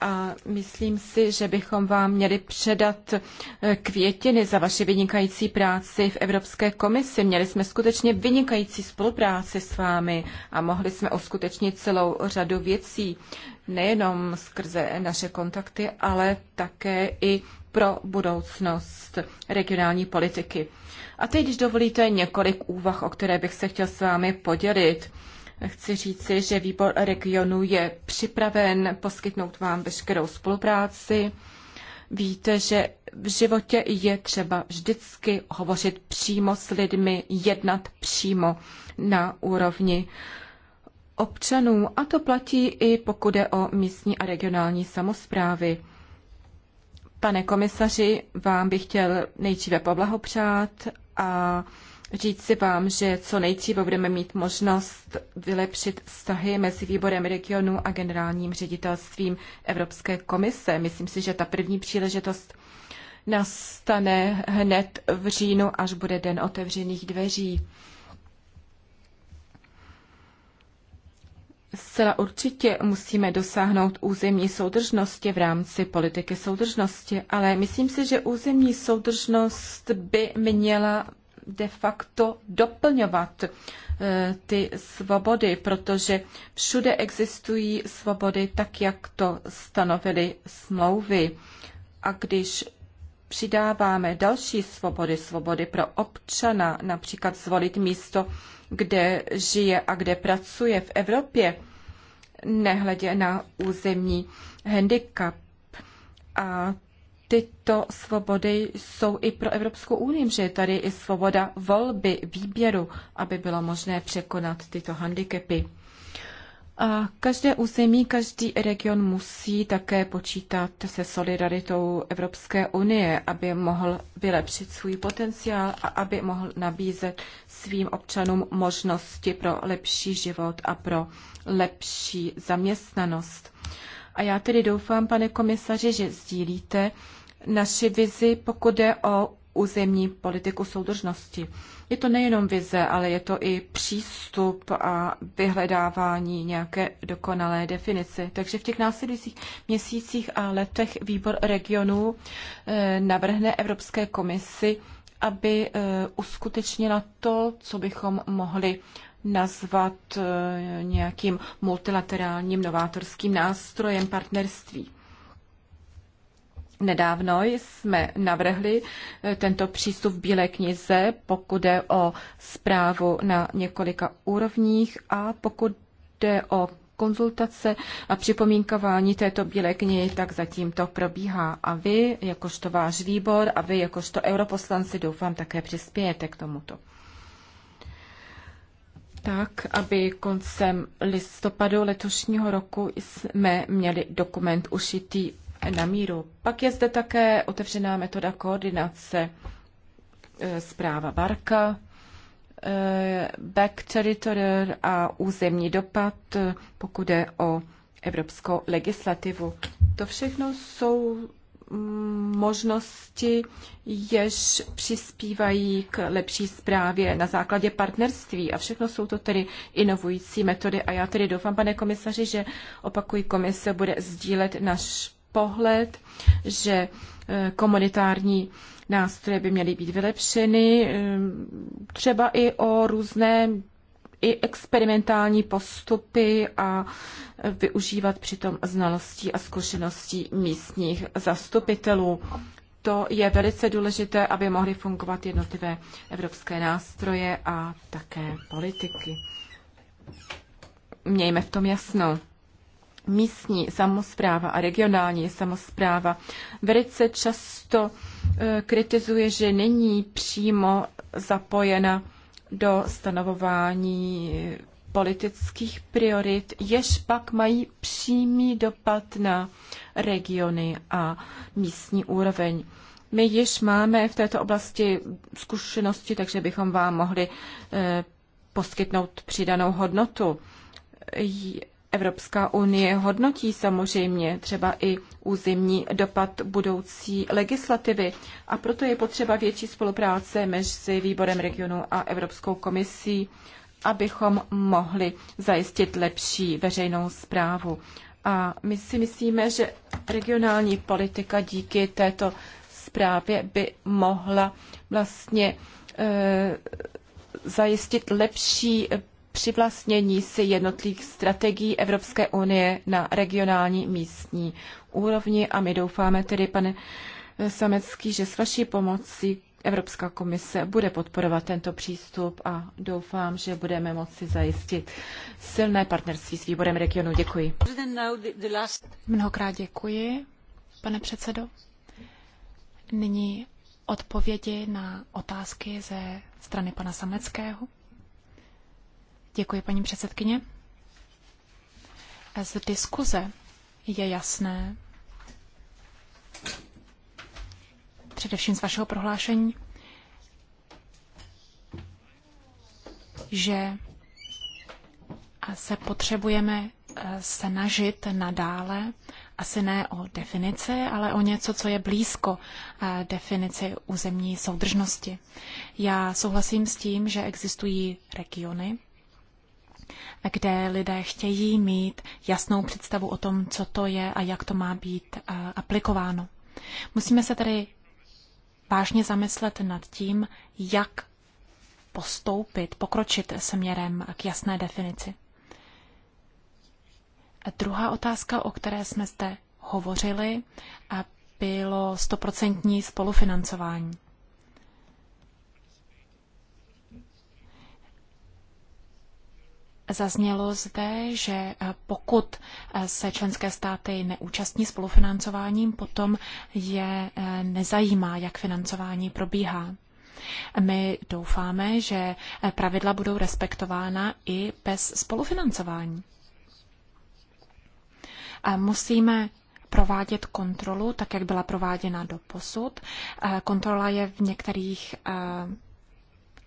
a myslím si, že bychom vám měli předat eh, květiny za vaši vynikající práci v Evropské komisi. Měli jsme skutečně vynikající spolupráci s vámi a mohli jsme uskutečnit celou řadu věcí, nejenom skrze naše kontakty, ale také i pro budoucnost regionální politiky. A teď, když dovolíte, několik úvah, o které bych se chtěl s vámi podělit. Chci říci, že výbor regionu je připraven poskytnout vám veškerou spolupráci. Víte, že v životě je třeba vždycky hovořit přímo s lidmi, jednat přímo na úrovni občanů. A to platí i pokud je o místní a regionální samozprávy. Pane komisaři, vám bych chtěl nejdříve poblahopřát a říct si vám, že co nejdříve budeme mít možnost vylepšit vztahy mezi výborem regionu a generálním ředitelstvím Evropské komise. Myslím si, že ta první příležitost nastane hned v říjnu, až bude den otevřených dveří. Zcela určitě musíme dosáhnout územní soudržnosti v rámci politiky soudržnosti, ale myslím si, že územní soudržnost by měla de facto doplňovat eh, ty svobody, protože všude existují svobody tak, jak to stanovily smlouvy. A když přidáváme další svobody, svobody pro občana, například zvolit místo, kde žije a kde pracuje v Evropě, nehledě na územní handicap. A tyto svobody jsou i pro Evropskou unii, že je tady i svoboda volby, výběru, aby bylo možné překonat tyto handicapy. A každé území, každý region musí také počítat se solidaritou Evropské unie, aby mohl vylepšit svůj potenciál a aby mohl nabízet svým občanům možnosti pro lepší život a pro lepší zaměstnanost. A já tedy doufám, pane komisaři, že sdílíte naši vizi, pokud je o územní politiku soudržnosti. Je to nejenom vize, ale je to i přístup a vyhledávání nějaké dokonalé definice. Takže v těch následujících měsících a letech výbor regionů eh, navrhne Evropské komisi, aby eh, uskutečnila to, co bychom mohli nazvat eh, nějakým multilaterálním novátorským nástrojem partnerství. Nedávno jsme navrhli eh, tento přístup v Bílé knize, pokud jde o zprávu na několika úrovních a pokud jde o konzultace a připomínkování této bílé knihy, tak zatím to probíhá. A vy, jakožto váš výbor, a vy, jakožto europoslanci, doufám, také přispějete k tomuto. Tak, aby koncem listopadu letošního roku jsme měli dokument ušitý na míru. Pak je zde také otevřená metoda koordinace e, zpráva Barka, e, back territorial a územní dopad, e, pokud je o evropskou legislativu. To všechno jsou mm, možnosti, jež přispívají k lepší zprávě na základě partnerství. A všechno jsou to tedy inovující metody. A já tedy doufám, pane komisaři, že opakují komise bude sdílet náš pohled, že eh, komunitární nástroje by měly být vylepšeny, eh, třeba i o různé i experimentální postupy a využívat přitom znalostí a zkušeností místních zastupitelů. To je velice důležité, aby mohly fungovat jednotlivé evropské nástroje a také politiky. Mějme v tom jasno místní samozpráva a regionální samozpráva velice často eh, kritizuje, že není přímo zapojena do stanovování politických priorit, jež pak mají přímý dopad na regiony a místní úroveň. My již máme v této oblasti zkušenosti, takže bychom vám mohli eh, poskytnout přidanou hodnotu Evropská unie hodnotí samozřejmě třeba i územní dopad budoucí legislativy a proto je potřeba větší spolupráce mezi výborem regionu a Evropskou komisí, abychom mohli zajistit lepší veřejnou zprávu. A my si myslíme, že regionální politika díky této zprávě by mohla vlastně e, zajistit lepší přivlastnění si jednotlivých strategií Evropské unie na regionální místní úrovni a my doufáme tedy, pane Samecký, že s vaší pomocí Evropská komise bude podporovat tento přístup a doufám, že budeme moci zajistit silné partnerství s výborem regionu. Děkuji.
Mnohokrát děkuji, pane předsedo. Nyní odpovědi na otázky ze strany pana Sameckého. Děkuji, paní předsedkyně. Z diskuze je jasné, především z vašeho prohlášení, že se potřebujeme eh, snažit nadále, asi ne o definici, ale o něco, co je blízko eh, definici územní soudržnosti. Já souhlasím s tím, že existují regiony, kde lidé chtějí mít jasnou představu o tom, co to je a jak to má být eh, aplikováno. Musíme se tedy vážně zamyslet nad tím, jak postoupit, pokročit směrem k jasné definici. A druhá otázka, o které jsme zde hovořili, a eh, bylo stoprocentní spolufinancování. Zaznělo zde, že eh, pokud eh, se členské státy neúčastní spolufinancováním, potom je eh, nezajímá, jak financování probíhá. My doufáme, že pravidla budou respektována i bez spolufinancování. Musíme provádět kontrolu, tak jak byla prováděna do posud. Kontrola je v některých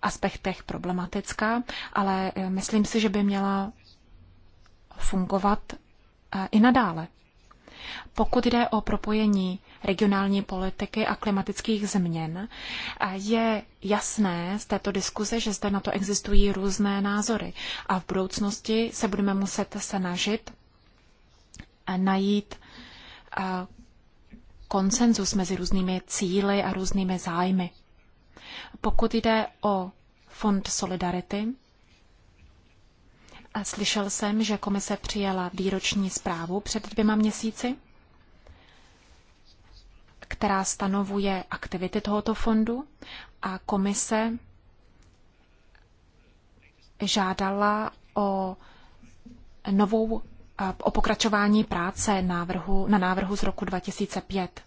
aspektech problematická, ale eh, myslím si, že by měla fungovat eh, i nadále. Pokud jde o propojení regionální politiky a klimatických změn, eh, je jasné z této diskuze, že zde na to existují různé názory a v budoucnosti se budeme muset snažit najít konsenzus mezi různými cíly a různými zájmy. Pokud jde o Fond Solidarity, a slyšel jsem, že komise přijala výroční zprávu před dvěma měsíci, která stanovuje aktivity tohoto fondu a komise žádala o novou o pokračování práce návrhu, na návrhu z roku 2005.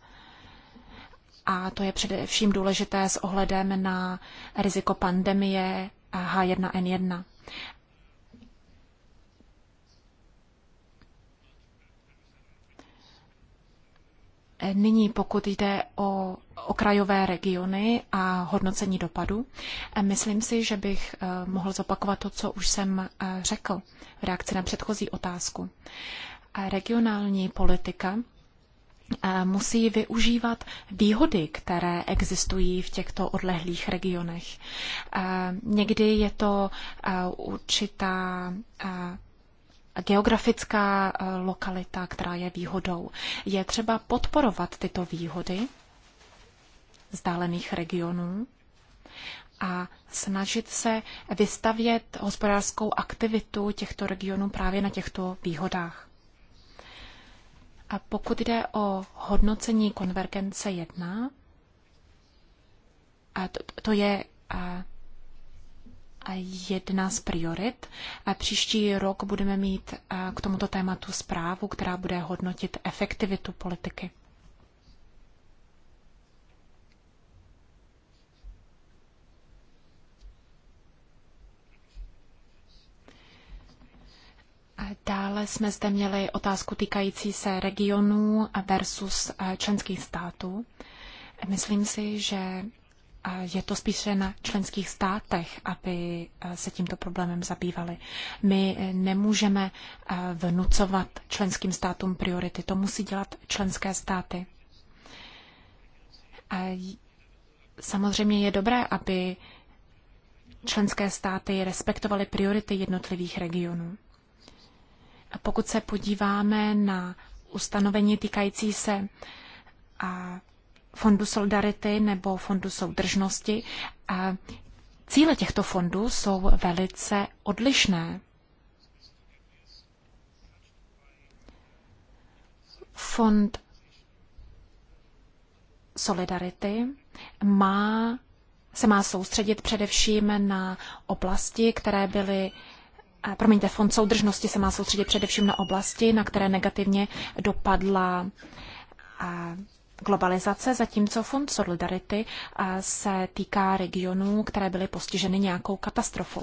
A to je především důležité s ohledem na riziko pandemie H1N1. Nyní, pokud jde o okrajové regiony a hodnocení dopadu, myslím si, že bych eh, mohl zopakovat to, co už jsem eh, řekl v reakci na předchozí otázku. Regionální politika Eh, musí využívat výhody, které existují v těchto odlehlých regionech. Eh, někdy je to eh, určitá geografická lokalita, která je výhodou. Je třeba podporovat tyto výhody vzdálených regionů a snažit se vystavět hospodářskou aktivitu těchto regionů právě na těchto výhodách. A pokud jde o hodnocení konvergence 1, a to, to je a, a jedna z priorit. A příští rok budeme mít a, k tomuto tématu zprávu, která bude hodnotit efektivitu politiky. Dále jsme zde měli otázku týkající se regionů versus eh, členských států. Myslím si, že eh, je to spíše na členských státech, aby eh, se tímto problémem zabývali. My nemůžeme vnucovat členským státům priority. To musí dělat členské státy. Samozřejmě je dobré, aby členské státy respektovaly priority jednotlivých regionů pokud se podíváme na ustanovení týkající se fondu Solidarity nebo fondu soudržnosti, cíle těchto fondů jsou velice odlišné. Fond Solidarity má, se má soustředit především na oblasti, které byly promiňte, fond soudržnosti se má soustředit především na oblasti, na které negativně dopadla globalizace, zatímco fond Solidarity se týká regionů, které byly postiženy nějakou katastrofou.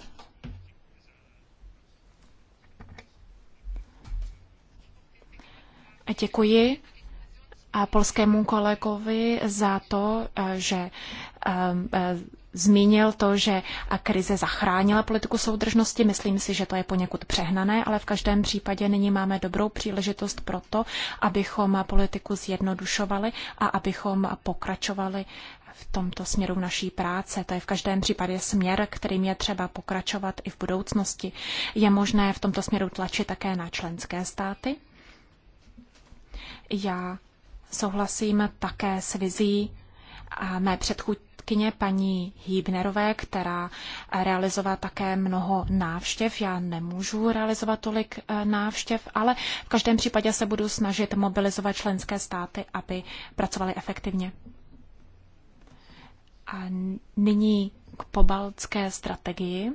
Děkuji polskému kolegovi za to, že zmínil to, že krize zachránila politiku soudržnosti. Myslím si, že to je poněkud přehnané, ale v každém případě nyní máme dobrou příležitost pro to, abychom politiku zjednodušovali a abychom pokračovali v tomto směru naší práce. To je v každém případě směr, kterým je třeba pokračovat i v budoucnosti. Je možné v tomto směru tlačit také na členské státy? Já souhlasím také s vizí a mé předchůdce předsedkyně paní Hýbnerové, která realizová také mnoho návštěv. Já nemůžu realizovat tolik eh, návštěv, ale v každém případě se budu snažit mobilizovat členské státy, aby pracovali efektivně. A nyní k pobaltské strategii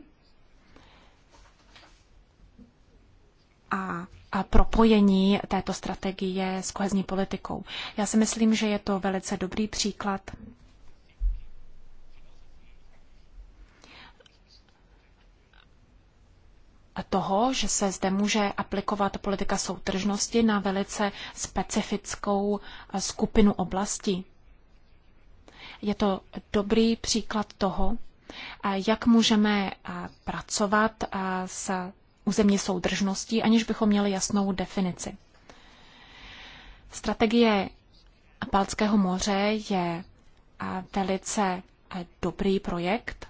a, a propojení této strategie s kohezní politikou. Já si myslím, že je to velice dobrý příklad toho, že se zde může aplikovat politika soutržnosti na velice specifickou eh, skupinu oblastí. Je to dobrý příklad toho, eh, jak můžeme eh, pracovat s územní soudržností, aniž bychom měli jasnou definici. Strategie Balckého moře je velice dobrý projekt,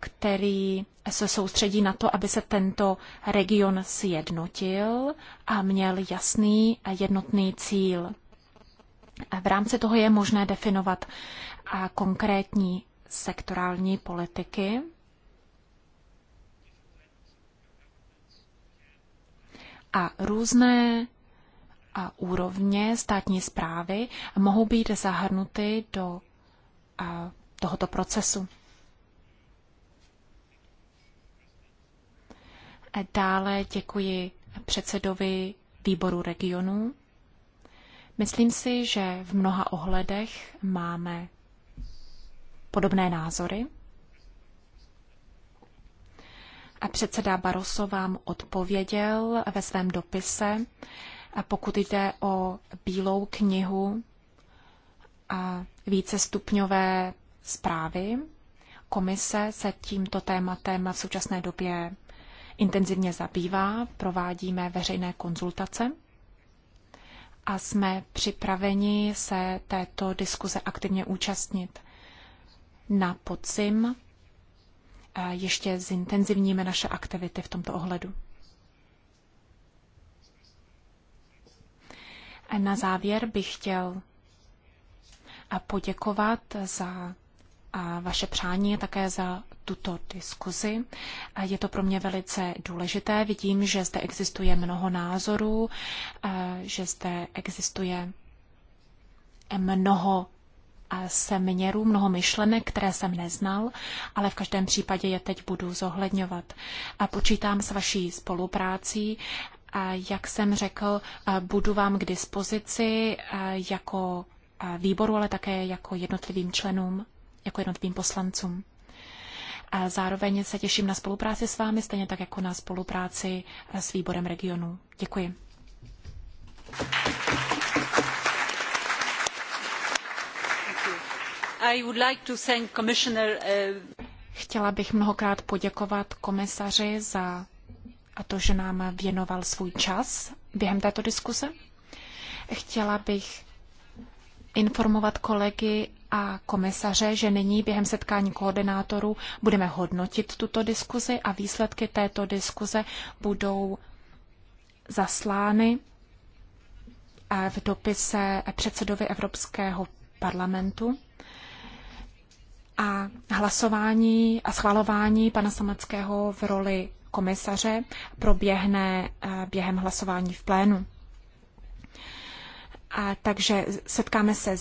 který se soustředí na to, aby se tento region sjednotil a měl jasný a jednotný cíl. V rámci toho je možné definovat konkrétní sektorální politiky. A různé a úrovně státní zprávy mohou být zahrnuty do tohoto procesu. Dále děkuji předsedovi výboru regionů. Myslím si, že v mnoha ohledech máme podobné názory. A předseda Baroso vám odpověděl ve svém dopise, a pokud jde o bílou knihu a vícestupňové zprávy. Komise se tímto tématem v současné době intenzivně zabývá, provádíme veřejné konzultace a jsme připraveni se této diskuze aktivně účastnit. Na podzim eh, ještě zintenzivníme naše aktivity v tomto ohledu. Na závěr bych chtěl eh, poděkovat za a vaše přání je také za tuto diskuzi. Je to pro mě velice důležité. Vidím, že zde existuje mnoho názorů, že zde existuje mnoho seměrů, mnoho myšlenek, které jsem neznal, ale v každém případě je teď budu zohledňovat. A počítám s vaší spoluprácí. A jak jsem řekl, budu vám k dispozici jako výboru, ale také jako jednotlivým členům jako jednotlivým poslancům. A zároveň se těším na spolupráci s vámi, stejně tak jako na spolupráci s výborem regionu. Děkuji.
Uh, Chtěla bych
mnohokrát poděkovat komisaři za a to, že nám věnoval svůj čas během této diskuse. Chtěla bych informovat kolegy a komisaře, že nyní během setkání koordinátorů budeme hodnotit tuto diskuzi a výsledky této diskuze budou zaslány eh, v dopise předsedovi Evropského parlamentu. A hlasování a schvalování pana Samackého v roli komisaře proběhne eh, během hlasování v plénu. A takže setkáme se s